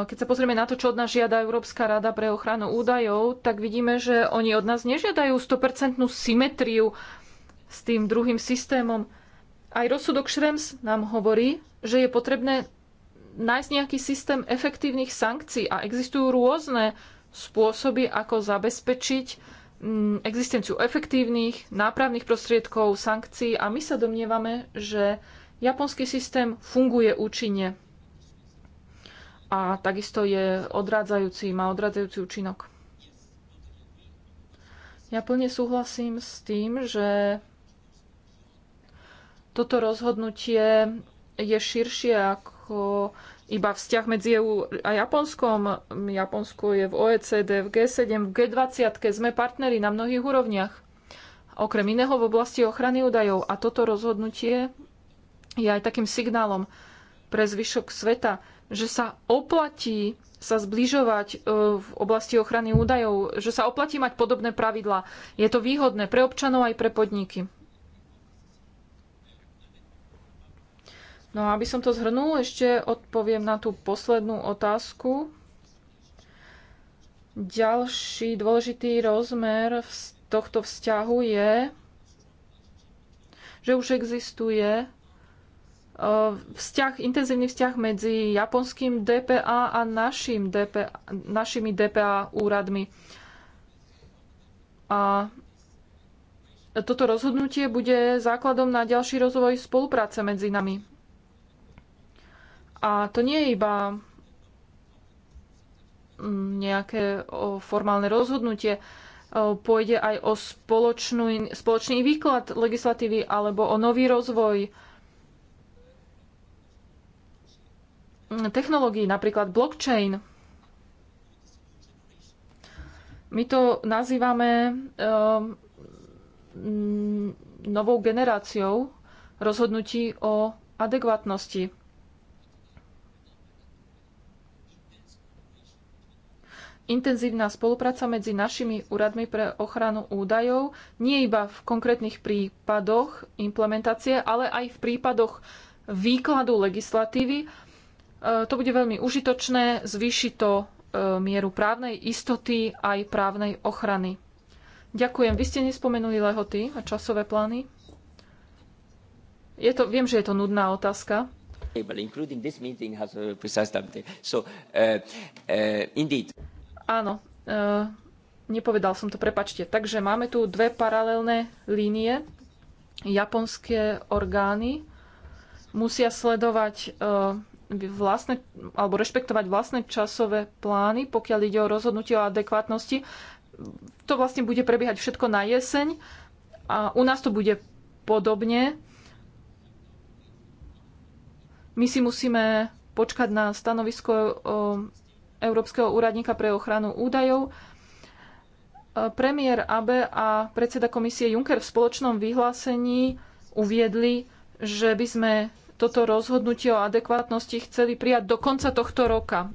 keď sa pozrieme na to, čo od nás žiada Európska rada pre ochranu údajov, tak vidíme, že oni od nás nežiadajú 100% symetriu s tým druhým systémom. Aj rozsudok Šrems nám hovorí, že je potrebné nájsť nejaký systém efektívnych sankcií a existujú rôzne spôsoby, ako zabezpečiť Mm, existenciu efektívnych nápravných prostriedkov, sankcií a my sa domnievame, že japonský systém funguje účinne a takisto je odrádzajúci, má odrádzajúci účinok. Ja plne súhlasím s tým, že toto rozhodnutie je širšie ako iba vzťah medzi EU a Japonskom. Japonsko je v OECD, v G7, v G20. Sme partneri na mnohých úrovniach. Okrem iného v oblasti ochrany údajov. A toto rozhodnutie je aj takým signálom pre zvyšok sveta, že sa oplatí sa zbližovať e, v oblasti ochrany údajov, že sa oplatí mať podobné pravidlá. Je to výhodné pre občanov aj pre podniky. No a aby som to zhrnul, ešte odpoviem na tú poslednú otázku. Ďalší dôležitý rozmer z tohto vzťahu je, že už existuje e, vzťah, intenzívny vzťah medzi japonským DPA a našim DPA, našimi DPA úradmi. A toto rozhodnutie bude základom na ďalší rozvoj spolupráce medzi nami. A to nie je iba mm, nejaké formálne rozhodnutie, pôjde aj o spoločnú, spoločný výklad legislatívy alebo o nový rozvoj mm, technológií, napríklad blockchain. My to nazývame um, novou generáciou rozhodnutí o adekvátnosti. intenzívna spolupráca medzi našimi úradmi pre ochranu údajov, nie iba v konkrétnych prípadoch implementácie, ale aj v prípadoch výkladu legislatívy. E, to bude veľmi užitočné, zvýši to e, mieru právnej istoty aj právnej ochrany. Ďakujem. Vy ste nespomenuli lehoty a časové plány? Je to, viem, že je to nudná otázka. Including this meeting has a precise time. So, uh, uh, indeed. Áno, e, nepovedal som to, prepačte. Takže máme tu dve paralelné línie. Japonské orgány musia sledovať e, vlastne, alebo rešpektovať vlastné časové plány, pokiaľ ide o rozhodnutie o adekvátnosti. To vlastne bude prebiehať všetko na jeseň a u nás to bude podobne. My si musíme počkať na stanovisko e, Európskeho úradníka pre ochranu údajov. E, premiér Abe a predseda komisie Juncker v spoločnom vyhlásení uviedli, že by sme toto rozhodnutie o adekvátnosti chceli prijať do konca tohto roka.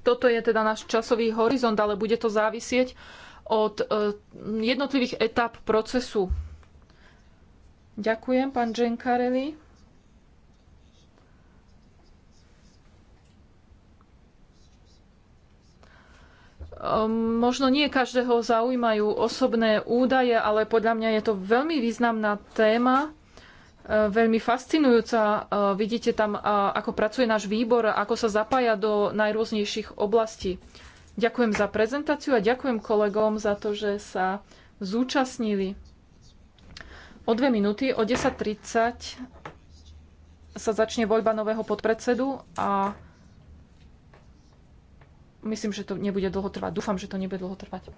Toto je teda náš časový horizont, ale bude to závisieť od e, jednotlivých etap procesu. Ďakujem, pán Genkarelli. Ehm, možno nie každého zaujímajú osobné údaje, ale podľa mňa je to veľmi významná téma, e, veľmi fascinujúca. E, vidíte tam, e, ako pracuje náš výbor, ako sa zapája do najrôznejších oblastí. Ďakujem za prezentáciu a ďakujem kolegom za to, že sa zúčastnili. O dve minúty, o 10.30 sa začne voľba nového podpredsedu a Myslím, že to nebude dlho trvať. Dúfam, že to nebude dlho trvať.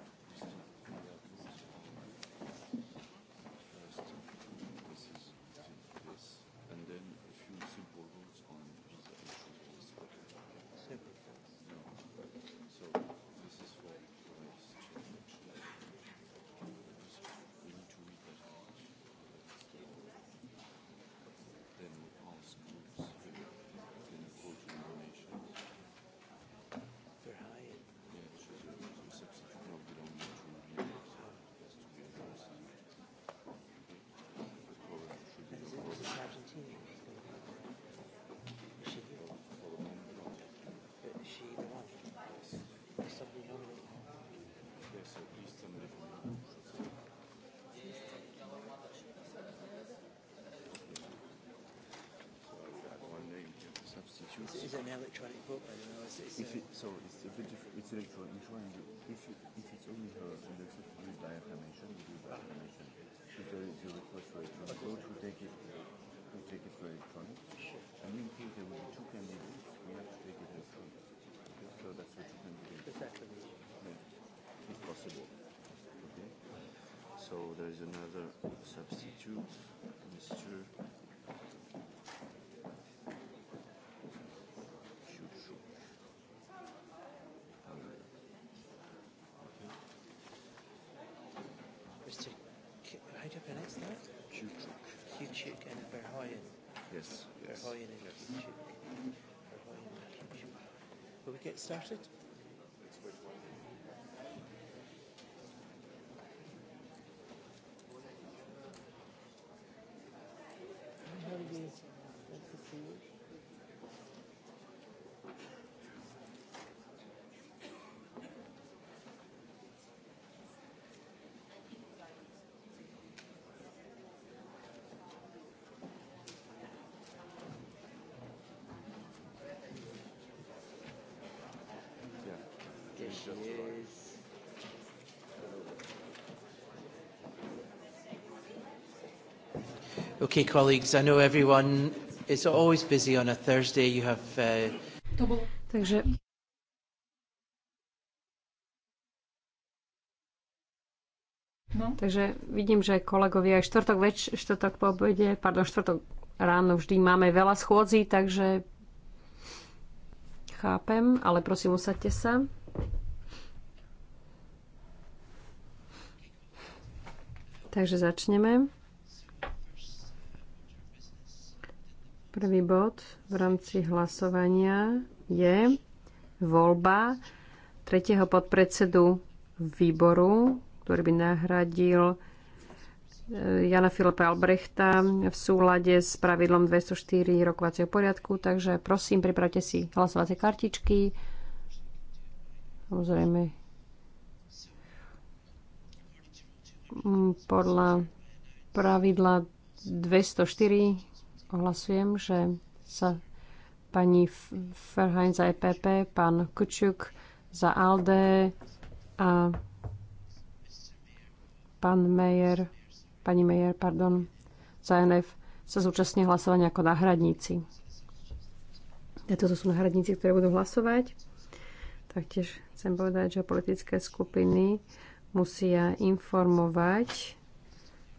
is an electronic book, I don't know. It's, it's if a, it, uh, so it's a bit different. It's electronic. If, you, if it's only her and it's accept by affirmation, you do by affirmation. If there is a request for electronic vote, we take it. We take it for electronic. And in case there will be two candidates, we have to take it electronic. Okay? So that's what you can do. Exactly. Yeah. If possible. Okay. So there is another substitute, Mr. get started. Okay, colleagues, I know everyone is always busy on a Thursday. You have... Uh... Takže No. Takže vidím, že kolegovia aj štvrtok, več, štvrtok po obede, pardon, štvrtok ráno vždy máme veľa schôdzí, takže chápem, ale prosím, usadte sa. Takže začneme. Prvý bod v rámci hlasovania je voľba tretieho podpredsedu výboru, ktorý by nahradil eh, Jana Filipa Albrechta v súlade s pravidlom 204 rokovacieho poriadku. Takže prosím, pripravte si hlasovacie kartičky. Samozrejme, Mm, podľa pravidla 204 ohlasujem, že sa pani Ferhajn za EPP, pán Kučuk za ALDE a pán Mejer, pani Mejer, pardon, za NF sa zúčastnia hlasovania ako náhradníci. Toto sú náhradníci, ktoré budú hlasovať. Taktiež chcem povedať, že politické skupiny musia informovať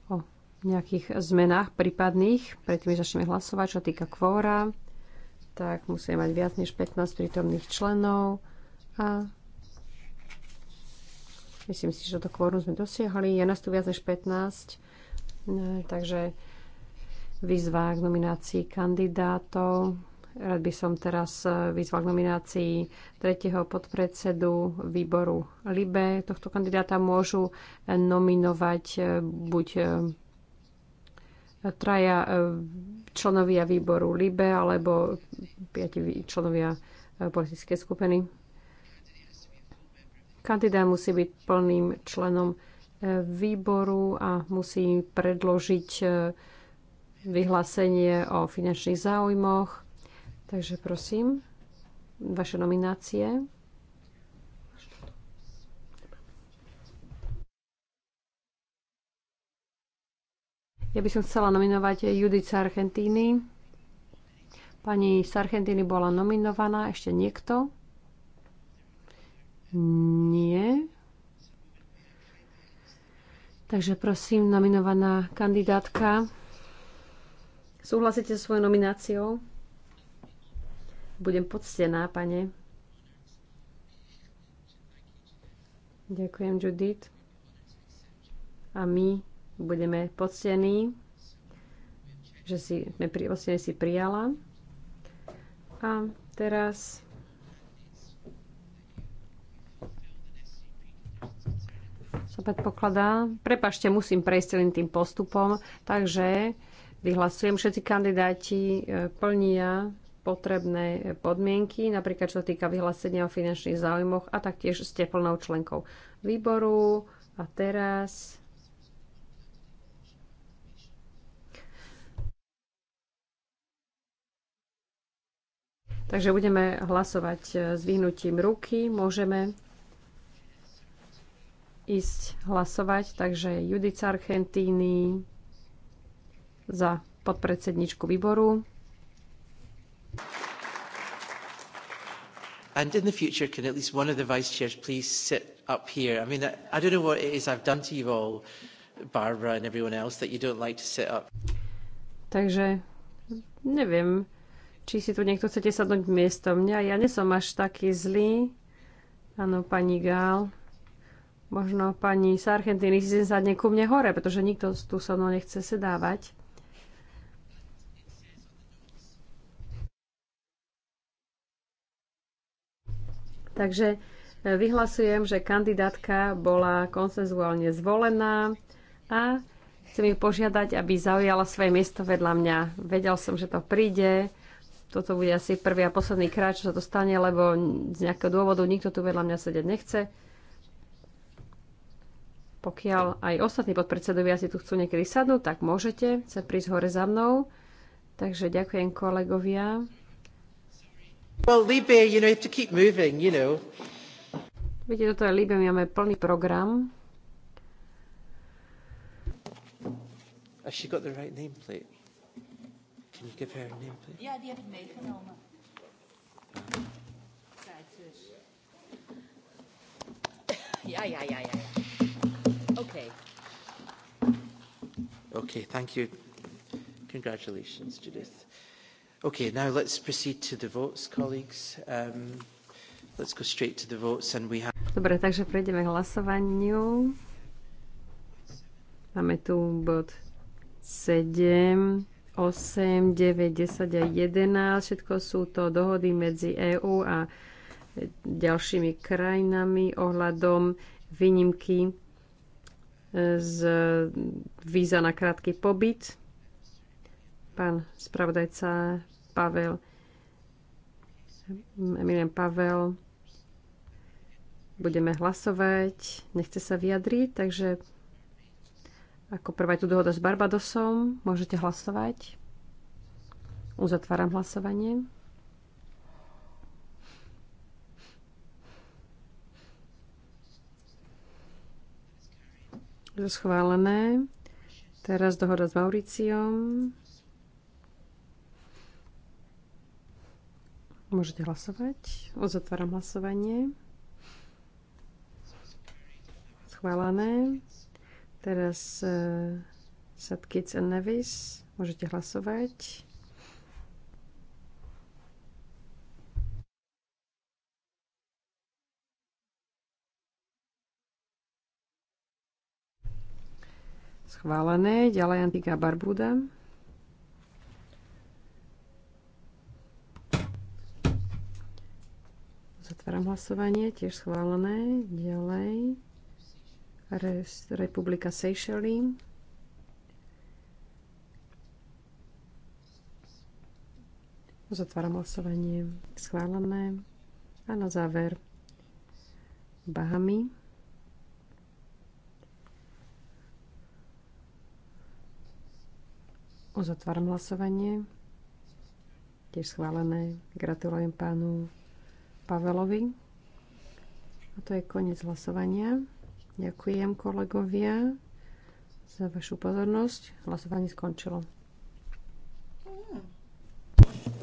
o nejakých zmenách prípadných, predtým, než začneme hlasovať, čo týka kvóra, tak musia mať viac než 15 prítomných členov a myslím si, že to kvórum sme dosiahli. Je nás tu viac než 15, eh, takže výzva k nominácii kandidátov Rád by som teraz e, vyzval k nominácii tretieho podpredsedu výboru LIBE. Tohto kandidáta môžu nominovať e, buď e, traja členovia výboru LIBE alebo piati členovia politickej skupiny. Kandidát musí byť plným členom výboru a musí predložiť vyhlásenie o finančných záujmoch Takže prosím, vaše nominácie. Ja by som chcela nominovať Judith Sargentini. Pani Sargentini bola nominovaná, ešte niekto? Nie. Takže prosím, nominovaná kandidátka. Súhlasíte so svojou nomináciou? Budem poctená, pane. Ďakujem, Judith. A my budeme poctení, že si, sme pri, vlastne si prijala. A teraz sa predpokladá. Prepašte, musím prejsť celým tým postupom. Takže vyhlasujem, všetci kandidáti e, plnia potrebné podmienky, napríklad čo týka vyhlásenia o finančných záujmoch a taktiež ste plnou členkou výboru. A teraz Takže budeme hlasovať s vyhnutím ruky. Môžeme ísť hlasovať. Takže Judica Argentíny za podpredsedničku výboru. And in the future, can at least one of the vice chairs please sit up here? I mean, I, I don't know what it is I've done to you all, Barbara and everyone else, that you don't like to sit up. Takže neviem, či si tu niekto chcete sadnúť miesto mňa. Ja nesom až taký zlý. Áno, pani Gál. Možno pani Sargentini si sadne ku mne hore, pretože nikto tu so mnou nechce sedávať. Takže e, vyhlasujem, že kandidátka bola konsenzuálne zvolená a chcem ju požiadať, aby zaujala svoje miesto vedľa mňa. Vedel som, že to príde. Toto bude asi prvý a posledný krát, čo sa to stane, lebo z nejakého dôvodu nikto tu vedľa mňa sedieť nechce. Pokiaľ aj ostatní podpredsedovia si tu chcú niekedy sadnúť, tak môžete sa prísť hore za mnou. Takže ďakujem kolegovia. Well, Libe, you know, have to keep moving, you know. Viete, toto je Libe, my máme plný program. Has she got the right nameplate? Can you give her a nameplate? Yeah die heb ik meegenomen. Ja, ja, ja, ja. Oké. Okay. Oké, okay, thank you. Congratulations, Judith. Okay, now let's proceed to the votes, colleagues. Um, let's go straight to the votes and we have... Dobre, takže prejdeme k hlasovaniu. Máme tu bod 7, 8, 9, 10 a 11. Všetko sú to dohody medzi EÚ a ďalšími krajinami ohľadom výnimky z víza na krátky pobyt. Pán spravodajca Pavel, Emilian Pavel, budeme hlasovať, nechce sa vyjadriť, takže ako prvá je tu dohoda s Barbadosom, môžete hlasovať. Uzatváram hlasovanie. schválené. Teraz dohoda s Mauriciom. Môžete hlasovať. Uzatváram hlasovanie. Schválené. Teraz uh, Sad Kids and Nevis. Môžete hlasovať. Schválené. Ďalej Antika Barbuda. Otváram hlasovanie, tiež schválené. Ďalej. Res, Republika Seychelles. Zatváram hlasovanie, schválené. A na záver Bahamy. Uzatváram hlasovanie. Tiež schválené. Gratulujem pánu Pavelovi. A to je koniec hlasovania. Ďakujem kolegovia za vašu pozornosť. Hlasovanie skončilo.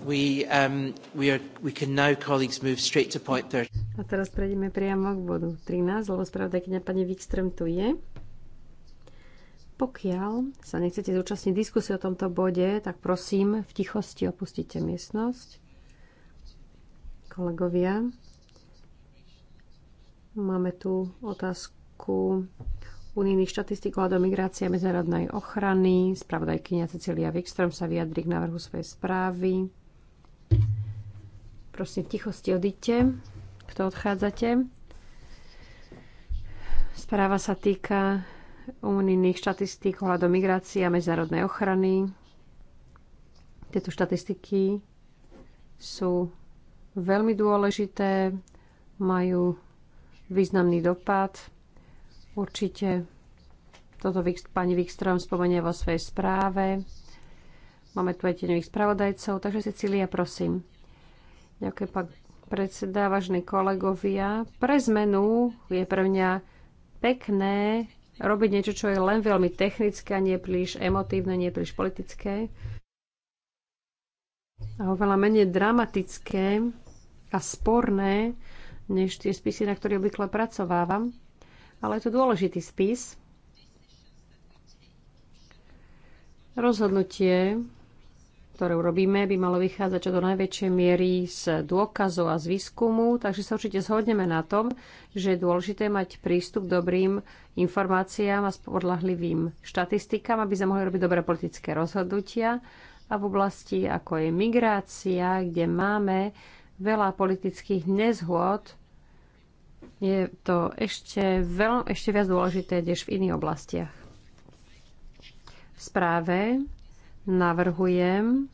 We, um, we are, we can now, colleagues, move straight to point A teraz prejdeme priamo k bodu 13, lebo spravodajkyňa pani Wikström tu je. Pokiaľ sa nechcete zúčastniť diskusie o tomto bode, tak prosím, v tichosti opustite miestnosť kolegovia. Máme tu otázku unijných štatistík hľadom migrácie a medzinárodnej ochrany. Spravodajkynia Cecilia Wikström sa vyjadri k návrhu svojej správy. Prosím, v tichosti odíďte, kto odchádzate. Správa sa týka unijných štatistík do migrácie a medzinárodnej ochrany. Tieto štatistiky sú veľmi dôležité, majú významný dopad. Určite toto pani Wikström spomenie vo svojej správe. Máme tu aj tenových spravodajcov, takže Cecília, prosím. Ďakujem, pán predseda, vážni kolegovia. Pre zmenu je pre mňa pekné robiť niečo, čo je len veľmi technické a nie príliš emotívne, nie príliš politické. A oveľa menej dramatické a sporné než tie spisy, na ktoré obvykle pracovávam. Ale je to dôležitý spis. Rozhodnutie, ktoré urobíme, by malo vychádzať čo do najväčšej miery z dôkazov a z výskumu, takže sa určite zhodneme na tom, že je dôležité mať prístup k dobrým informáciám a spodlahlivým štatistikám, aby sme mohli robiť dobré politické rozhodnutia a v oblasti, ako je migrácia, kde máme veľa politických nezhôd, je to ešte, veľ, ešte viac dôležité než v iných oblastiach. V správe navrhujem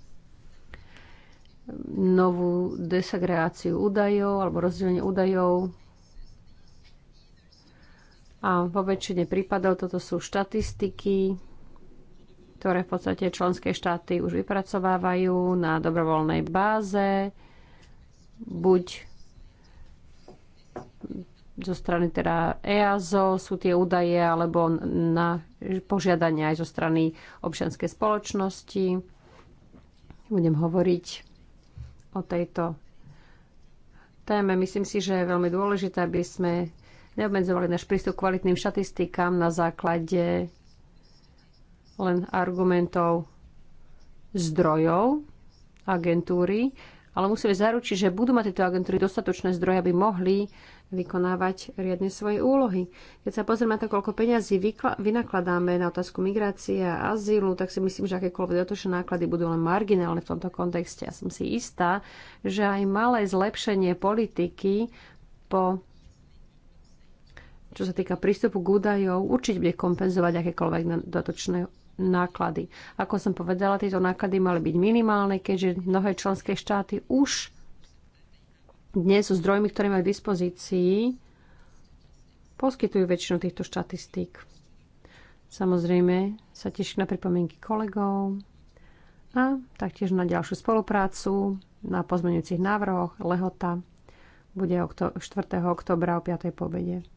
novú desagregáciu údajov alebo rozdelenie údajov a vo väčšine prípadov toto sú štatistiky, ktoré v podstate členské štáty už vypracovávajú na dobrovoľnej báze buď zo strany teda EASO sú tie údaje, alebo na požiadania aj zo strany občianskej spoločnosti. Budem hovoriť o tejto téme. Myslím si, že je veľmi dôležité, aby sme neobmedzovali náš prístup kvalitným štatistikám na základe len argumentov zdrojov agentúry, ale musíme zaručiť, že budú mať tieto agentúry dostatočné zdroje, aby mohli vykonávať riadne svoje úlohy. Keď sa pozrieme na to, koľko peňazí vynakladáme na otázku migrácie a azylu, tak si myslím, že akékoľvek dotočné náklady budú len marginálne v tomto kontexte. Ja som si istá, že aj malé zlepšenie politiky po čo sa týka prístupu k údajov, určite bude kompenzovať akékoľvek dotočné náklady. Ako som povedala, tieto náklady mali byť minimálne, keďže mnohé členské štáty už dnes sú zdrojmi, ktoré majú v dispozícii, poskytujú väčšinu týchto štatistík. Samozrejme sa teším na pripomienky kolegov a taktiež na ďalšiu spoluprácu na pozmeňujúcich návrhoch. Lehota bude 4. oktobra o 5. pobede.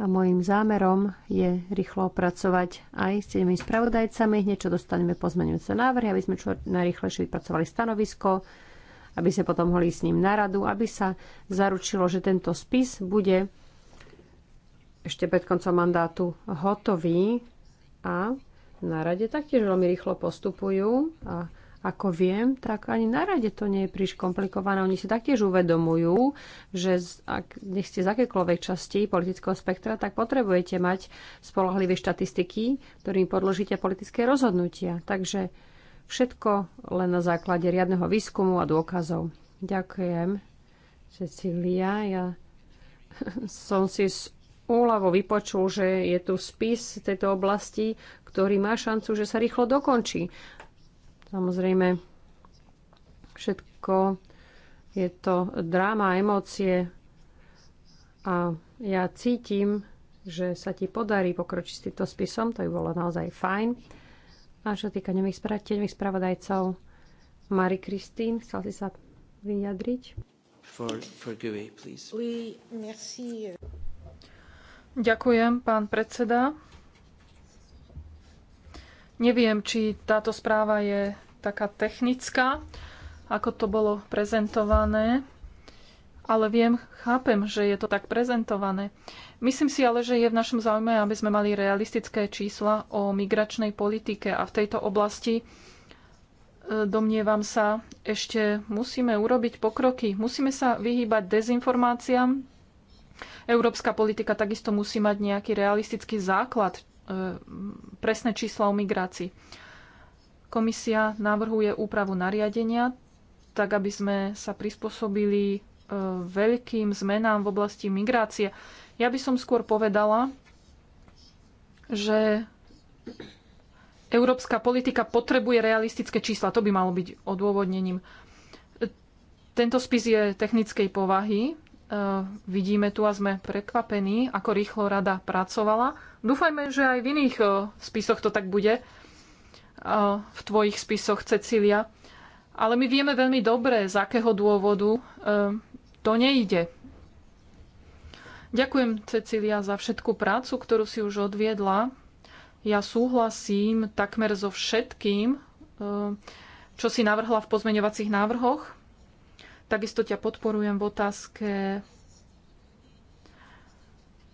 A môjim zámerom je rýchlo pracovať aj s tými spravodajcami. niečo dostaneme pozmeňujúce návrhy, aby sme čo najrychlejšie vypracovali stanovisko, aby sa potom mohli s ním na radu, aby sa zaručilo, že tento spis bude ešte pred koncom mandátu hotový a na rade taktiež veľmi rýchlo postupujú a ako viem, tak ani na rade to nie je príliš komplikované. Oni si taktiež uvedomujú, že ak nech ste z akékoľvek časti politického spektra, tak potrebujete mať spolahlivé štatistiky, ktorým podložíte politické rozhodnutia. Takže všetko len na základe riadneho výskumu a dôkazov. Ďakujem, Cecília. Ja som si s úľavou vypočul, že je tu spis tejto oblasti, ktorý má šancu, že sa rýchlo dokončí. Samozrejme, všetko je to dráma, emócie a ja cítim, že sa ti podarí pokročiť s týmto spisom, to by bolo naozaj fajn. A čo týka nemých sprateľných spravodajcov, Mari Kristín, chcel si sa vyjadriť? For, for Gouet, please. Oui, merci. Ďakujem, pán predseda. Neviem, či táto správa je taká technická, ako to bolo prezentované, ale viem, chápem, že je to tak prezentované. Myslím si ale, že je v našom záujme, aby sme mali realistické čísla o migračnej politike a v tejto oblasti e, domnievam sa, ešte musíme urobiť pokroky. Musíme sa vyhýbať dezinformáciám. Európska politika takisto musí mať nejaký realistický základ, E, presné čísla o migrácii. Komisia navrhuje úpravu nariadenia, tak aby sme sa prispôsobili e, veľkým zmenám v oblasti migrácie. Ja by som skôr povedala, že európska politika potrebuje realistické čísla. To by malo byť odôvodnením. Tento spis je technickej povahy, Eh, vidíme tu a sme prekvapení, ako rýchlo rada pracovala. Dúfajme, že aj v iných eh, spisoch to tak bude, eh, v tvojich spisoch, Cecília. Ale my vieme veľmi dobre, z akého dôvodu to nejde. Ďakujem, Cecília, za všetku prácu, ktorú si už odviedla. Ja súhlasím takmer so všetkým, čo si navrhla v pozmeňovacích návrhoch. Takisto ťa podporujem v otázke,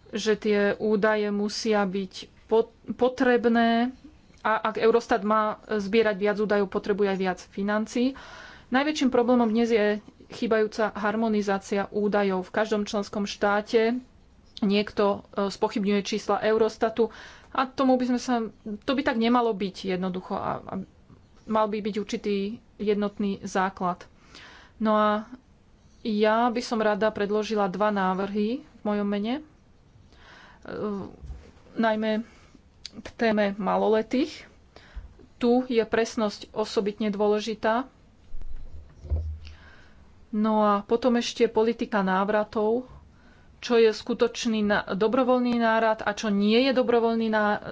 že tie údaje musia byť potrebné a ak Eurostat má zbierať viac údajov, potrebuje aj viac financí. Najväčším problémom dnes je chýbajúca harmonizácia údajov. V každom členskom štáte niekto e, spochybňuje čísla Eurostatu a tomu by sme sa, to by tak nemalo byť jednoducho a, a mal by byť určitý jednotný základ. No a ja by som rada predložila dva návrhy v mojom mene. Ehm, najmä k téme maloletých. Tu je presnosť osobitne dôležitá. No a potom ešte politika návratov, čo je skutočný dobrovoľný návrat a čo nie je dobrovoľný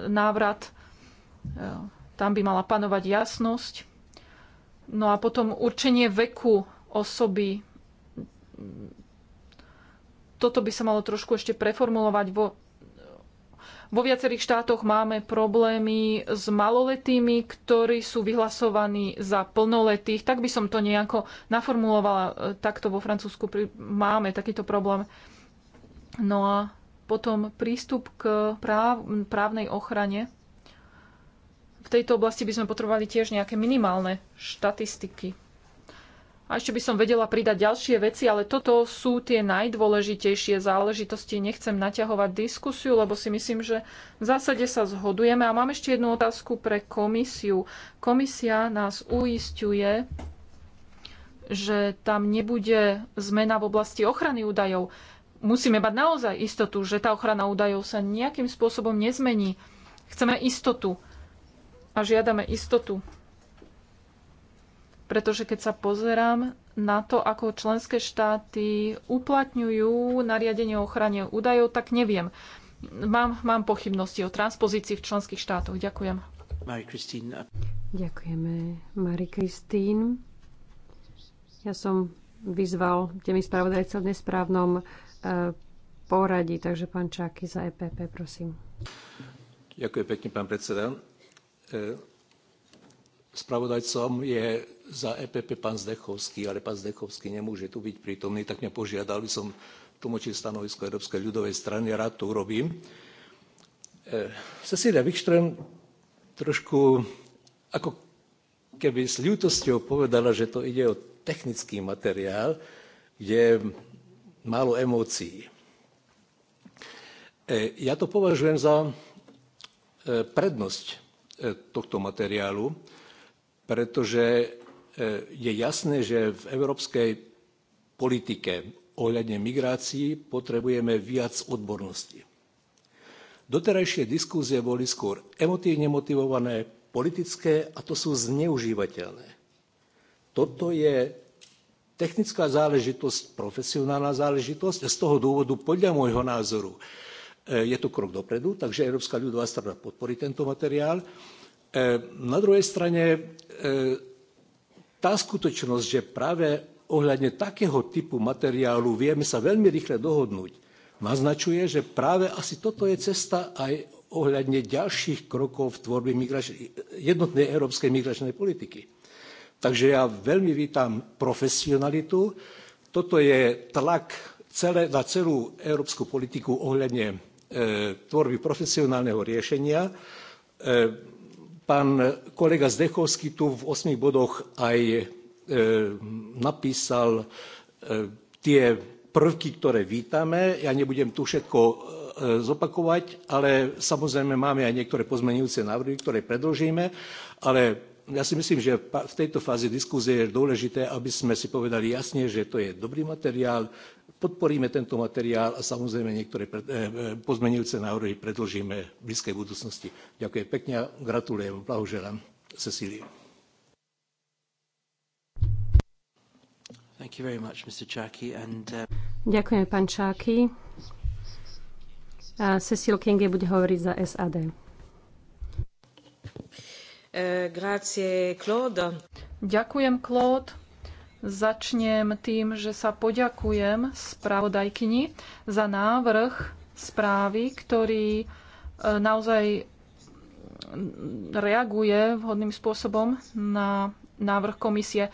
návrat. Ehm, tam by mala panovať jasnosť. No a potom určenie veku osoby. Toto by sa malo trošku ešte preformulovať. Vo, vo viacerých štátoch máme problémy s maloletými, ktorí sú vyhlasovaní za plnoletých. Tak by som to nejako naformulovala. Takto vo Francúzsku máme takýto problém. No a potom prístup k práv, právnej ochrane. V tejto oblasti by sme potrebovali tiež nejaké minimálne štatistiky. A ešte by som vedela pridať ďalšie veci, ale toto sú tie najdôležitejšie záležitosti. Nechcem naťahovať diskusiu, lebo si myslím, že v zásade sa zhodujeme. A mám ešte jednu otázku pre komisiu. Komisia nás uistuje, že tam nebude zmena v oblasti ochrany údajov. Musíme mať naozaj istotu, že tá ochrana údajov sa nejakým spôsobom nezmení. Chceme istotu a žiadame istotu pretože keď sa pozerám na to, ako členské štáty uplatňujú nariadenie o ochrane údajov, tak neviem. Mám, mám pochybnosti o transpozícii v členských štátoch. Ďakujem. Ďakujeme, Marie Kristín. Ja som vyzval temi spravodajcov v nesprávnom e, poradí, takže pán Čáky za EPP, prosím. Ďakujem pekne, pán predseda. E Spravodajcom je za EPP pán Zdechovský, ale pán Zdechovský nemôže tu byť prítomný, tak mňa požiadal, aby som tlmočil stanovisko Európskej ľudovej strany a rád to urobím. E, Cecília Wikström trošku ako keby s ľútosťou povedala, že to ide o technický materiál, kde je málo emócií. E, ja to považujem za e, prednosť tohto materiálu, pretože e, je jasné, že v európskej politike ohľadne migrácií potrebujeme viac odbornosti. Doterajšie diskúzie boli skôr emotívne motivované, politické a to sú zneužívateľné. Toto je technická záležitosť, profesionálna záležitosť a z toho dôvodu podľa môjho názoru e, je to krok dopredu, takže Európska ľudová strana podporí tento materiál. E, na druhej strane e, tá skutočnosť, že práve ohľadne takého typu materiálu vieme sa veľmi rýchle dohodnúť, naznačuje, že práve asi toto je cesta aj ohľadne ďalších krokov v tvorbe jednotnej európskej migračnej politiky. Takže ja veľmi vítam profesionalitu. Toto je tlak celé, na celú európsku politiku ohľadne e, tvorby profesionálneho riešenia. E, Pán kolega Zdechovský tu v osmých bodoch aj e, napísal e, tie prvky, ktoré vítame. Ja nebudem tu všetko e, zopakovať, ale samozrejme máme aj niektoré pozmenujúce návrhy, ktoré predložíme, ale ja si myslím, že v tejto fáze diskúzie je dôležité, aby sme si povedali jasne, že to je dobrý materiál, Podporíme tento materiál a samozrejme niektoré eh, eh, pozmenujúce návrhy predložíme v blízkej budúcnosti. Ďakujem pekne a gratulujem. Blahoželám. Cecílii. Uh, Ďakujem, pán Čáky. A Cecil bude hovoriť za SAD. Eh, grazie, Claude. Ďakujem, Claude. Začnem tým, že sa poďakujem spravodajkyni za návrh správy, ktorý e, naozaj reaguje vhodným spôsobom na návrh komisie.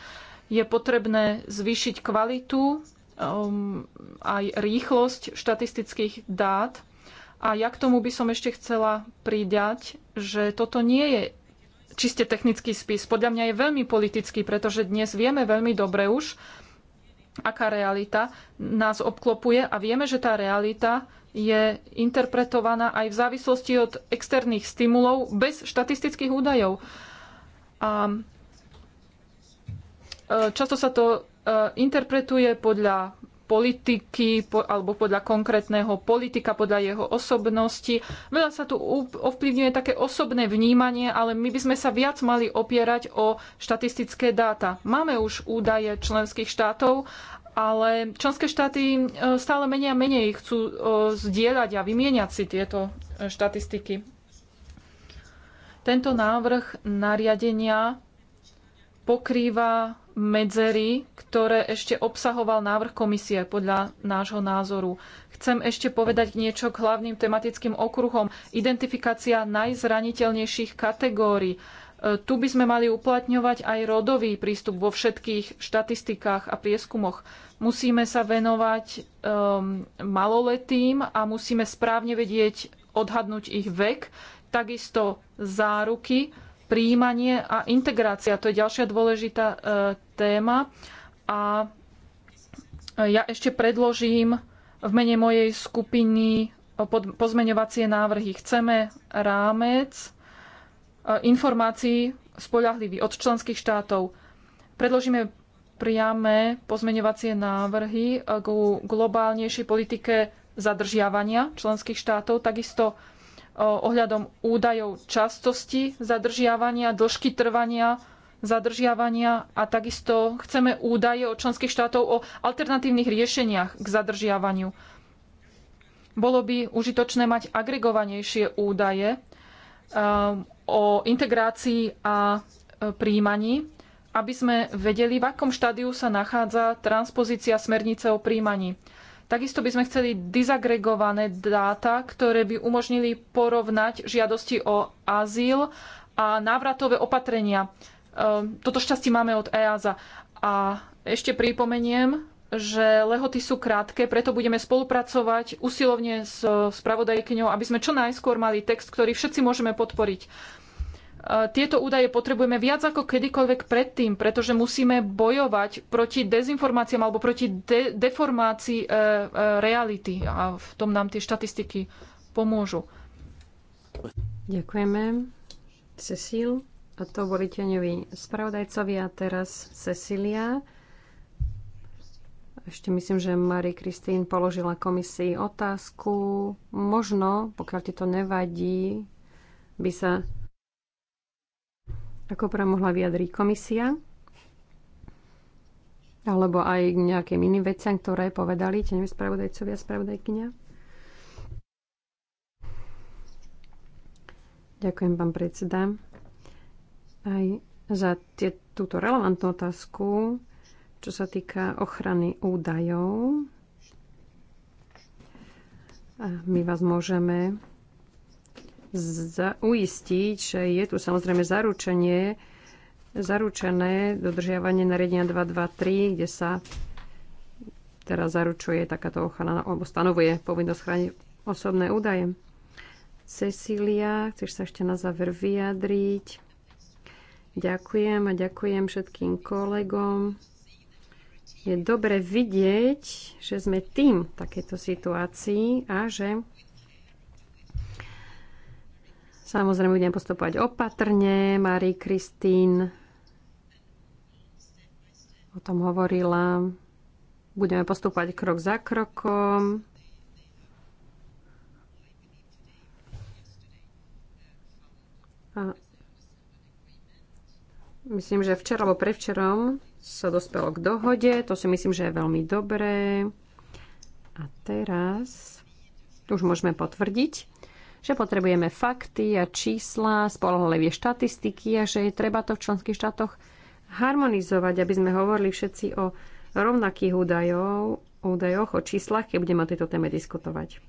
Je potrebné zvýšiť kvalitu um, aj rýchlosť štatistických dát. A ja k tomu by som ešte chcela pridať, že toto nie je čiste technický spis. Podľa mňa je veľmi politický, pretože dnes vieme veľmi dobre už, aká realita nás obklopuje a vieme, že tá realita je interpretovaná aj v závislosti od externých stimulov bez štatistických údajov. A e, často sa to e, interpretuje podľa politiky po, alebo podľa konkrétneho politika, podľa jeho osobnosti. Veľa sa tu ovplyvňuje také osobné vnímanie, ale my by sme sa viac mali opierať o štatistické dáta. Máme už údaje členských štátov, ale členské štáty e, stále menej a menej chcú e, zdieľať a vymieňať si tieto e, štatistiky. Tento návrh nariadenia pokrýva medzery, ktoré ešte obsahoval návrh komisie podľa nášho názoru. Chcem ešte povedať niečo k hlavným tematickým okruhom. Identifikácia najzraniteľnejších kategórií. E, tu by sme mali uplatňovať aj rodový prístup vo všetkých štatistikách a prieskumoch. Musíme sa venovať um, maloletým a musíme správne vedieť odhadnúť ich vek, takisto záruky, príjmanie a integrácia. To je ďalšia dôležitá e, téma. A ja ešte predložím v mene mojej skupiny e, pozmeňovacie návrhy. Chceme rámec e, informácií spoľahlivý od členských štátov. Predložíme priame pozmeňovacie návrhy e, k globálnejšej politike zadržiavania členských štátov. Takisto ohľadom údajov častosti zadržiavania, dĺžky trvania zadržiavania a takisto chceme údaje od členských štátov o alternatívnych riešeniach k zadržiavaniu. Bolo by užitočné mať agregovanejšie údaje um, o integrácii a e, príjmaní, aby sme vedeli, v akom štádiu sa nachádza transpozícia smernice o príjmaní. Takisto by sme chceli dizagregované dáta, ktoré by umožnili porovnať žiadosti o azyl a návratové opatrenia. Ehm, toto šťastie máme od EASA. A ešte pripomeniem, že lehoty sú krátke, preto budeme spolupracovať usilovne s spravodajkyňou, aby sme čo najskôr mali text, ktorý všetci môžeme podporiť. Eh, tieto údaje potrebujeme viac ako kedykoľvek predtým, pretože musíme bojovať proti dezinformáciám alebo proti de- deformácii e, e, reality. A v tom nám tie štatistiky pomôžu. Ďakujeme. Cecil, a to boli tieňoví spravodajcovi a teraz Cecilia. Ešte myslím, že Marie Kristín položila komisii otázku. Možno, pokiaľ ti to nevadí, by sa ako premohla vyjadriť komisia, alebo aj k nejakým iným veciam, ktoré povedali tie spravodajcovia a spravodajkynia. Ďakujem, pán predseda, aj za tie, túto relevantnú otázku, čo sa týka ochrany údajov. A my vás môžeme uistiť, že je tu samozrejme zaručenie, zaručené dodržiavanie nariadenia 223, kde sa teraz zaručuje takáto ochrana, alebo stanovuje povinnosť chrániť osobné údaje. Cecília, chceš sa ešte na záver vyjadriť? Ďakujem a ďakujem všetkým kolegom. Je dobre vidieť, že sme tým v takejto situácii a že Samozrejme, budem postupovať opatrne. Marie Kristín o tom hovorila. Budeme postupovať krok za krokom. A myslím, že včera alebo prevčerom sa dospelo k dohode. To si myslím, že je veľmi dobré. A teraz už môžeme potvrdiť, že potrebujeme fakty a čísla, spolahlivé štatistiky a že je treba to v členských štátoch harmonizovať, aby sme hovorili všetci o rovnakých údajov, údajoch, o číslach, keď budeme o tejto téme diskutovať.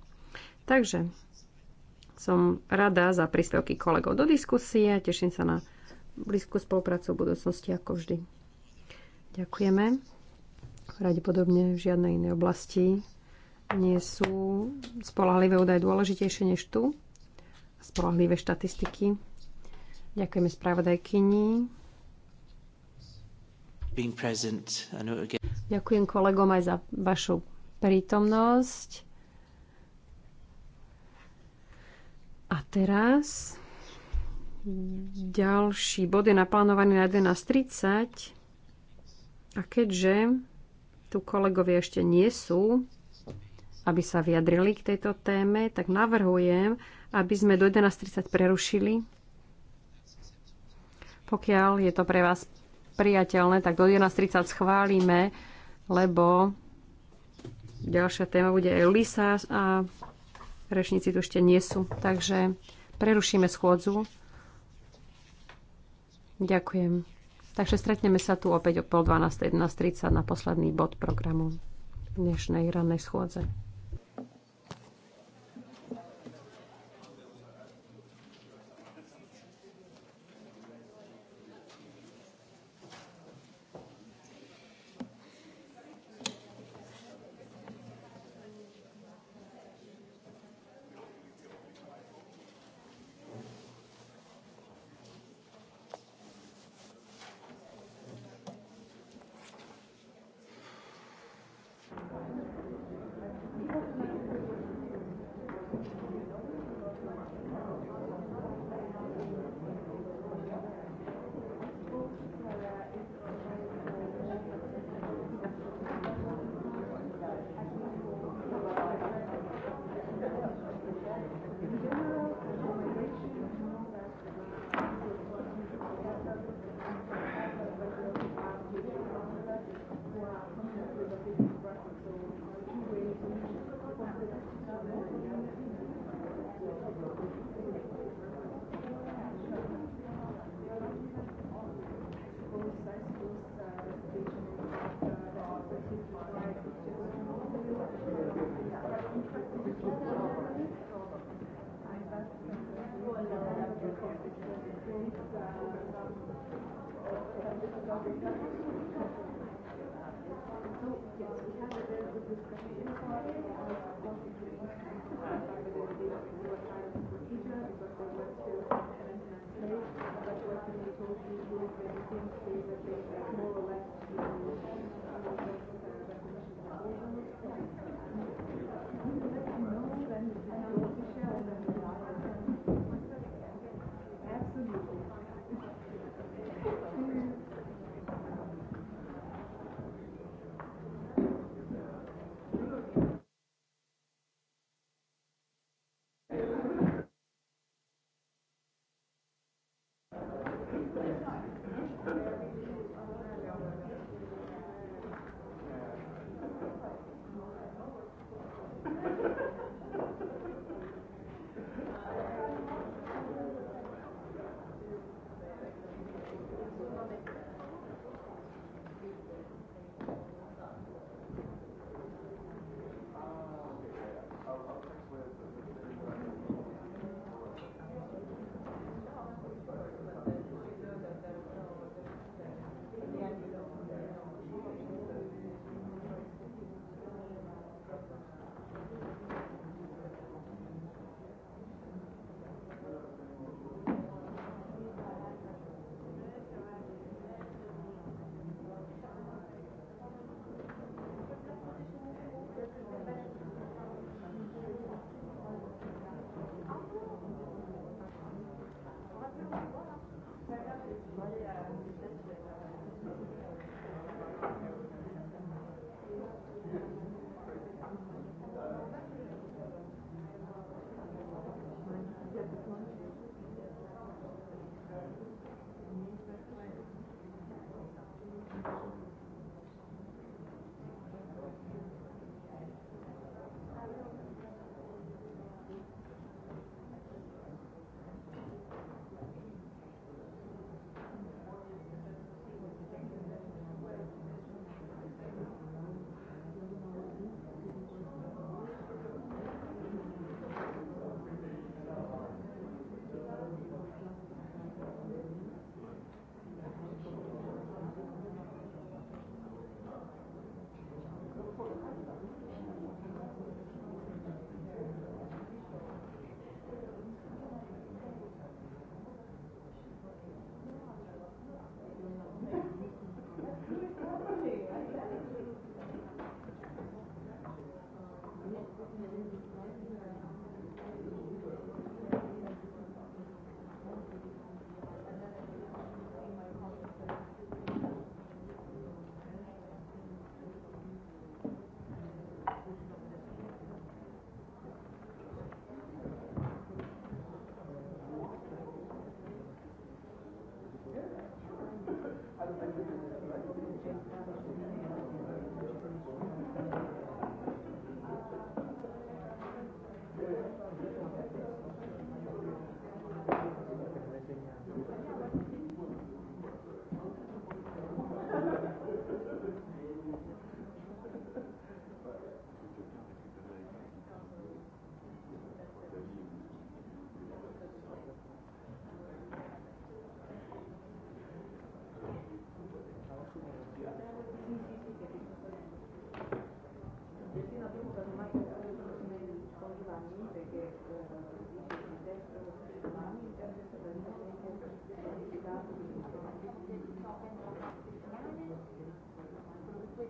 Takže som rada za príspevky kolegov do diskusie, teším sa na blízku spoluprácu v budúcnosti ako vždy. Ďakujeme. Radi podobne v žiadnej inej oblasti nie sú spolahlivé údaje dôležitejšie než tu. Spolahlivé štatistiky. Ďakujeme spravodajkyni. Ďakujem kolegom aj za vašu prítomnosť. A teraz ďalší bod je naplánovaný na 11.30. A keďže tu kolegovia ešte nie sú, aby sa vyjadrili k tejto téme, tak navrhujem, aby sme do 11.30 prerušili. Pokiaľ je to pre vás priateľné, tak do 11.30 schválime, lebo ďalšia téma bude Elisa a rečníci tu ešte nie sú. Takže prerušíme schôdzu. Ďakujem. Takže stretneme sa tu opäť o pol 12.11.30 na posledný bod programu dnešnej rannej schôdze.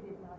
they did not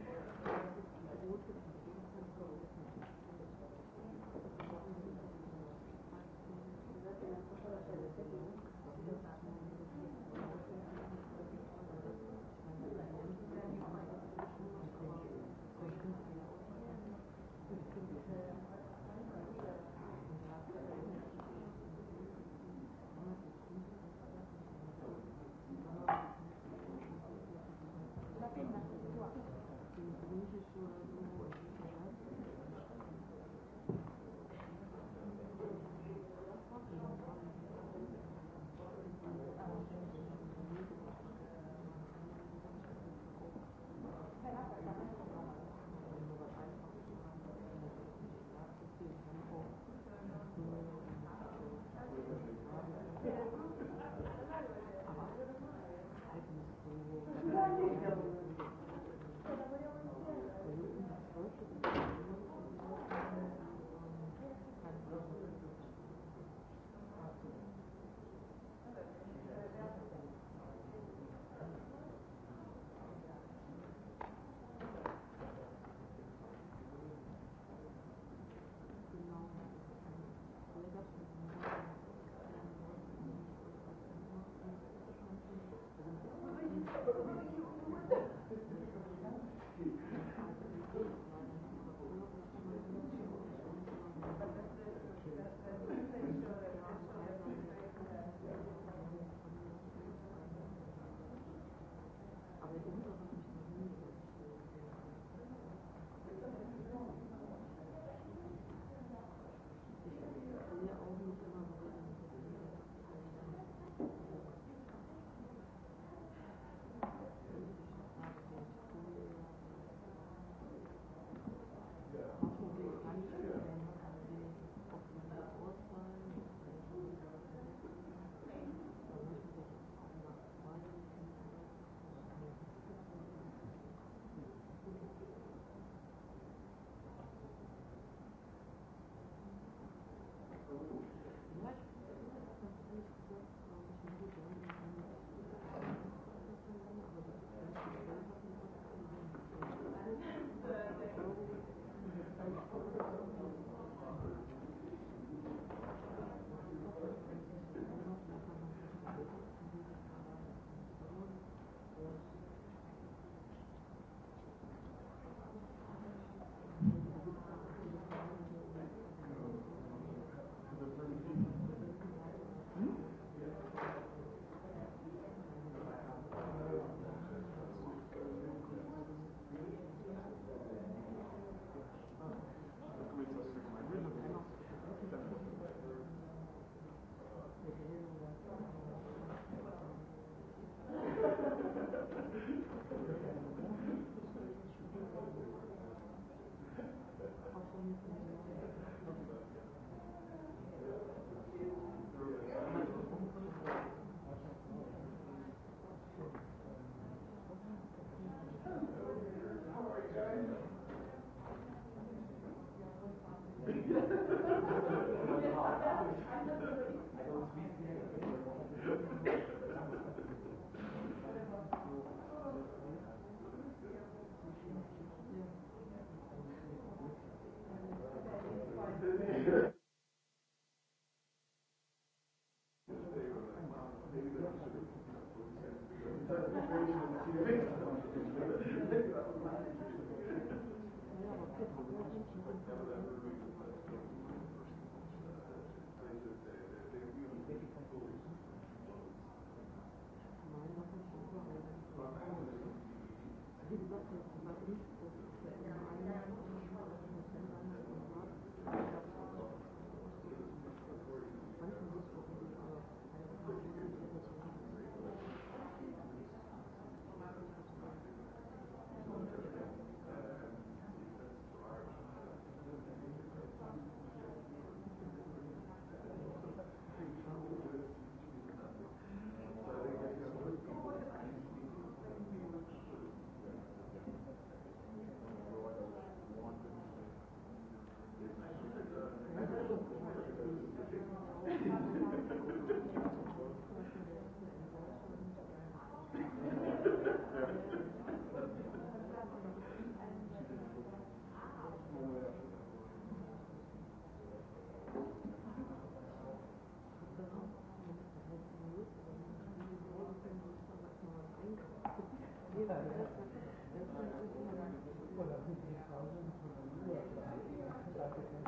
Thank you.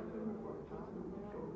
I don't know what time we told.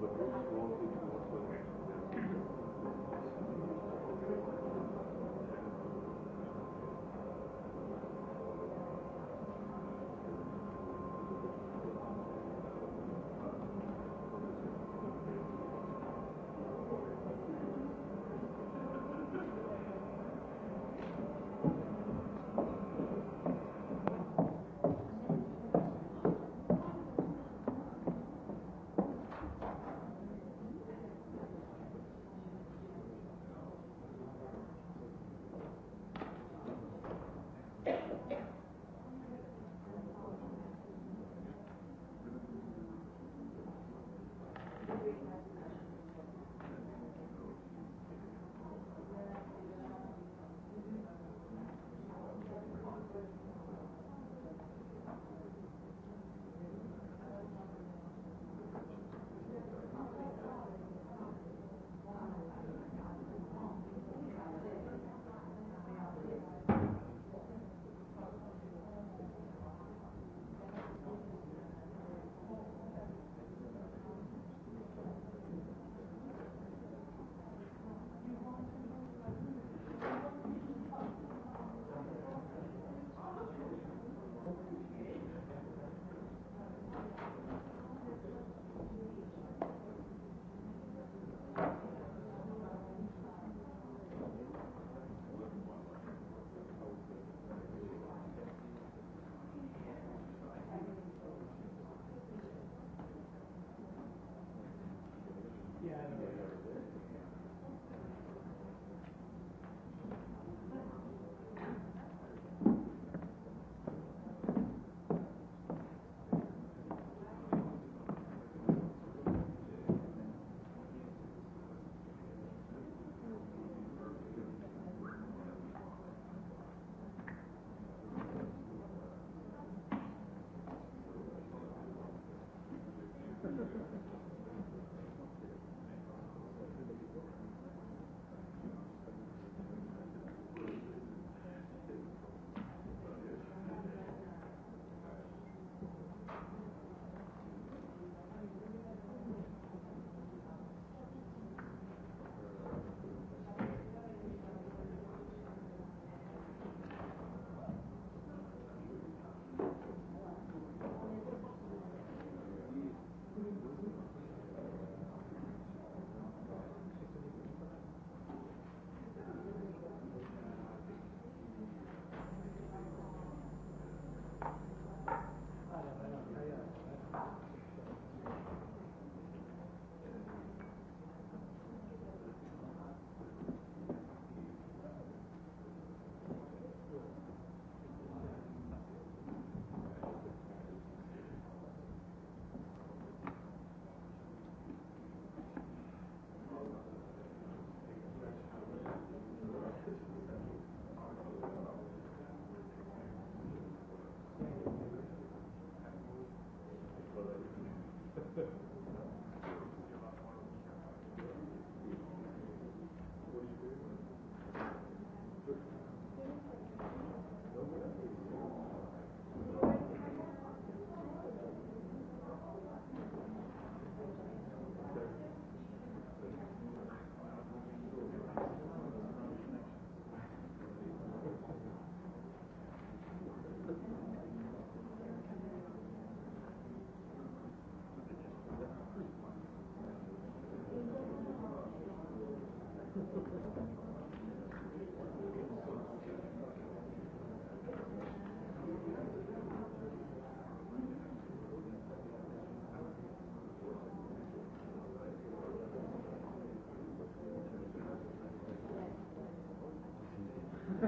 dobre.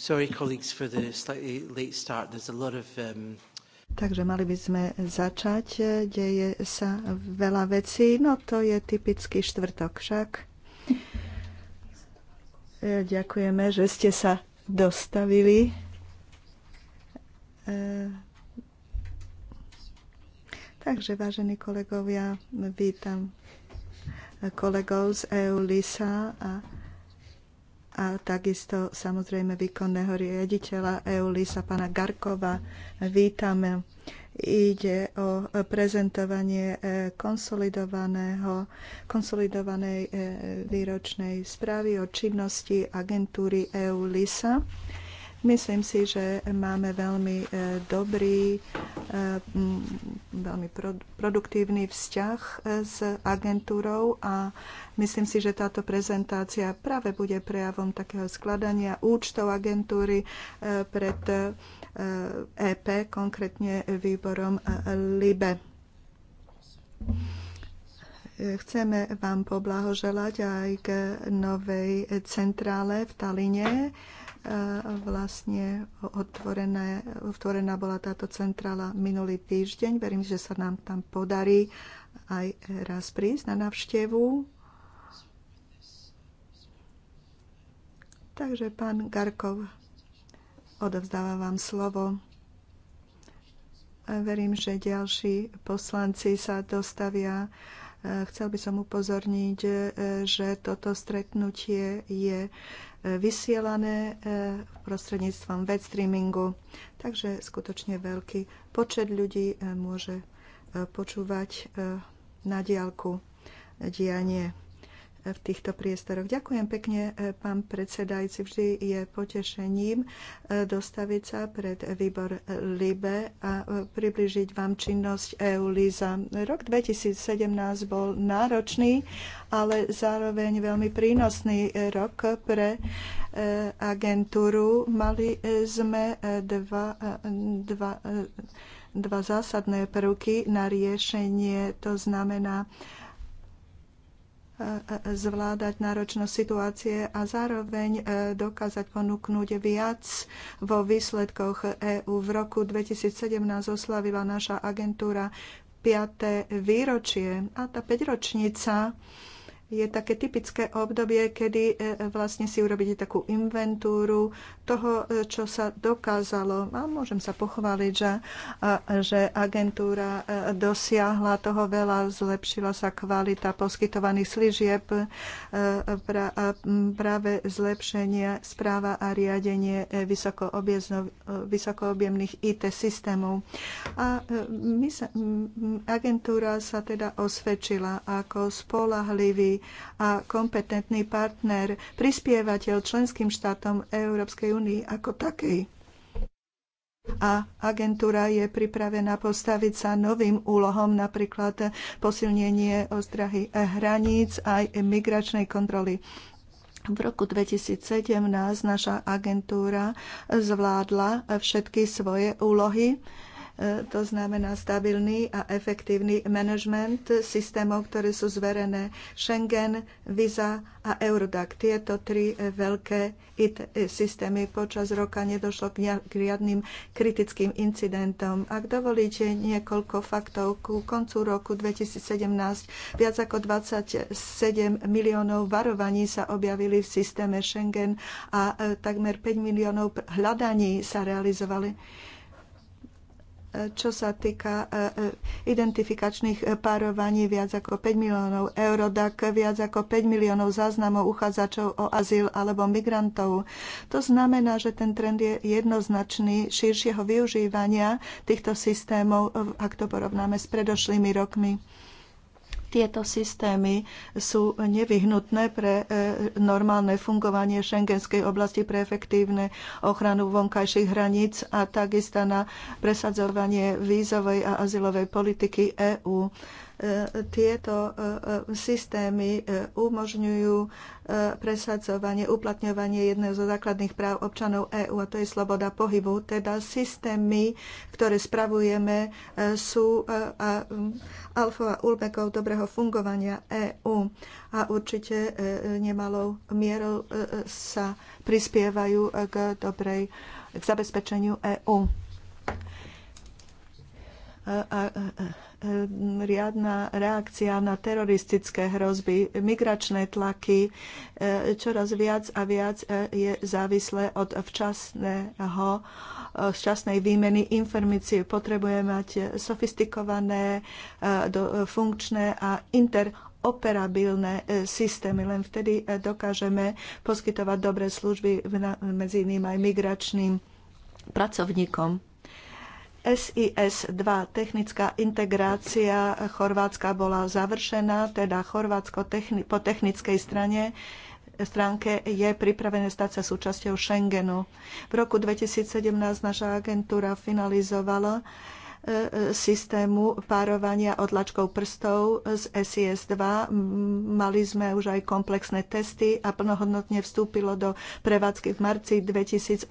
Sorry, colleagues, for the slightly late start. There's a lot of um, Takže mali by sme začať. Deje sa veľa vecí. No to je typický štvrtok však. E, ďakujeme, že ste sa dostavili. E, takže, vážení kolegovia, vítam kolegov z EU-LISA a a takisto samozrejme výkonného riaditeľa EULISA, pána Garkova. Vítame. Ide o prezentovanie e, konsolidovaného, konsolidovanej e, výročnej správy o činnosti agentúry EULISA. Myslím si, že máme veľmi e, dobrý Eh, veľmi produktívny vzťah eh, s agentúrou a myslím si, že táto prezentácia práve bude prejavom takého skladania účtov agentúry eh, pred EP, e konkrétne výborom LIBE. Chceme vám poblahoželať aj k novej centrále v Taline vlastne otvorené, otvorená bola táto centrála minulý týždeň. Verím, že sa nám tam podarí aj raz prísť na navštevu. Takže pán Garkov, odovzdávam vám slovo. Verím, že ďalší poslanci sa dostavia chcel by som upozorniť, že toto stretnutie je vysielané e, prostredníctvom web streamingu. Takže skutočne veľký počet ľudí e, môže e, počúvať na diálku dianie v týchto priestoroch. Ďakujem pekne, e, pán predsedajúci. Vždy je potešením e, dostaviť sa pred výbor e, LIBE a približiť vám činnosť EULISA. Rok 2017 bol náročný, ale zároveň veľmi prínosný rok pre agentúru. Mali sme dva, dva, dva zásadné prvky na riešenie, to znamená zvládať náročnosť situácie a zároveň e, dokázať ponúknuť viac vo výsledkoch EÚ. V roku 2017 oslavila naša agentúra 5. výročie a tá 5-ročnica je také typické obdobie, kedy e, vlastne si urobíte takú inventúru toho, e, čo sa dokázalo. A môžem sa pochváliť, že, že agentúra e, dosiahla toho veľa, zlepšila sa kvalita poskytovaných služieb, práve zlepšenie správa a riadenie vysokoobjemných IT systémov. A my sa, agentúra sa teda osvedčila ako spolahlivý a kompetentný partner, prispievateľ členským štátom Európskej únii ako takej. A agentúra je pripravená postaviť sa novým úlohom, napríklad posilnenie ostrahy hraníc aj migračnej kontroly. V roku 2017 naša agentúra zvládla všetky svoje úlohy E, to znamená stabilný a efektívny manažment systémov, ktoré sú zverené Schengen, Visa a Eurodac. Tieto tri e, veľké IT e, systémy počas roka nedošlo k riadnym kritickým incidentom. Ak dovolíte niekoľko faktov, ku koncu roku 2017 viac ako 27 miliónov varovaní sa objavili v systéme Schengen a takmer 5 miliónov hľadaní sa realizovali čo sa týka e, e, identifikačných párovaní viac ako 5 miliónov eur, tak, viac ako 5 miliónov záznamov uchádzačov o azyl alebo migrantov. To znamená, že ten trend je jednoznačný širšieho využívania týchto systémov, ak to porovnáme s predošlými rokmi. Tieto systémy sú nevyhnutné pre e, normálne fungovanie šengenskej oblasti, pre efektívne ochranu vonkajších hraníc a takisto na presadzovanie vízovej a azylovej politiky EÚ. E, tieto e, e, systémy umožňujú presadzovanie, uplatňovanie jedného zo základných práv občanov EÚ, a to je sloboda pohybu. Teda systémy, ktoré spravujeme, sú alfa a ulbekov dobrého fungovania EÚ a určite nemalou mierou sa prispievajú k dobrej k zabezpečeniu EÚ. E, riadna reakcia na teroristické hrozby, migračné tlaky, e, čoraz viac a viac e, je závislé od včasného včasnej výmeny informácií. Potrebuje mať sofistikované, funkčné a inter operabilné systémy. Len vtedy dokážeme poskytovať dobré služby medzi iným aj migračným pracovníkom. SIS-2, technická integrácia Chorvátska bola završená, teda Chorvátsko techni- po technickej strane stránke je pripravené stať sa súčasťou Schengenu. V roku 2017 naša agentúra finalizovala E, e, systému párovania odlačkov prstov z SIS-2. Mali sme už aj komplexné testy a plnohodnotne vstúpilo do prevádzky v marci 2018.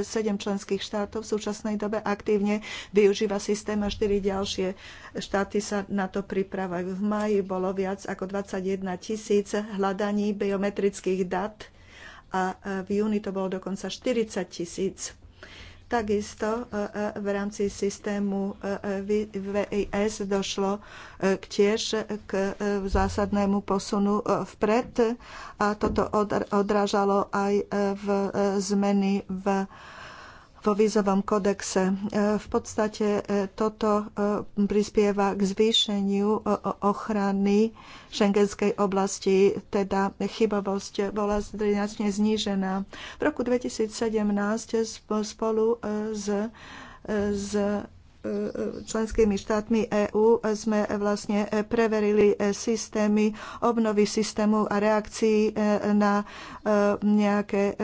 Sedem členských štátov v súčasnej dobe aktívne využíva systém a štyri ďalšie štáty sa na to pripravajú. V maji bolo viac ako 21 tisíc hľadaní biometrických dát a e, v júni to bolo dokonca 40 tisíc Takisto e, e, v rámci systému e, VIS došlo k tiež k zásadnému posunu vpred a toto odrážalo aj v zmeny v vo vízovom kodexe. E, v podstate e, toto e, prispieva k zvýšeniu ochrany šengenskej oblasti, teda chybovosť bola značne znížená. V roku 2017 spolu s, s členskými štátmi EÚ sme vlastne preverili systémy obnovy systému a reakcií na nejaké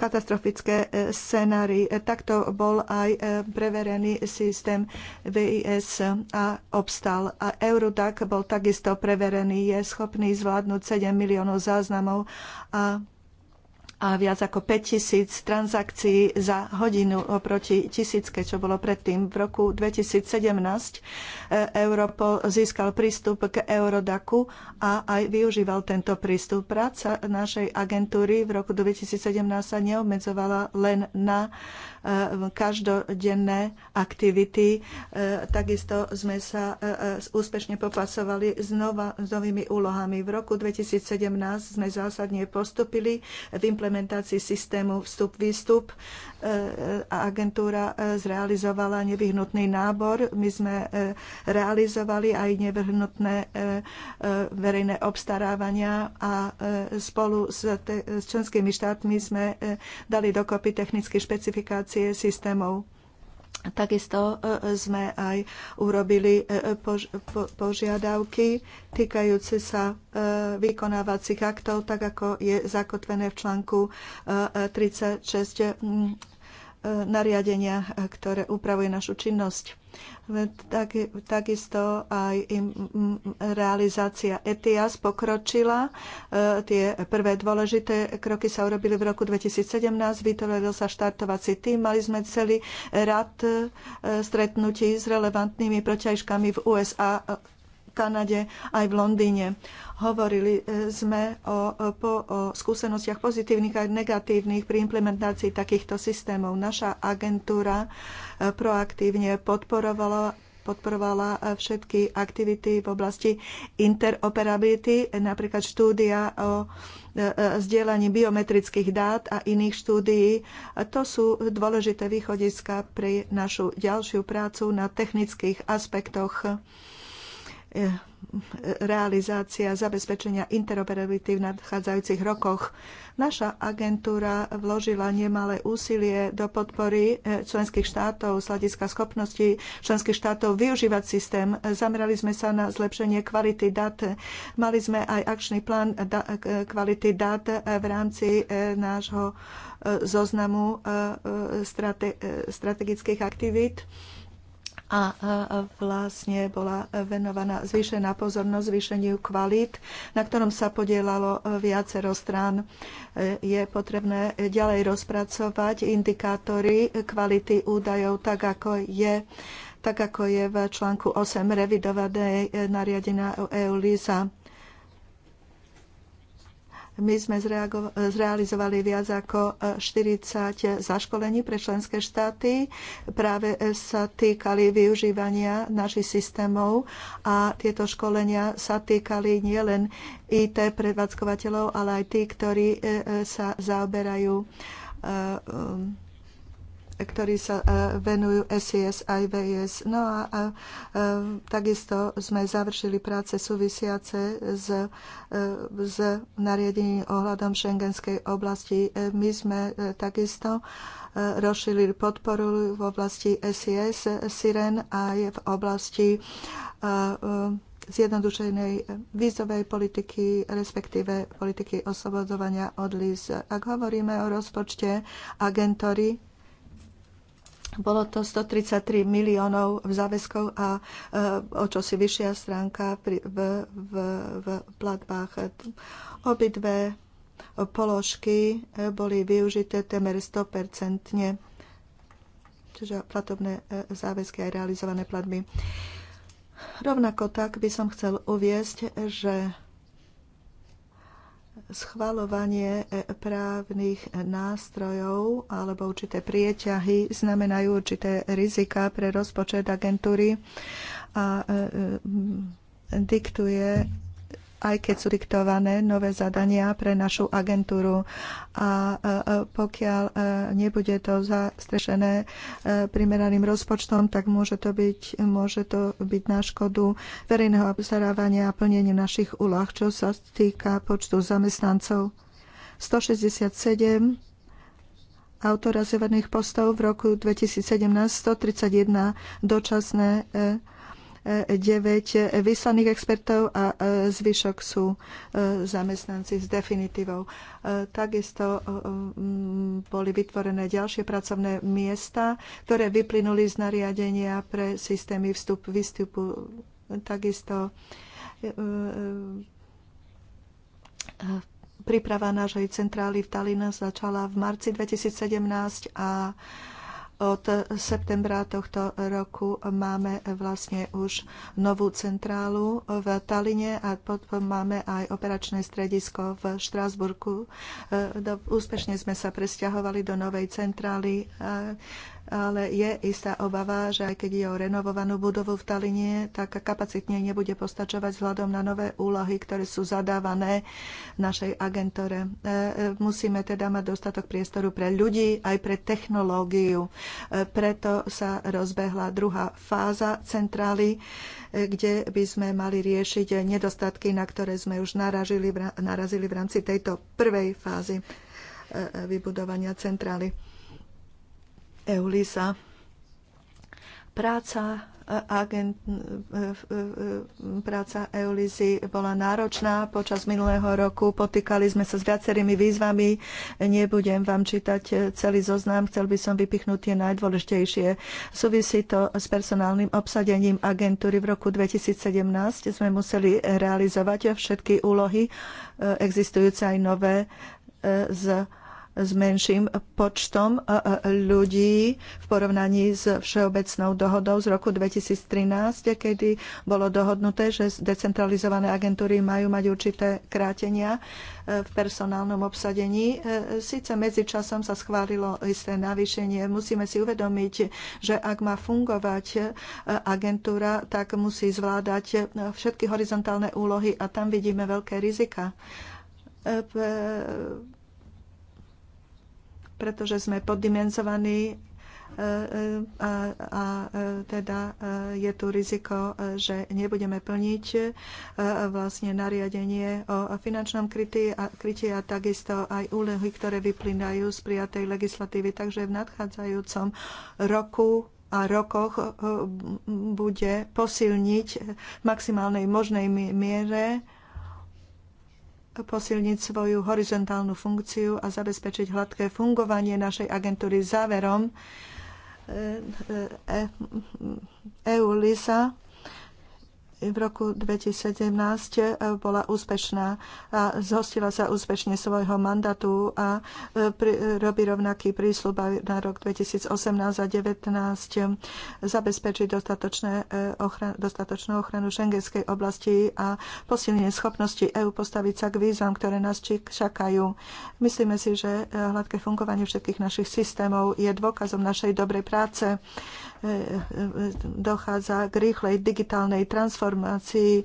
katastrofické e, scenári. E, takto bol aj e, preverený systém VIS a obstal. A Eurodac bol takisto preverený, je schopný zvládnuť 7 miliónov záznamov a a viac ako 5000 transakcií za hodinu oproti tisícke, čo bolo predtým. V roku 2017 e, Europol získal prístup k Eurodaku a aj využíval tento prístup. Práca našej agentúry v roku 2017 sa neobmedzovala len na e, každodenné aktivity. E, takisto sme sa úspešne popasovali s, nova, s novými úlohami. V roku 2017 sme zásadne postupili v implementácii implementácii systému vstup-výstup e, a agentúra e, zrealizovala nevyhnutný nábor. My sme e, realizovali aj nevyhnutné verejné obstarávania a spolu s, te, s členskými štátmi sme dali dokopy technické špecifikácie systémov. Takisto e, e, sme aj urobili e, požiadavky týkajúce sa vykonávacích aktov, tak ako je zakotvené v článku 36 nariadenia, ktoré upravuje našu činnosť. Tak, takisto aj im realizácia ETIAS pokročila. E, tie prvé dôležité kroky sa urobili v roku 2017. Vytvoril sa štartovací tým. Mali sme celý rad e, stretnutí s relevantnými protiažkami v USA Kanade, aj v Londýne. Hovorili e, sme o, e, po, o skúsenostiach pozitívnych a negatívnych pri implementácii takýchto systémov. Naša agentúra e, proaktívne podporovala podporovala všetky aktivity v oblasti interoperability, napríklad štúdia o zdieľaní biometrických dát a iných štúdií. To sú dôležité východiska pre našu ďalšiu prácu na technických aspektoch Eh, realizácia zabezpečenia interoperability v nadchádzajúcich rokoch. Naša agentúra vložila nemalé úsilie do podpory eh, členských štátov z hľadiska schopnosti členských štátov využívať systém. Zamerali sme sa na zlepšenie kvality dát. Mali sme aj akčný plán eh, kvality dát v rámci nášho zoznamu strategických aktivít a vlastne bola venovaná zvýšená pozornosť zvýšeniu kvalít, na ktorom sa podielalo viacero strán. Je potrebné ďalej rozpracovať indikátory kvality údajov, tak ako je tak ako je v článku 8 revidované nariadenia EU LISA my sme zrealizovali viac ako 40 e, e, zaškolení pre členské štáty. Práve e, sa týkali využívania našich systémov a tieto školenia sa týkali nielen IT prevádzkovateľov, ale aj tí, ktorí sa zaoberajú um, ktorí sa e, venujú SIS a IVS. No a e, takisto sme završili práce súvisiace s, e, s nariadením ohľadom šengenskej oblasti. My sme takisto rozšírili podporu v oblasti SIS, SIREN a je v oblasti zjednodušenej vízovej politiky, respektíve politiky oslobodzovania od líz. Ak hovoríme o rozpočte agentúry, bolo to 133 miliónov v záväzkov a e, o čo si vyššia stránka pri, v, v, v platbách. Obidve položky e, boli využité temer 100%, čiže platobné e, záväzky aj realizované platby. Rovnako tak by som chcel uviesť, že schvalovanie e, právnych nástrojov alebo určité prieťahy znamenajú určité rizika pre rozpočet agentúry a e, e, diktuje aj keď sú diktované nové zadania pre našu agentúru. A e, e, pokiaľ e, nebude to zastrešené primeraným rozpočtom, tak môže to byť, môže to byť na škodu verejného obzarávania a plnenia našich úloh, čo sa týka počtu zamestnancov. 167 autorizovaných postov v roku 2017, 131 dočasné 9 vyslaných expertov a e, zvyšok sú e, zamestnanci s definitívou. E, takisto boli vytvorené ďalšie pracovné miesta, ktoré vyplynuli z nariadenia pre systémy vstup, výstupu. Takisto príprava nášej centrály v Talíne začala v marci 2017 a od septembra tohto roku máme vlastne už novú centrálu v Taline a potom máme aj operačné stredisko v Štrásburku. E, úspešne sme sa presťahovali do novej centrály ale je istá obava, že aj keď je o renovovanú budovu v Talinie, tak kapacitne nebude postačovať vzhľadom na nové úlohy, ktoré sú zadávané našej agentore. E, e, musíme teda mať dostatok priestoru pre ľudí, aj pre technológiu. E, preto sa rozbehla druhá fáza centrály, kde by sme mali riešiť nedostatky, na ktoré sme už narazili, narazili v rámci tejto prvej fázy vybudovania centrály EULISA. Práca e, agent, e, e, práca Eulizy bola náročná počas minulého roku. Potýkali sme sa s viacerými výzvami. Nebudem vám čítať celý zoznam, chcel by som vypichnúť tie najdôležitejšie. Súvisí to s personálnym obsadením agentúry. V roku 2017 sme museli realizovať všetky úlohy, existujúce aj nové z s menším počtom e, e, ľudí v porovnaní s Všeobecnou dohodou z roku 2013, kedy bolo dohodnuté, že decentralizované agentúry majú mať určité krátenia e, v personálnom obsadení. Sice medzičasom sa schválilo isté navýšenie. Musíme si uvedomiť, že ak má fungovať agentúra, tak musí zvládať všetky horizontálne úlohy a tam vidíme veľké rizika pretože sme poddimenzovaní e, e, a, a e, teda je tu riziko, že nebudeme plniť vlastne nariadenie o finančnom krytí a, krytí a takisto aj úlohy, ktoré vyplynajú z prijatej legislatívy. Takže v nadchádzajúcom roku a rokoch bude posilniť v maximálnej možnej miere posilniť svoju horizontálnu funkciu a zabezpečiť hladké fungovanie našej agentúry. Záverom, EULISA v roku 2017 eh, bola úspešná a zhostila sa úspešne svojho mandátu a eh, robí rovnaký prísľub aj na rok 2018 a 2019 eh, zabezpečiť ochran dostatočnú ochranu šengenskej oblasti a posilnenie schopnosti EÚ postaviť sa k výzvam, ktoré nás čakajú. Myslíme si, že hladké fungovanie všetkých našich systémov je dôkazom našej dobrej práce dochádza k rýchlej digitálnej transformácii eh,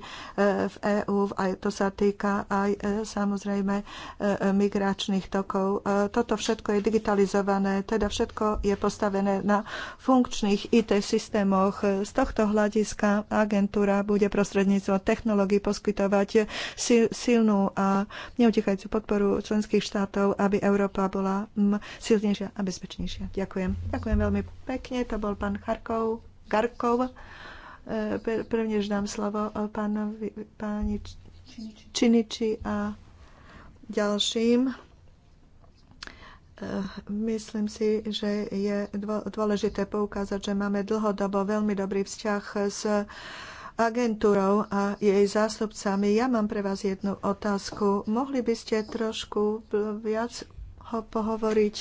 v EÚ, aj to sa týka aj eh, samozrejme eh, migračných tokov. Toto všetko je digitalizované, teda všetko je postavené na funkčných IT systémoch. Z tohto hľadiska agentúra bude prostredníctvom technológií poskytovať silnú a neutichajúcu podporu členských štátov, aby Európa bola mm, silnejšia a bezpečnejšia. Ďakujem. Ďakujem veľmi pekne. To bol pán Charkov, Garkov. E, prvnež dám slovo e, pánovi, páni Činiči a ďalším. E, myslím si, že je dôležité poukázať, že máme dlhodobo veľmi dobrý vzťah s agentúrou a jej zástupcami. Ja mám pre vás jednu otázku. Mohli by ste trošku viac pohovoriť?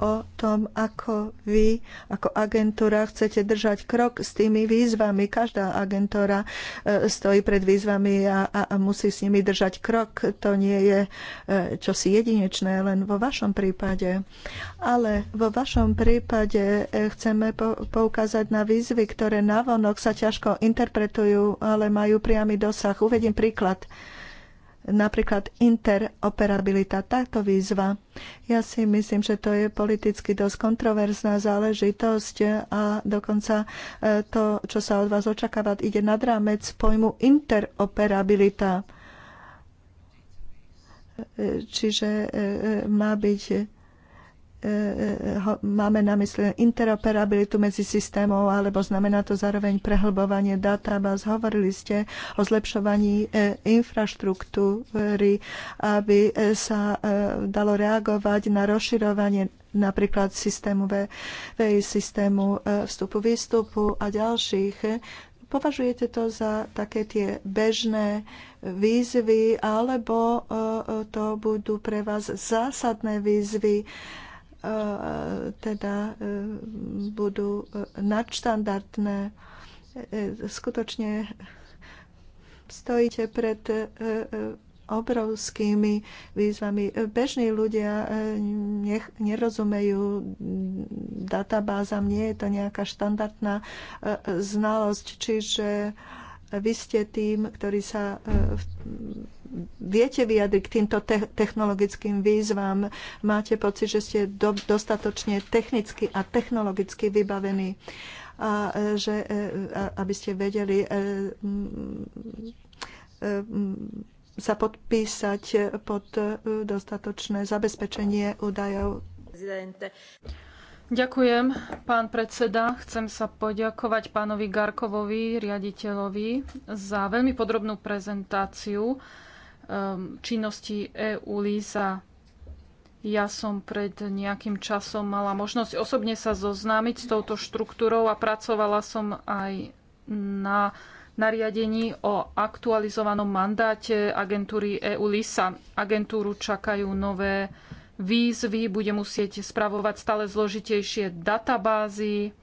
o tom, ako vy, ako agentúra, chcete držať krok s tými výzvami. Každá agentúra e, stojí pred výzvami a, a, a musí s nimi držať krok. To nie je e, čosi jedinečné len vo vašom prípade. Ale vo vašom prípade e, chceme poukázať na výzvy, ktoré navonok sa ťažko interpretujú, ale majú priamy dosah. Uvedím príklad napríklad interoperabilita, táto výzva. Ja si myslím, že to je politicky dosť kontroverzná záležitosť a dokonca e, to, čo sa od vás očakávať, ide nad rámec pojmu interoperabilita. E, čiže e, má byť E, e, máme na mysli interoperabilitu medzi systémov, alebo znamená to zároveň prehlbovanie databáz. Hovorili ste o zlepšovaní e, infraštruktúry, aby sa dalo reagovať na rozširovanie napríklad systému VI, systému vstupu, výstupu a ďalších. Považujete to za také tie bežné výzvy, alebo to budú pre vás zásadné výzvy? teda e, budú e, nadštandardné. E, skutočne stojíte pred obrovskými výzvami. Bežní ľudia nech, nerozumejú databázam, nie je to nejaká štandardná znalosť, čiže vy ste tým, ktorý sa viete vyjadriť k týmto te- technologickým výzvam? Máte pocit, že ste do- dostatočne technicky a technologicky vybavení? A e, že, e, aby ste vedeli e, sa podpísať pod dostatočné zabezpečenie údajov. Ďakujem, pán predseda. Chcem sa poďakovať pánovi Garkovovi, riaditeľovi, za veľmi podrobnú prezentáciu. Ehm, činnosti EU LISA. Ja som pred nejakým časom mala možnosť osobne sa zoznámiť s touto štruktúrou a pracovala som aj na nariadení o aktualizovanom mandáte agentúry EU LISA. Agentúru čakajú nové výzvy, bude musieť spravovať stále zložitejšie databázy,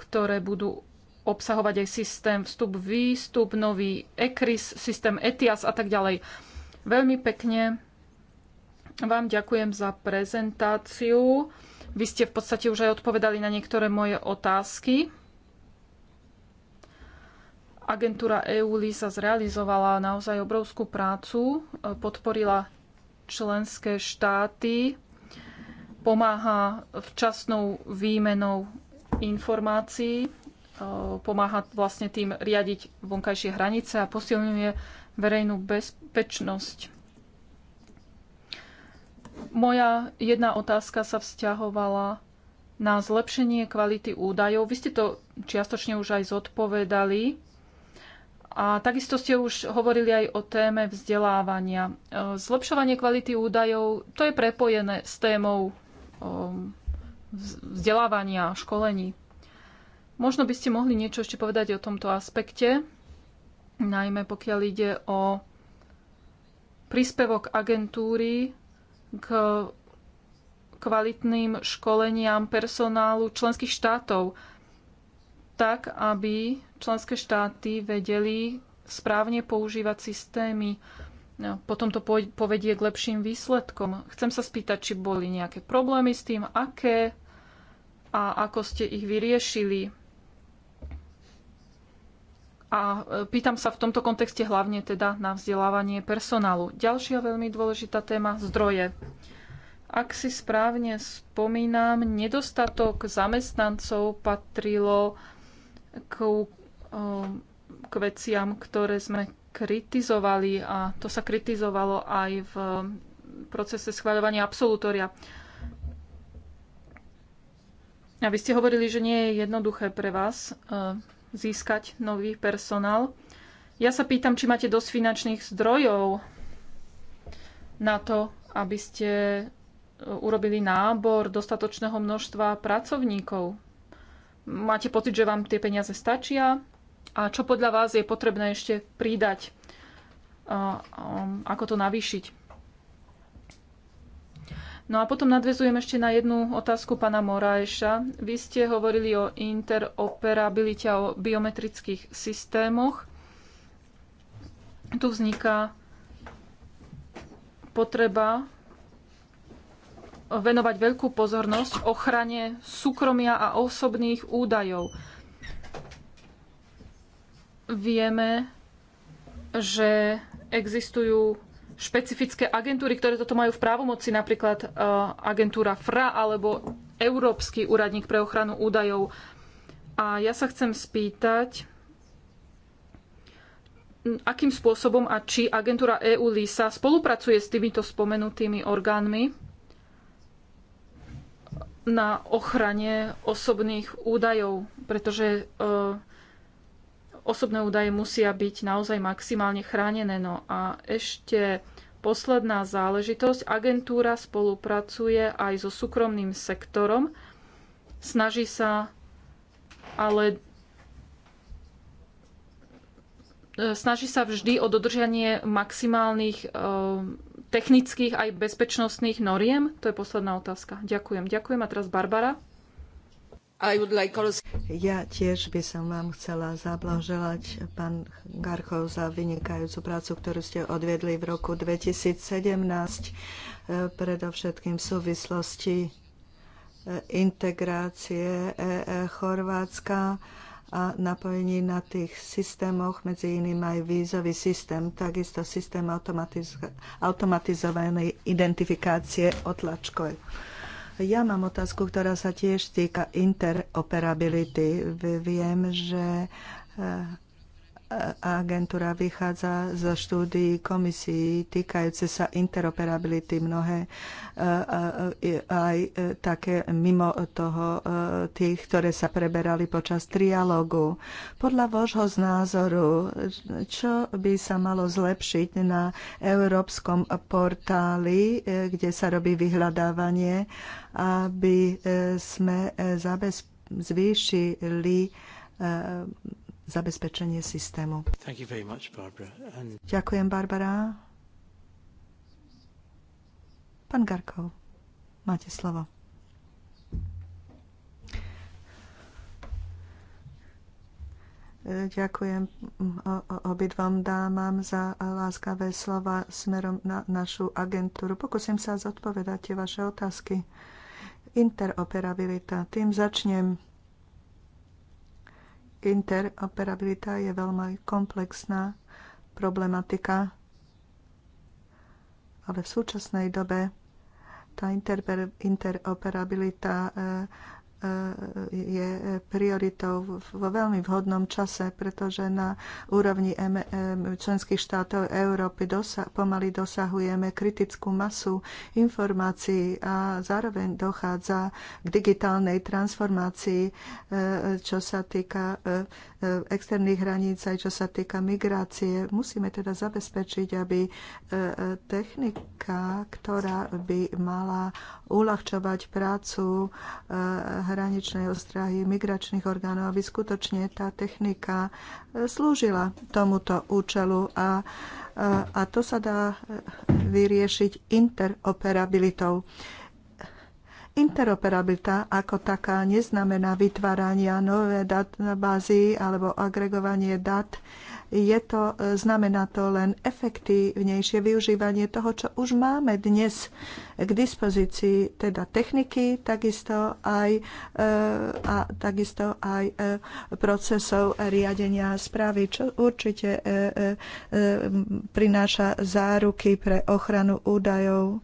ktoré budú obsahovať aj systém vstup-výstup, nový ECRIS, systém ETIAS a tak ďalej. Veľmi pekne vám ďakujem za prezentáciu. Vy ste v podstate už aj odpovedali na niektoré moje otázky. Agentúra EULISA zrealizovala naozaj obrovskú prácu, e, podporila členské štáty, pomáha včasnou výmenou informácií Eh, pomáha vlastne tým riadiť vonkajšie hranice a posilňuje verejnú bezpečnosť. Moja jedna otázka sa vzťahovala na zlepšenie kvality údajov. Vy ste to čiastočne už aj zodpovedali. A takisto ste už hovorili aj o téme vzdelávania. Eh, zlepšovanie kvality údajov, to je prepojené s témou eh, vzdelávania, školení. Možno by ste mohli niečo ešte povedať o tomto aspekte, najmä pokiaľ ide o príspevok agentúry k kvalitným školeniam personálu členských štátov, tak aby členské štáty vedeli správne používať systémy. No, potom to povedie k lepším výsledkom. Chcem sa spýtať, či boli nejaké problémy s tým, aké a ako ste ich vyriešili. A e, pýtam sa v tomto kontexte hlavne teda na vzdelávanie personálu. Ďalšia veľmi dôležitá téma zdroje. Ak si správne spomínam, nedostatok zamestnancov patrilo k, e, k veciam, ktoré sme kritizovali a to sa kritizovalo aj v procese schváľovania absolutória. A vy ste hovorili, že nie je jednoduché pre vás e, získať nový personál. Ja sa pýtam, či máte dosť finančných zdrojov na to, aby ste e, urobili nábor dostatočného množstva pracovníkov. Máte pocit, že vám tie peniaze stačia? A čo podľa vás je potrebné ešte pridať? Ako to navýšiť? No a potom nadvezujem ešte na jednu otázku pána Morajša. Vy ste hovorili o interoperabilite o biometrických systémoch. Tu vzniká potreba venovať veľkú pozornosť ochrane súkromia a osobných údajov. Vieme, že existujú špecifické agentúry, ktoré toto majú v právomoci, napríklad e, agentúra FRA alebo Európsky úradník pre ochranu údajov. A ja sa chcem spýtať, akým spôsobom a či agentúra EU LISA spolupracuje s týmito spomenutými orgánmi na ochrane osobných údajov, pretože e, osobné údaje musia byť naozaj maximálne chránené. No a ešte posledná záležitosť. Agentúra spolupracuje aj so súkromným sektorom. Snaží sa ale e, snaží sa vždy o dodržanie maximálnych e, technických aj bezpečnostných noriem? To je posledná otázka. Ďakujem. Ďakujem. A teraz Barbara. Ja tiež by som vám chcela zablahoželať, pán Garkov, za vynikajúcu prácu, ktorú ste odviedli v roku 2017, eh, predovšetkým v súvislosti eh, integrácie eh, Chorvátska a napojení na tých systémoch, medzi iným aj vízový systém, takisto systém automatiz- automatizovanej identifikácie otlačkov ja mám otázku, ktorá sa tiež týka interoperability. Viem, že eh, agentúra vychádza zo štúdií komisií týkajúce sa interoperability mnohé e, e, e, aj také mimo toho tých, ktoré sa preberali počas trialógu. Podľa vášho názoru, čo by sa malo zlepšiť na európskom portáli, kde sa robí vyhľadávanie, aby sme zabez, zvýšili zabezpečenie systému. Much, Barbara. And... Ďakujem, Barbara. Pán Garkov, máte slovo. Ďakujem obidvom dámam za láskavé slova smerom na našu agentúru. Pokúsim sa zodpovedať tie vaše otázky. Interoperabilita. Tým začnem Interoperabilita je veľmi komplexná problematika, ale v súčasnej dobe tá interoperabilita eh, je prioritou vo veľmi vhodnom čase, pretože na úrovni členských štátov Európy dosa- pomaly dosahujeme kritickú masu informácií a zároveň dochádza k digitálnej transformácii, e, čo sa týka e, e, externých hraníc, aj čo sa týka migrácie. Musíme teda zabezpečiť, aby technika, ktorá by mala uľahčovať prácu hraničnej ostrahy migračných orgánov, aby skutočne tá technika e, slúžila tomuto účelu a, a, e, a to sa dá e, vyriešiť interoperabilitou. Interoperabilita ako taká neznamená vytvárania nové databázy alebo agregovanie dát je to, e, znamená to len efektívnejšie využívanie toho, čo už máme dnes k dispozícii, teda techniky, takisto aj, e, a takisto aj e, procesov riadenia správy, čo určite prináša záruky pre ochranu údajov.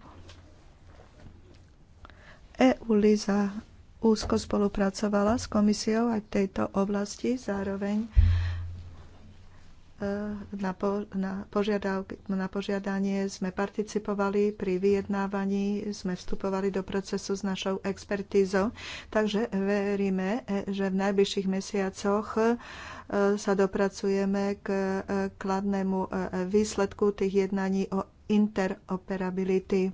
eu Liza úzko spolupracovala s komisiou aj v tejto oblasti. Zároveň Eh, na, po, na, požiadav, na požiadanie sme participovali pri vyjednávaní, sme vstupovali do procesu s našou expertízou, takže veríme, eh, že v najbližších mesiacoch eh, sa dopracujeme k kladnému výsledku tých jednaní o interoperability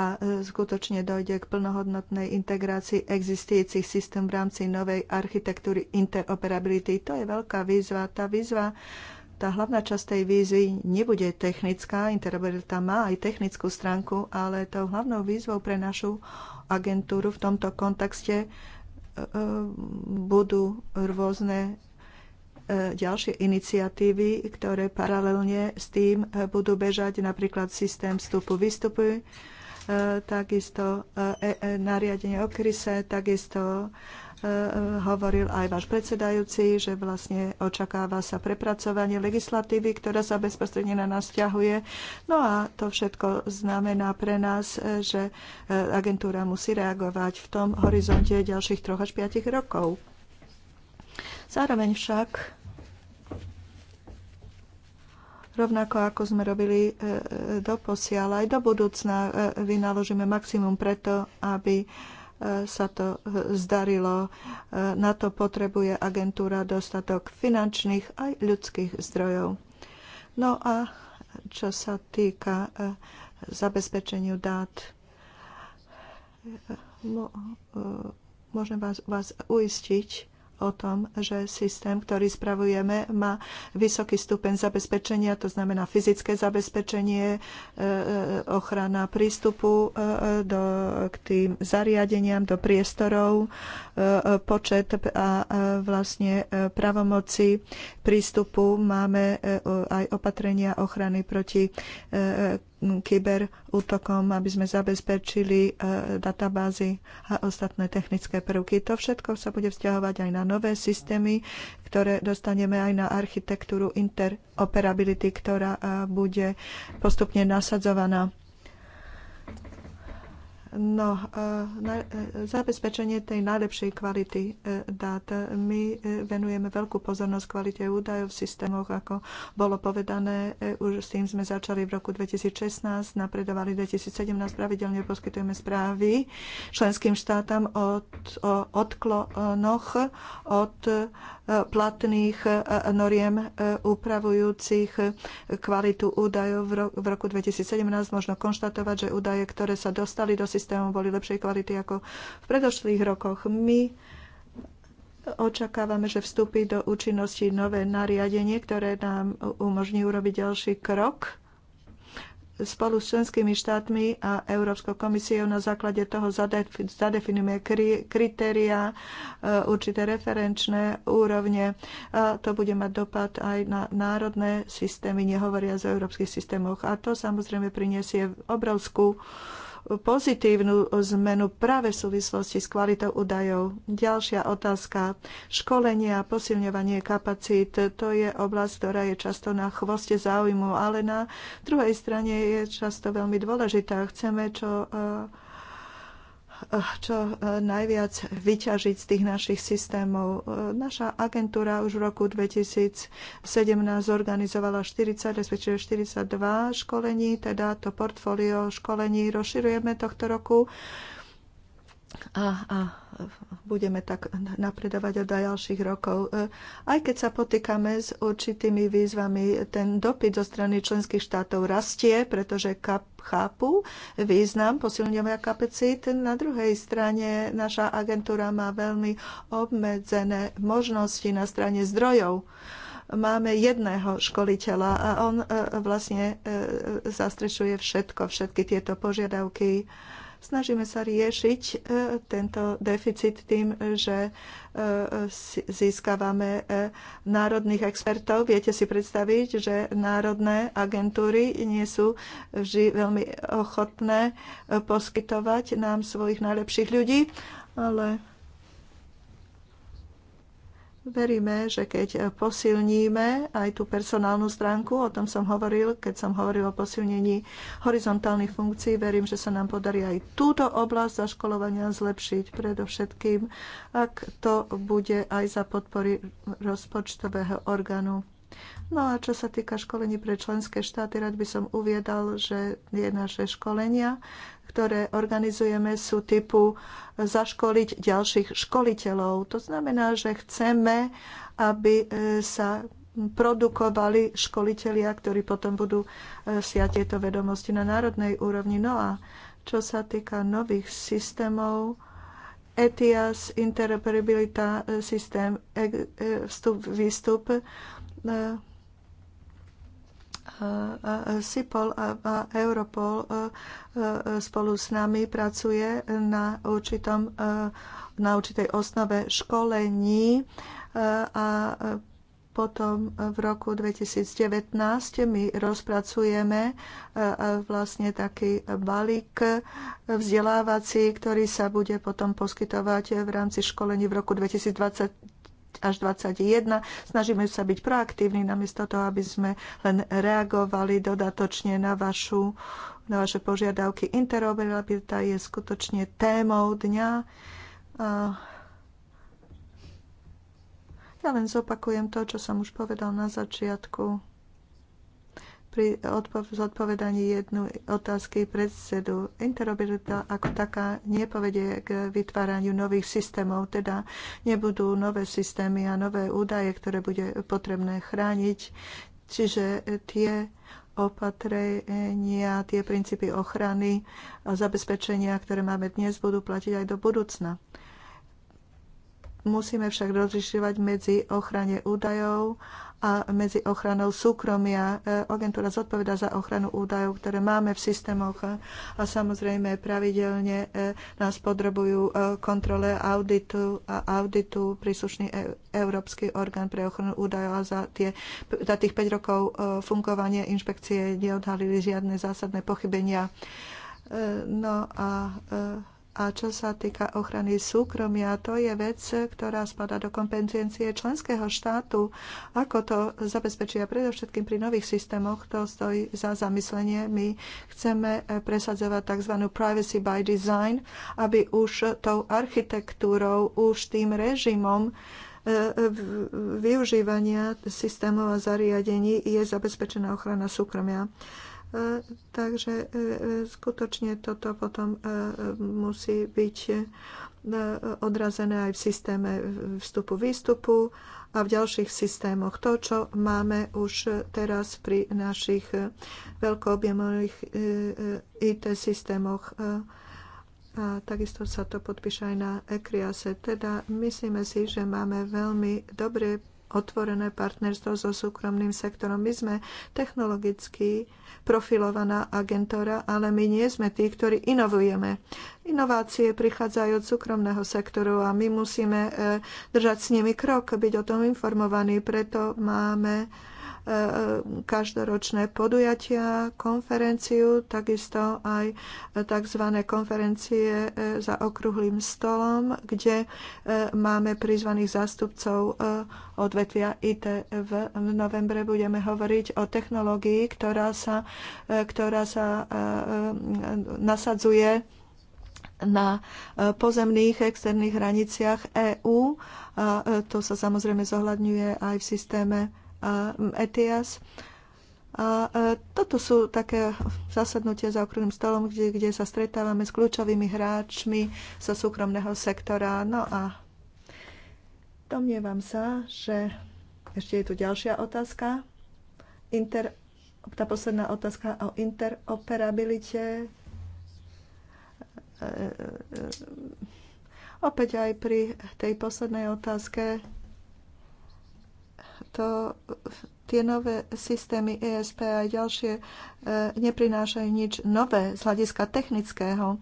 a skutočne dojde k plnohodnotnej integrácii existujúcich systém v rámci novej architektúry interoperability. To je veľká výzva. Tá výzva tá hlavná časť tej vízy nebude technická, interoperabilita má aj technickú stránku, ale tou hlavnou výzvou pre našu agentúru v tomto kontexte e, e, budú rôzne e, ďalšie iniciatívy, ktoré paralelne s tým budú bežať napríklad systém vstupu výstupu, takisto nariadenie o kryse, takisto Eh, hovoril aj váš predsedajúci, že vlastne očakáva sa prepracovanie legislatívy, ktorá sa bezprostredne na nás ťahuje. No a to všetko znamená pre nás, eh, že eh, agentúra musí reagovať v tom horizonte ďalších troch až piatich rokov. Zároveň však rovnako ako sme robili doposiaľ, aj do budúcna vynaložíme maximum preto, aby sa to e, zdarilo. E, na to potrebuje agentúra dostatok finančných aj ľudských zdrojov. No a čo sa týka e, zabezpečeniu dát, môžem vás, vás uistiť, o tom, že systém, ktorý spravujeme, má vysoký stupeň zabezpečenia, to znamená fyzické zabezpečenie, e, e, ochrana prístupu e, do, k tým zariadeniam, do priestorov, počet a vlastne pravomoci prístupu. Máme aj opatrenia ochrany proti kyberútokom, aby sme zabezpečili e, databázy a ostatné technické prvky. To všetko sa bude vzťahovať aj na nové systémy, ktoré dostaneme aj na architektúru interoperability, ktorá e, bude postupne nasadzovaná No, na, e, zabezpečenie tej najlepšej kvality e, dát. My e, venujeme veľkú pozornosť kvalite údajov v systémoch, ako bolo povedané. Už s tým sme začali v roku 2016, napredovali 2017, pravidelne poskytujeme správy členským štátam od, o odklonoch od platných noriem upravujúcich kvalitu údajov. V roku 2017 možno konštatovať, že údaje, ktoré sa dostali do systému, systémom boli lepšej kvality ako v predošlých rokoch. My očakávame, že vstúpi do účinnosti nové nariadenie, ktoré nám umožní urobiť ďalší krok spolu s členskými štátmi a Európskou komisiou na základe toho zadefinujeme kritéria, e, určité referenčné úrovne. A to bude mať dopad aj na národné systémy, nehovoria o európskych systémoch. A to samozrejme priniesie obrovskú pozitívnu zmenu práve v súvislosti s kvalitou údajov. Ďalšia otázka. Školenie a posilňovanie kapacít, to je oblasť, ktorá je často na chvoste záujmu, ale na druhej strane je často veľmi dôležitá. Chceme čo eh, Eh, čo eh, najviac vyťažiť z tých našich systémov. Eh, naša agentúra už v roku 2017 zorganizovala 40, respektíve 42 školení, teda to portfólio školení rozširujeme tohto roku a, a budeme tak napredovať od ďalších rokov. E, aj keď sa potýkame s určitými výzvami, ten dopyt zo strany členských štátov rastie, pretože chápu význam posilňovania kapacít. Na druhej strane naša agentúra má veľmi obmedzené možnosti na strane zdrojov máme jedného školiteľa a on e, vlastne e, zastrešuje všetko, všetky tieto požiadavky. Snažíme sa riešiť e, tento deficit tým, že e, získavame e, národných expertov. Viete si predstaviť, že národné agentúry nie sú vždy veľmi ochotné poskytovať nám svojich najlepších ľudí, ale Veríme, že keď posilníme aj tú personálnu stránku, o tom som hovoril, keď som hovoril o posilnení horizontálnych funkcií, verím, že sa nám podarí aj túto oblasť zaškolovania zlepšiť predovšetkým, ak to bude aj za podpory rozpočtového orgánu. No a čo sa týka školení pre členské štáty, rád by som uviedal, že je naše školenia ktoré organizujeme, sú typu zaškoliť ďalších školiteľov. To znamená, že chceme, aby e, sa produkovali školitelia, ktorí potom budú e, siať tieto vedomosti na národnej úrovni. No a čo sa týka nových systémov, ETIAS, interoperabilita, e, systém vstup, výstup, SIPOL a Europol e, e, spolu s nami pracuje na, určitom, e, na určitej osnove školení a potom v roku 2019 my rozpracujeme vlastne taký balík vzdelávací, ktorý sa bude potom poskytovať v rámci školení v roku 2020 až 21. Snažíme sa byť proaktívni, namiesto toho, aby sme len reagovali dodatočne na vašu na vaše požiadavky. Interoperabilita je skutočne témou dňa. Ja len zopakujem to, čo som už povedal na začiatku pri zodpovedaní jednu otázky predsedu. Interoperabilita ako taká nepovedie k vytváraniu nových systémov, teda nebudú nové systémy a nové údaje, ktoré bude potrebné chrániť. Čiže tie opatrenia, tie princípy ochrany a zabezpečenia, ktoré máme dnes, budú platiť aj do budúcna. Musíme však rozlišovať medzi ochrane údajov a medzi ochranou súkromia. E, agentúra zodpoveda za ochranu údajov, ktoré máme v systémoch e, a samozrejme pravidelne e, nás podrobujú kontrole auditu a auditu príslušný Európsky orgán pre ochranu údajov a za, tie, za tých 5 rokov fungovania inšpekcie neodhalili žiadne zásadné pochybenia. No a a čo sa týka ochrany súkromia, to je vec, ktorá spada do kompetencie členského štátu. Ako to zabezpečia predovšetkým pri nových systémoch, to stojí za zamyslenie. My chceme presadzovať tzv. privacy by design, aby už tou architektúrou, už tým režimom e, využívania systémov a zariadení je zabezpečená ochrana súkromia. E, takže e, e, skutočne toto potom musí byť odrazené aj v systéme vstupu-výstupu a v ďalších systémoch. To, čo máme už teraz pri našich veľkoobjemových IT systémoch, a takisto sa to podpíše aj na ECRIASE. Teda myslíme si, že máme veľmi dobré otvorené partnerstvo so súkromným sektorom. My sme technologicky profilovaná agentúra, ale my nie sme tí, ktorí inovujeme. Inovácie prichádzajú od súkromného sektoru a my musíme e, držať s nimi krok, byť o tom informovaní. Preto máme každoročné podujatia, konferenciu, takisto aj tzv. konferencie za okrúhlým stolom, kde e, máme prizvaných zástupcov e, odvetvia IT. V novembre budeme hovoriť o technológii, ktorá sa, e, ktorá sa nasadzuje na pozemných externých hraniciach EÚ. A to sa samozrejme zohľadňuje aj v systéme ETIAS. A e, toto sú také zasadnutia za okrúhlym stolom, kde, kde sa stretávame s kľúčovými hráčmi zo súkromného sektora. No a domnievam sa, že ešte je tu ďalšia otázka. Inter, tá posledná otázka o interoperabilite. E, e, opäť aj pri tej poslednej otázke to, tie nové systémy ESP a ďalšie e, neprinášajú nič nové z hľadiska technického. E,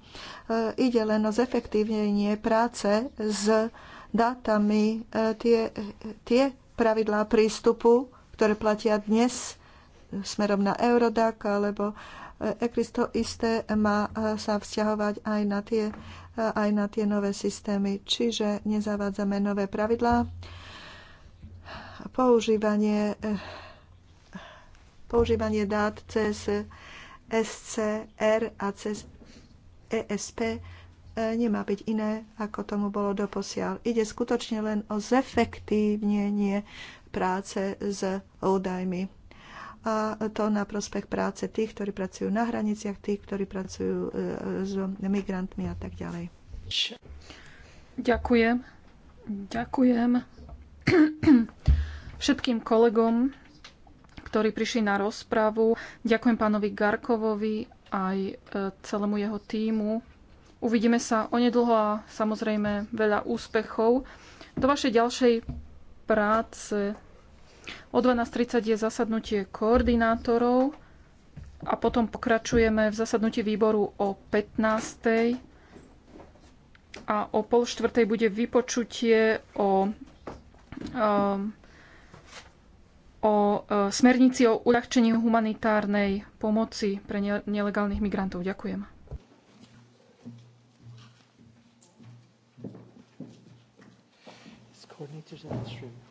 ide len o zefektívnenie práce s dátami. E, tie, tie pravidlá prístupu, ktoré platia dnes smerom na Eurodac alebo ECRIS, to isté má sa vzťahovať aj na tie, aj na tie nové systémy. Čiže nezavádzame nové pravidlá používanie, eh, používanie dát cez SCR a cez ESP eh, nemá byť iné, ako tomu bolo doposiaľ. Ide skutočne len o zefektívnenie práce s údajmi. A to na prospech práce tých, ktorí pracujú na hraniciach, tých, ktorí pracujú eh, s migrantmi a tak ďalej. Ďakujem. Ďakujem všetkým kolegom, ktorí prišli na rozpravu. Ďakujem pánovi Garkovovi aj e, celému jeho týmu. Uvidíme sa onedlho a samozrejme veľa úspechov. Do vašej ďalšej práce o 12.30 je zasadnutie koordinátorov a potom pokračujeme v zasadnutí výboru o 15.00 a o pol štvrtej bude vypočutie o o e, smernici o uľahčení humanitárnej pomoci pre nelegálnych migrantov. Ďakujem. coordinators in this room.